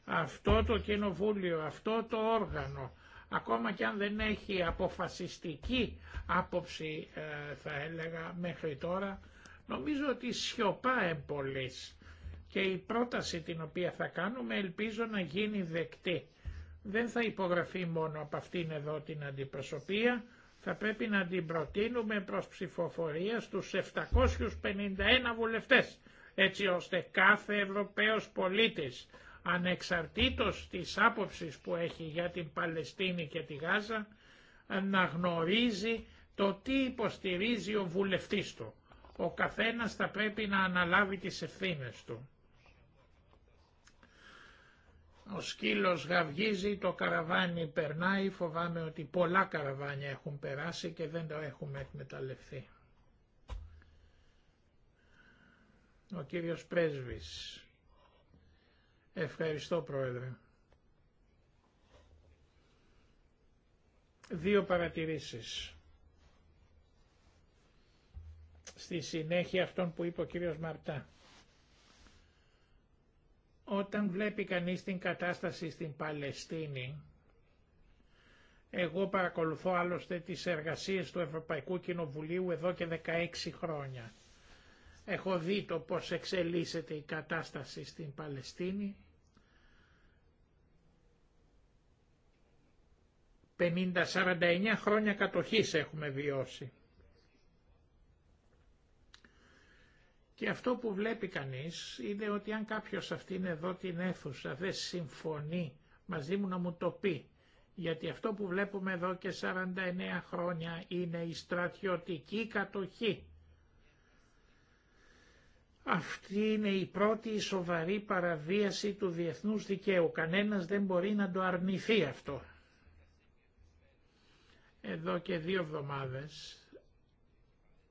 Αυτό το κοινοβούλιο, αυτό το όργανο, ακόμα και αν δεν έχει αποφασιστική άποψη ε, θα έλεγα μέχρι τώρα, νομίζω ότι σιωπά εμπολής και η πρόταση την οποία θα κάνουμε ελπίζω να γίνει δεκτή. Δεν θα υπογραφεί μόνο από αυτήν εδώ την αντιπροσωπεία, θα πρέπει να την προτείνουμε προς ψηφοφορία στους 751 βουλευτές, έτσι ώστε κάθε Ευρωπαίος πολίτης, ανεξαρτήτως της άποψης που έχει για την Παλαιστίνη και τη Γάζα, να γνωρίζει το τι υποστηρίζει ο βουλευτής του. Ο καθένας θα πρέπει να αναλάβει τις ευθύνες του. Ο σκύλος γαυγίζει, το καραβάνι περνάει, φοβάμαι ότι πολλά καραβάνια έχουν περάσει και δεν το έχουμε εκμεταλλευτεί. Ο κύριος Πρέσβης. Ευχαριστώ Πρόεδρε. Δύο παρατηρήσεις. Στη συνέχεια αυτών που είπε ο κύριος Μαρτά. Όταν βλέπει κανείς την κατάσταση στην Παλαιστίνη, εγώ παρακολουθώ άλλωστε τις εργασίες του Ευρωπαϊκού Κοινοβουλίου εδώ και 16 χρόνια. Έχω δει το πώς εξελίσσεται η κατάσταση στην Παλαιστίνη. 50-49 χρόνια κατοχής έχουμε βιώσει. Και αυτό που βλέπει κανείς είναι ότι αν κάποιος αυτήν εδώ την αίθουσα δεν συμφωνεί μαζί μου να μου το πει, γιατί αυτό που βλέπουμε εδώ και 49 χρόνια είναι η στρατιωτική κατοχή. Αυτή είναι η πρώτη σοβαρή παραβίαση του διεθνούς δικαίου. Κανένας δεν μπορεί να το αρνηθεί αυτό. Εδώ και δύο εβδομάδες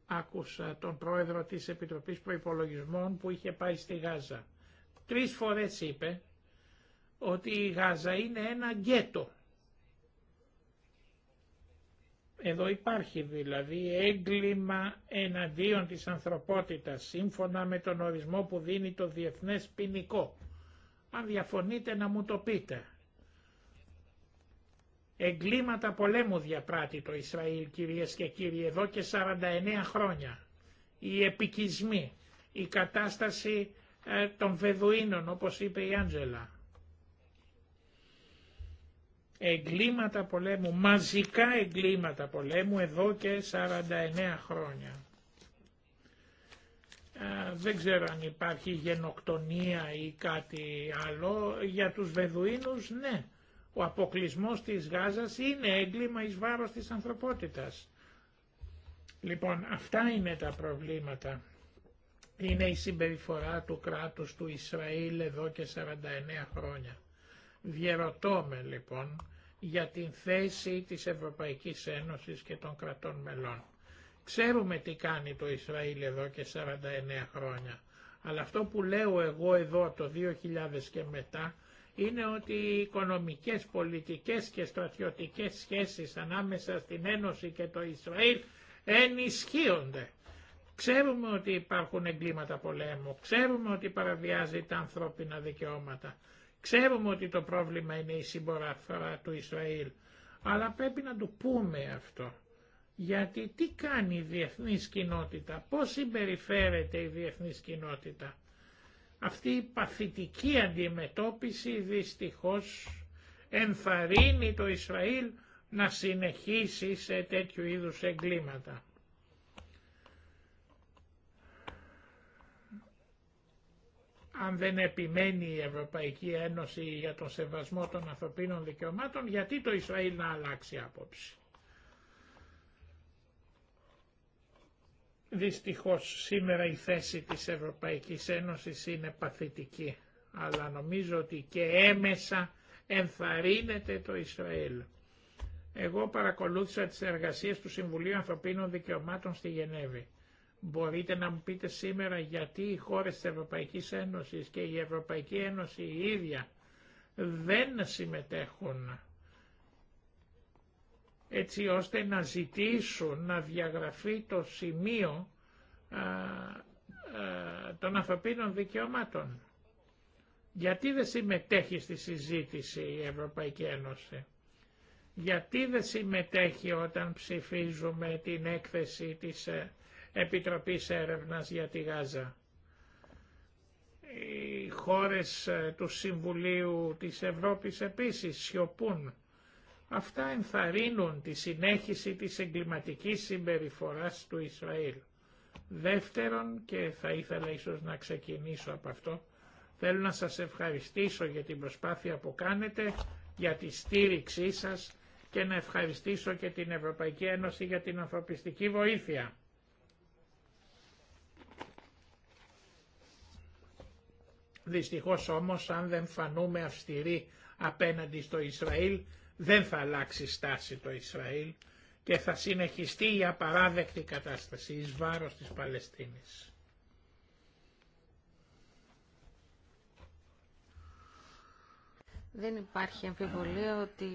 άκουσα τον πρόεδρο της Επιτροπής Προϋπολογισμών που είχε πάει στη Γάζα. Τρεις φορές είπε ότι η Γάζα είναι ένα γκέτο. Εδώ υπάρχει δηλαδή έγκλημα εναντίον της ανθρωπότητας, σύμφωνα με τον ορισμό που δίνει το Διεθνές Ποινικό. Αν διαφωνείτε να μου το πείτε. Εγκλήματα πολέμου διαπράττει το Ισραήλ κυρίες και κύριοι εδώ και 49 χρόνια. Οι επικισμοί, η κατάσταση ε, των Βεδουίνων όπως είπε η Άντζελα. Εγκλήματα πολέμου, μαζικά εγκλήματα πολέμου εδώ και 49 χρόνια. Ε, δεν ξέρω αν υπάρχει γενοκτονία ή κάτι άλλο. Για τους Βεδουίνους ναι ο αποκλεισμός της Γάζας είναι έγκλημα εις βάρος της ανθρωπότητας. Λοιπόν, αυτά είναι τα προβλήματα. Είναι η συμπεριφορά του κράτους του Ισραήλ εδώ και 49 χρόνια. Διερωτώ λοιπόν για την θέση της Ευρωπαϊκής Ένωσης και των κρατών μελών. Ξέρουμε τι κάνει το Ισραήλ εδώ και 49 χρόνια, αλλά αυτό που λέω εγώ εδώ το 2000 και μετά είναι ότι οι οικονομικές, πολιτικές και στρατιωτικές σχέσεις ανάμεσα στην Ένωση και το Ισραήλ ενισχύονται. Ξέρουμε ότι υπάρχουν εγκλήματα πολέμου, ξέρουμε ότι παραβιάζει τα ανθρώπινα δικαιώματα, ξέρουμε ότι το πρόβλημα είναι η συμπορά του Ισραήλ, αλλά πρέπει να του πούμε αυτό. Γιατί τι κάνει η διεθνής κοινότητα, πώς συμπεριφέρεται η διεθνής κοινότητα. Αυτή η παθητική αντιμετώπιση δυστυχώς ενθαρρύνει το Ισραήλ να συνεχίσει σε τέτοιου είδους εγκλήματα. αν δεν επιμένει η Ευρωπαϊκή Ένωση για τον σεβασμό των ανθρωπίνων δικαιωμάτων, γιατί το Ισραήλ να αλλάξει άποψη. Δυστυχώς σήμερα η θέση της Ευρωπαϊκής Ένωσης είναι παθητική, αλλά νομίζω ότι και έμεσα ενθαρρύνεται το Ισραήλ. Εγώ παρακολούθησα τις εργασίες του Συμβουλίου Ανθρωπίνων Δικαιωμάτων στη Γενέβη. Μπορείτε να μου πείτε σήμερα γιατί οι χώρες της Ευρωπαϊκής Ένωσης και η Ευρωπαϊκή Ένωση η ίδια δεν συμμετέχουν έτσι ώστε να ζητήσουν να διαγραφεί το σημείο των ανθρωπίνων δικαιωμάτων. Γιατί δεν συμμετέχει στη συζήτηση η Ευρωπαϊκή Ένωση. Γιατί δεν συμμετέχει όταν ψηφίζουμε την έκθεση της ε, Επιτροπής Έρευνας για τη Γάζα. Οι χώρες ε, του Συμβουλίου της Ευρώπης επίσης σιωπούν Αυτά ενθαρρύνουν τη συνέχιση της εγκληματικής συμπεριφοράς του Ισραήλ. Δεύτερον, και θα ήθελα ίσως να ξεκινήσω από αυτό, θέλω να σας ευχαριστήσω για την προσπάθεια που κάνετε, για τη στήριξή σας και να ευχαριστήσω και την Ευρωπαϊκή Ένωση για την ανθρωπιστική βοήθεια. Δυστυχώς όμως αν δεν φανούμε αυστηροί απέναντι στο Ισραήλ δεν θα αλλάξει στάση το Ισραήλ και θα συνεχιστεί η απαράδεκτη κατάσταση εις βάρος της Παλαιστίνης. Δεν υπάρχει αμφιβολία ότι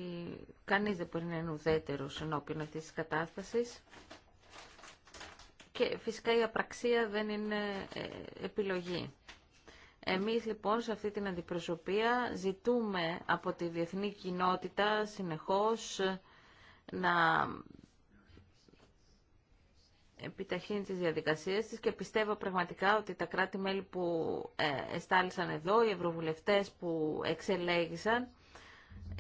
κανείς δεν μπορεί να είναι ουδέτερος ενώπιον αυτής της κατάστασης και φυσικά η απραξία δεν είναι ε, επιλογή. Εμείς λοιπόν σε αυτή την αντιπροσωπεία ζητούμε από τη διεθνή κοινότητα συνεχώς να επιταχύνει τις διαδικασίες της και πιστεύω πραγματικά ότι τα κράτη-μέλη που ε, εστάλησαν εδώ, οι ευρωβουλευτές που εξελέγησαν,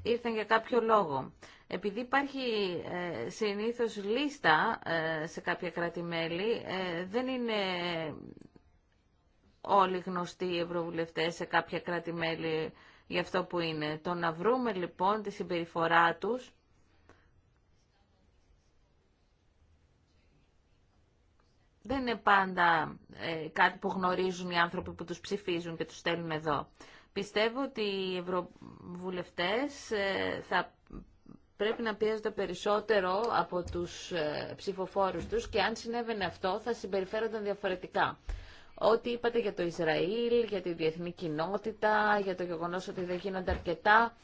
ήρθαν για κάποιο λόγο. Επειδή υπάρχει ε, συνήθως λίστα ε, σε κάποια κράτη-μέλη, δεν είναι όλοι γνωστοί οι ευρωβουλευτές σε κάποια κράτη-μέλη για αυτό που είναι. Το να βρούμε λοιπόν τη συμπεριφορά τους δεν είναι πάντα ε, κάτι που γνωρίζουν οι άνθρωποι που τους ψηφίζουν και τους στέλνουν εδώ. Πιστεύω ότι οι ευρωβουλευτές ε, θα πρέπει να πιέζονται περισσότερο από τους ε, ψηφοφόρους τους και αν συνέβαινε αυτό θα συμπεριφέρονταν διαφορετικά. Ό,τι είπατε για το Ισραήλ, για τη διεθνή κοινότητα, για το γεγονός ότι δεν γίνονται αρκετά.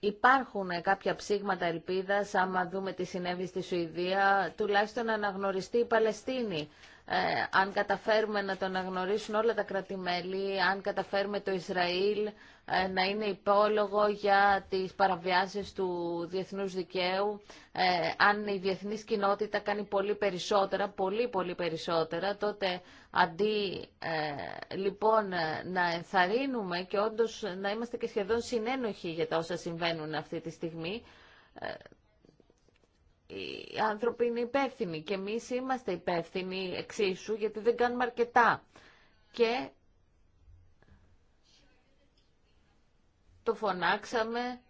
Υπάρχουν κάποια ψήγματα ελπίδας, άμα δούμε τι συνέβη στη Σουηδία, τουλάχιστον να αναγνωριστεί η Παλαιστίνη. Ε, αν καταφέρουμε να τον αναγνωρίσουν όλα τα κρατημέλη, αν καταφέρουμε το Ισραήλ ε, να είναι υπόλογο για τις παραβιάσεις του διεθνούς δικαίου, ε, αν η διεθνής κοινότητα κάνει πολύ περισσότερα, πολύ πολύ περισσότερα, τότε αντί λοιπόν να ενθαρρύνουμε και όντως να είμαστε και σχεδόν συνένοχοι για τα όσα συμβαίνουν αυτή τη στιγμή, οι άνθρωποι είναι υπεύθυνοι και εμείς είμαστε υπεύθυνοι εξίσου γιατί δεν κάνουμε αρκετά. Και το φωνάξαμε,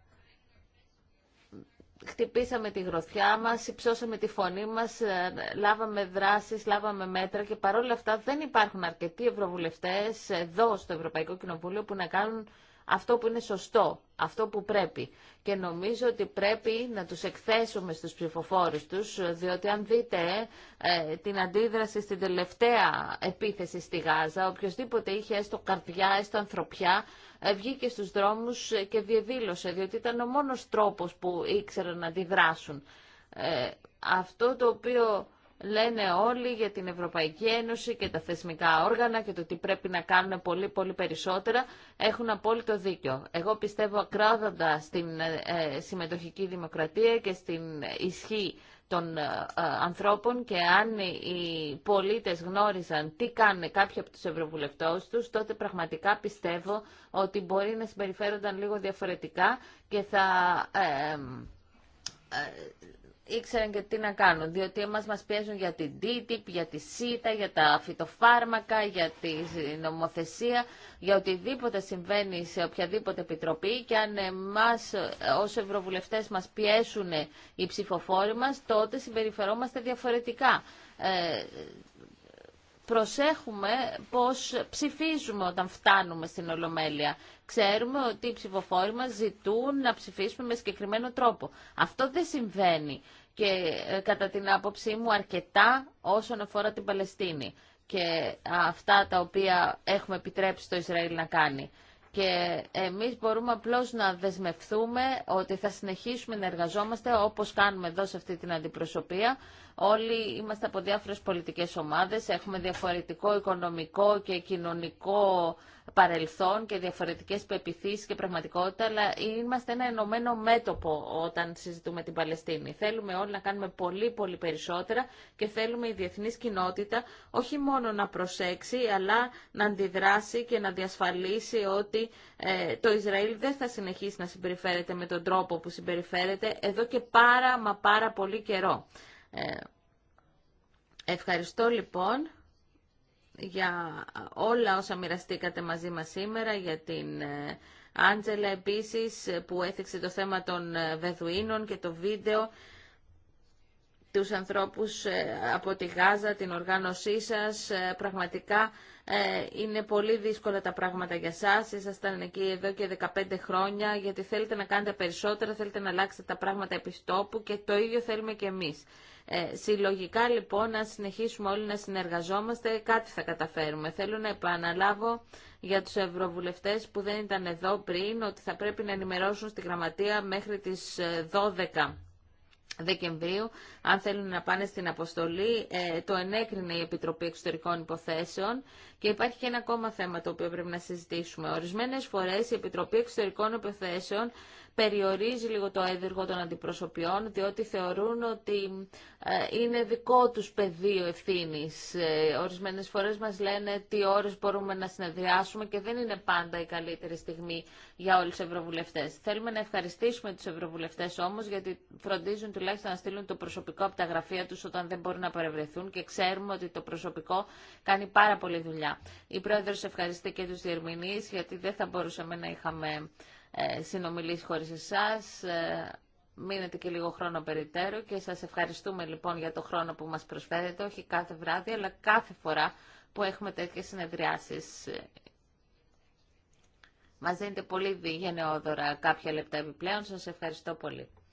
χτυπήσαμε τη γροθιά μας, υψώσαμε τη φωνή μας, ε, λάβαμε δράσεις, λάβαμε μέτρα και παρόλα αυτά δεν υπάρχουν αρκετοί ευρωβουλευτές εδώ στο Ευρωπαϊκό Κοινοβούλιο που να κάνουν αυτό που είναι σωστό, αυτό που πρέπει. Και νομίζω ότι πρέπει να τους εκθέσουμε στους ψηφοφόρους τους, διότι αν δείτε ε, την αντίδραση στην τελευταία επίθεση στη Γάζα, οποιοδήποτε είχε έστω καρδιά, έστω ανθρωπιά, ε, βγήκε στους δρόμους και διαδήλωσε, διότι ήταν ο μόνος τρόπος που ήξεραν να αντιδράσουν. Ε, αυτό το οποίο λένε όλοι για την Ευρωπαϊκή Ένωση και τα θεσμικά όργανα και το τι πρέπει να κάνουν πολύ πολύ περισσότερα, έχουν απόλυτο δίκιο. Εγώ πιστεύω ακράδαντα στην ε, ε, συμμετοχική δημοκρατία και στην ισχύ των ε, ανθρώπων και αν οι πολίτες γνώριζαν τι κάνουν κάποιοι από τους ευρωβουλευτές τους, τότε πραγματικά πιστεύω ότι μπορεί να συμπεριφέρονταν λίγο διαφορετικά και θα ήξεραν και τι να κάνουν, διότι εμάς μας πιέζουν για την DTIP, για τη ΣΥΤΑ, για τα φυτοφάρμακα, για τη νομοθεσία, για οτιδήποτε συμβαίνει σε οποιαδήποτε επιτροπή και αν εμάς ως ευρωβουλευτές μας πιέσουν οι ψηφοφόροι μας, τότε συμπεριφερόμαστε διαφορετικά. Ε, προσέχουμε πώς ψηφίζουμε όταν φτάνουμε στην Ολομέλεια. Ξέρουμε ότι οι ψηφοφόροι μας ζητούν να ψηφίσουμε με συγκεκριμένο τρόπο. Αυτό δεν συμβαίνει και ε, κατά την άποψή μου αρκετά όσον αφορά την Παλαιστίνη και αυτά τα οποία έχουμε επιτρέψει το Ισραήλ να κάνει και εμείς μπορούμε απλώς να δεσμευθούμε ότι θα συνεχίσουμε να εργαζόμαστε όπως κάνουμε εδώ σε αυτή την αντιπροσωπεία. Όλοι είμαστε από διάφορες πολιτικές ομάδες, έχουμε διαφορετικό οικονομικό και κοινωνικό παρελθόν και διαφορετικές πεπιθήσεις και πραγματικότητα, αλλά είμαστε ένα ενωμένο μέτωπο όταν συζητούμε την Παλαιστίνη. Θέλουμε όλοι να κάνουμε πολύ πολύ περισσότερα και θέλουμε η διεθνής κοινότητα όχι μόνο να προσέξει, αλλά να αντιδράσει και να διασφαλίσει ότι ε, το Ισραήλ δεν θα συνεχίσει να συμπεριφέρεται με τον τρόπο που συμπεριφέρεται εδώ και πάρα μα πάρα πολύ καιρό. Ε, ευχαριστώ λοιπόν για όλα όσα μοιραστήκατε μαζί μας σήμερα, για την ε, Άντζελα επίσης που έθιξε το θέμα των ε, Βεδουίνων και το βίντεο τους ανθρώπους ε, από τη Γάζα, την οργάνωσή σας. Ε, πραγματικά ε, είναι πολύ δύσκολα τα πράγματα για σας. Ήσασταν εκεί εδώ και 15 χρόνια γιατί θέλετε να κάνετε περισσότερα, θέλετε να αλλάξετε τα πράγματα επί επιστόπου και το ίδιο θέλουμε και εμείς. συλλογικά λοιπόν να συνεχίσουμε όλοι να συνεργαζόμαστε, κάτι θα καταφέρουμε. Θέλω να επαναλάβω για τους ευρωβουλευτές που δεν ήταν εδώ πριν ότι θα πρέπει να ενημερώσουν στη γραμματεία μέχρι τις 12 Δεκεμβρίου, αν θέλουν να πάνε στην αποστολή, ε, το ενέκρινε η Επιτροπή Εξωτερικών Υποθέσεων και υπάρχει και ένα ακόμα θέμα το οποίο πρέπει να συζητήσουμε. Ορισμένες φορές η Επιτροπή Εξωτερικών Υποθέσεων περιορίζει λίγο το έδειργο των αντιπροσωπιών, διότι θεωρούν ότι ε, είναι δικό τους πεδίο ευθύνης. Ε, ορισμένες φορές μας λένε τι ώρες μπορούμε να συνεδριάσουμε και δεν είναι πάντα η καλύτερη στιγμή για όλους τους ευρωβουλευτές. Θέλουμε να ευχαριστήσουμε τους ευρωβουλευτές όμως, γιατί φροντίζουν τουλάχιστον να στείλουν το προσωπικό από τα γραφεία τους όταν δεν μπορούν να παρευρεθούν και ξέρουμε ότι το προσωπικό κάνει πάρα πολλή δουλειά. Η Πρόεδρος ευχαριστεί και τους διερμηνείς, γιατί δεν θα μπορούσαμε να είχαμε ε, συνομιλείς χωρίς εσάς. Ε, μείνετε και λίγο χρόνο περιττέρου και σας ευχαριστούμε λοιπόν για το χρόνο που μας προσφέρετε, όχι κάθε βράδυ, αλλά κάθε φορά που έχουμε τέτοιες συνεδριάσεις. Μας δίνετε πολύ γενναιόδωρα κάποια λεπτά επιπλέον. Σας ευχαριστώ πολύ.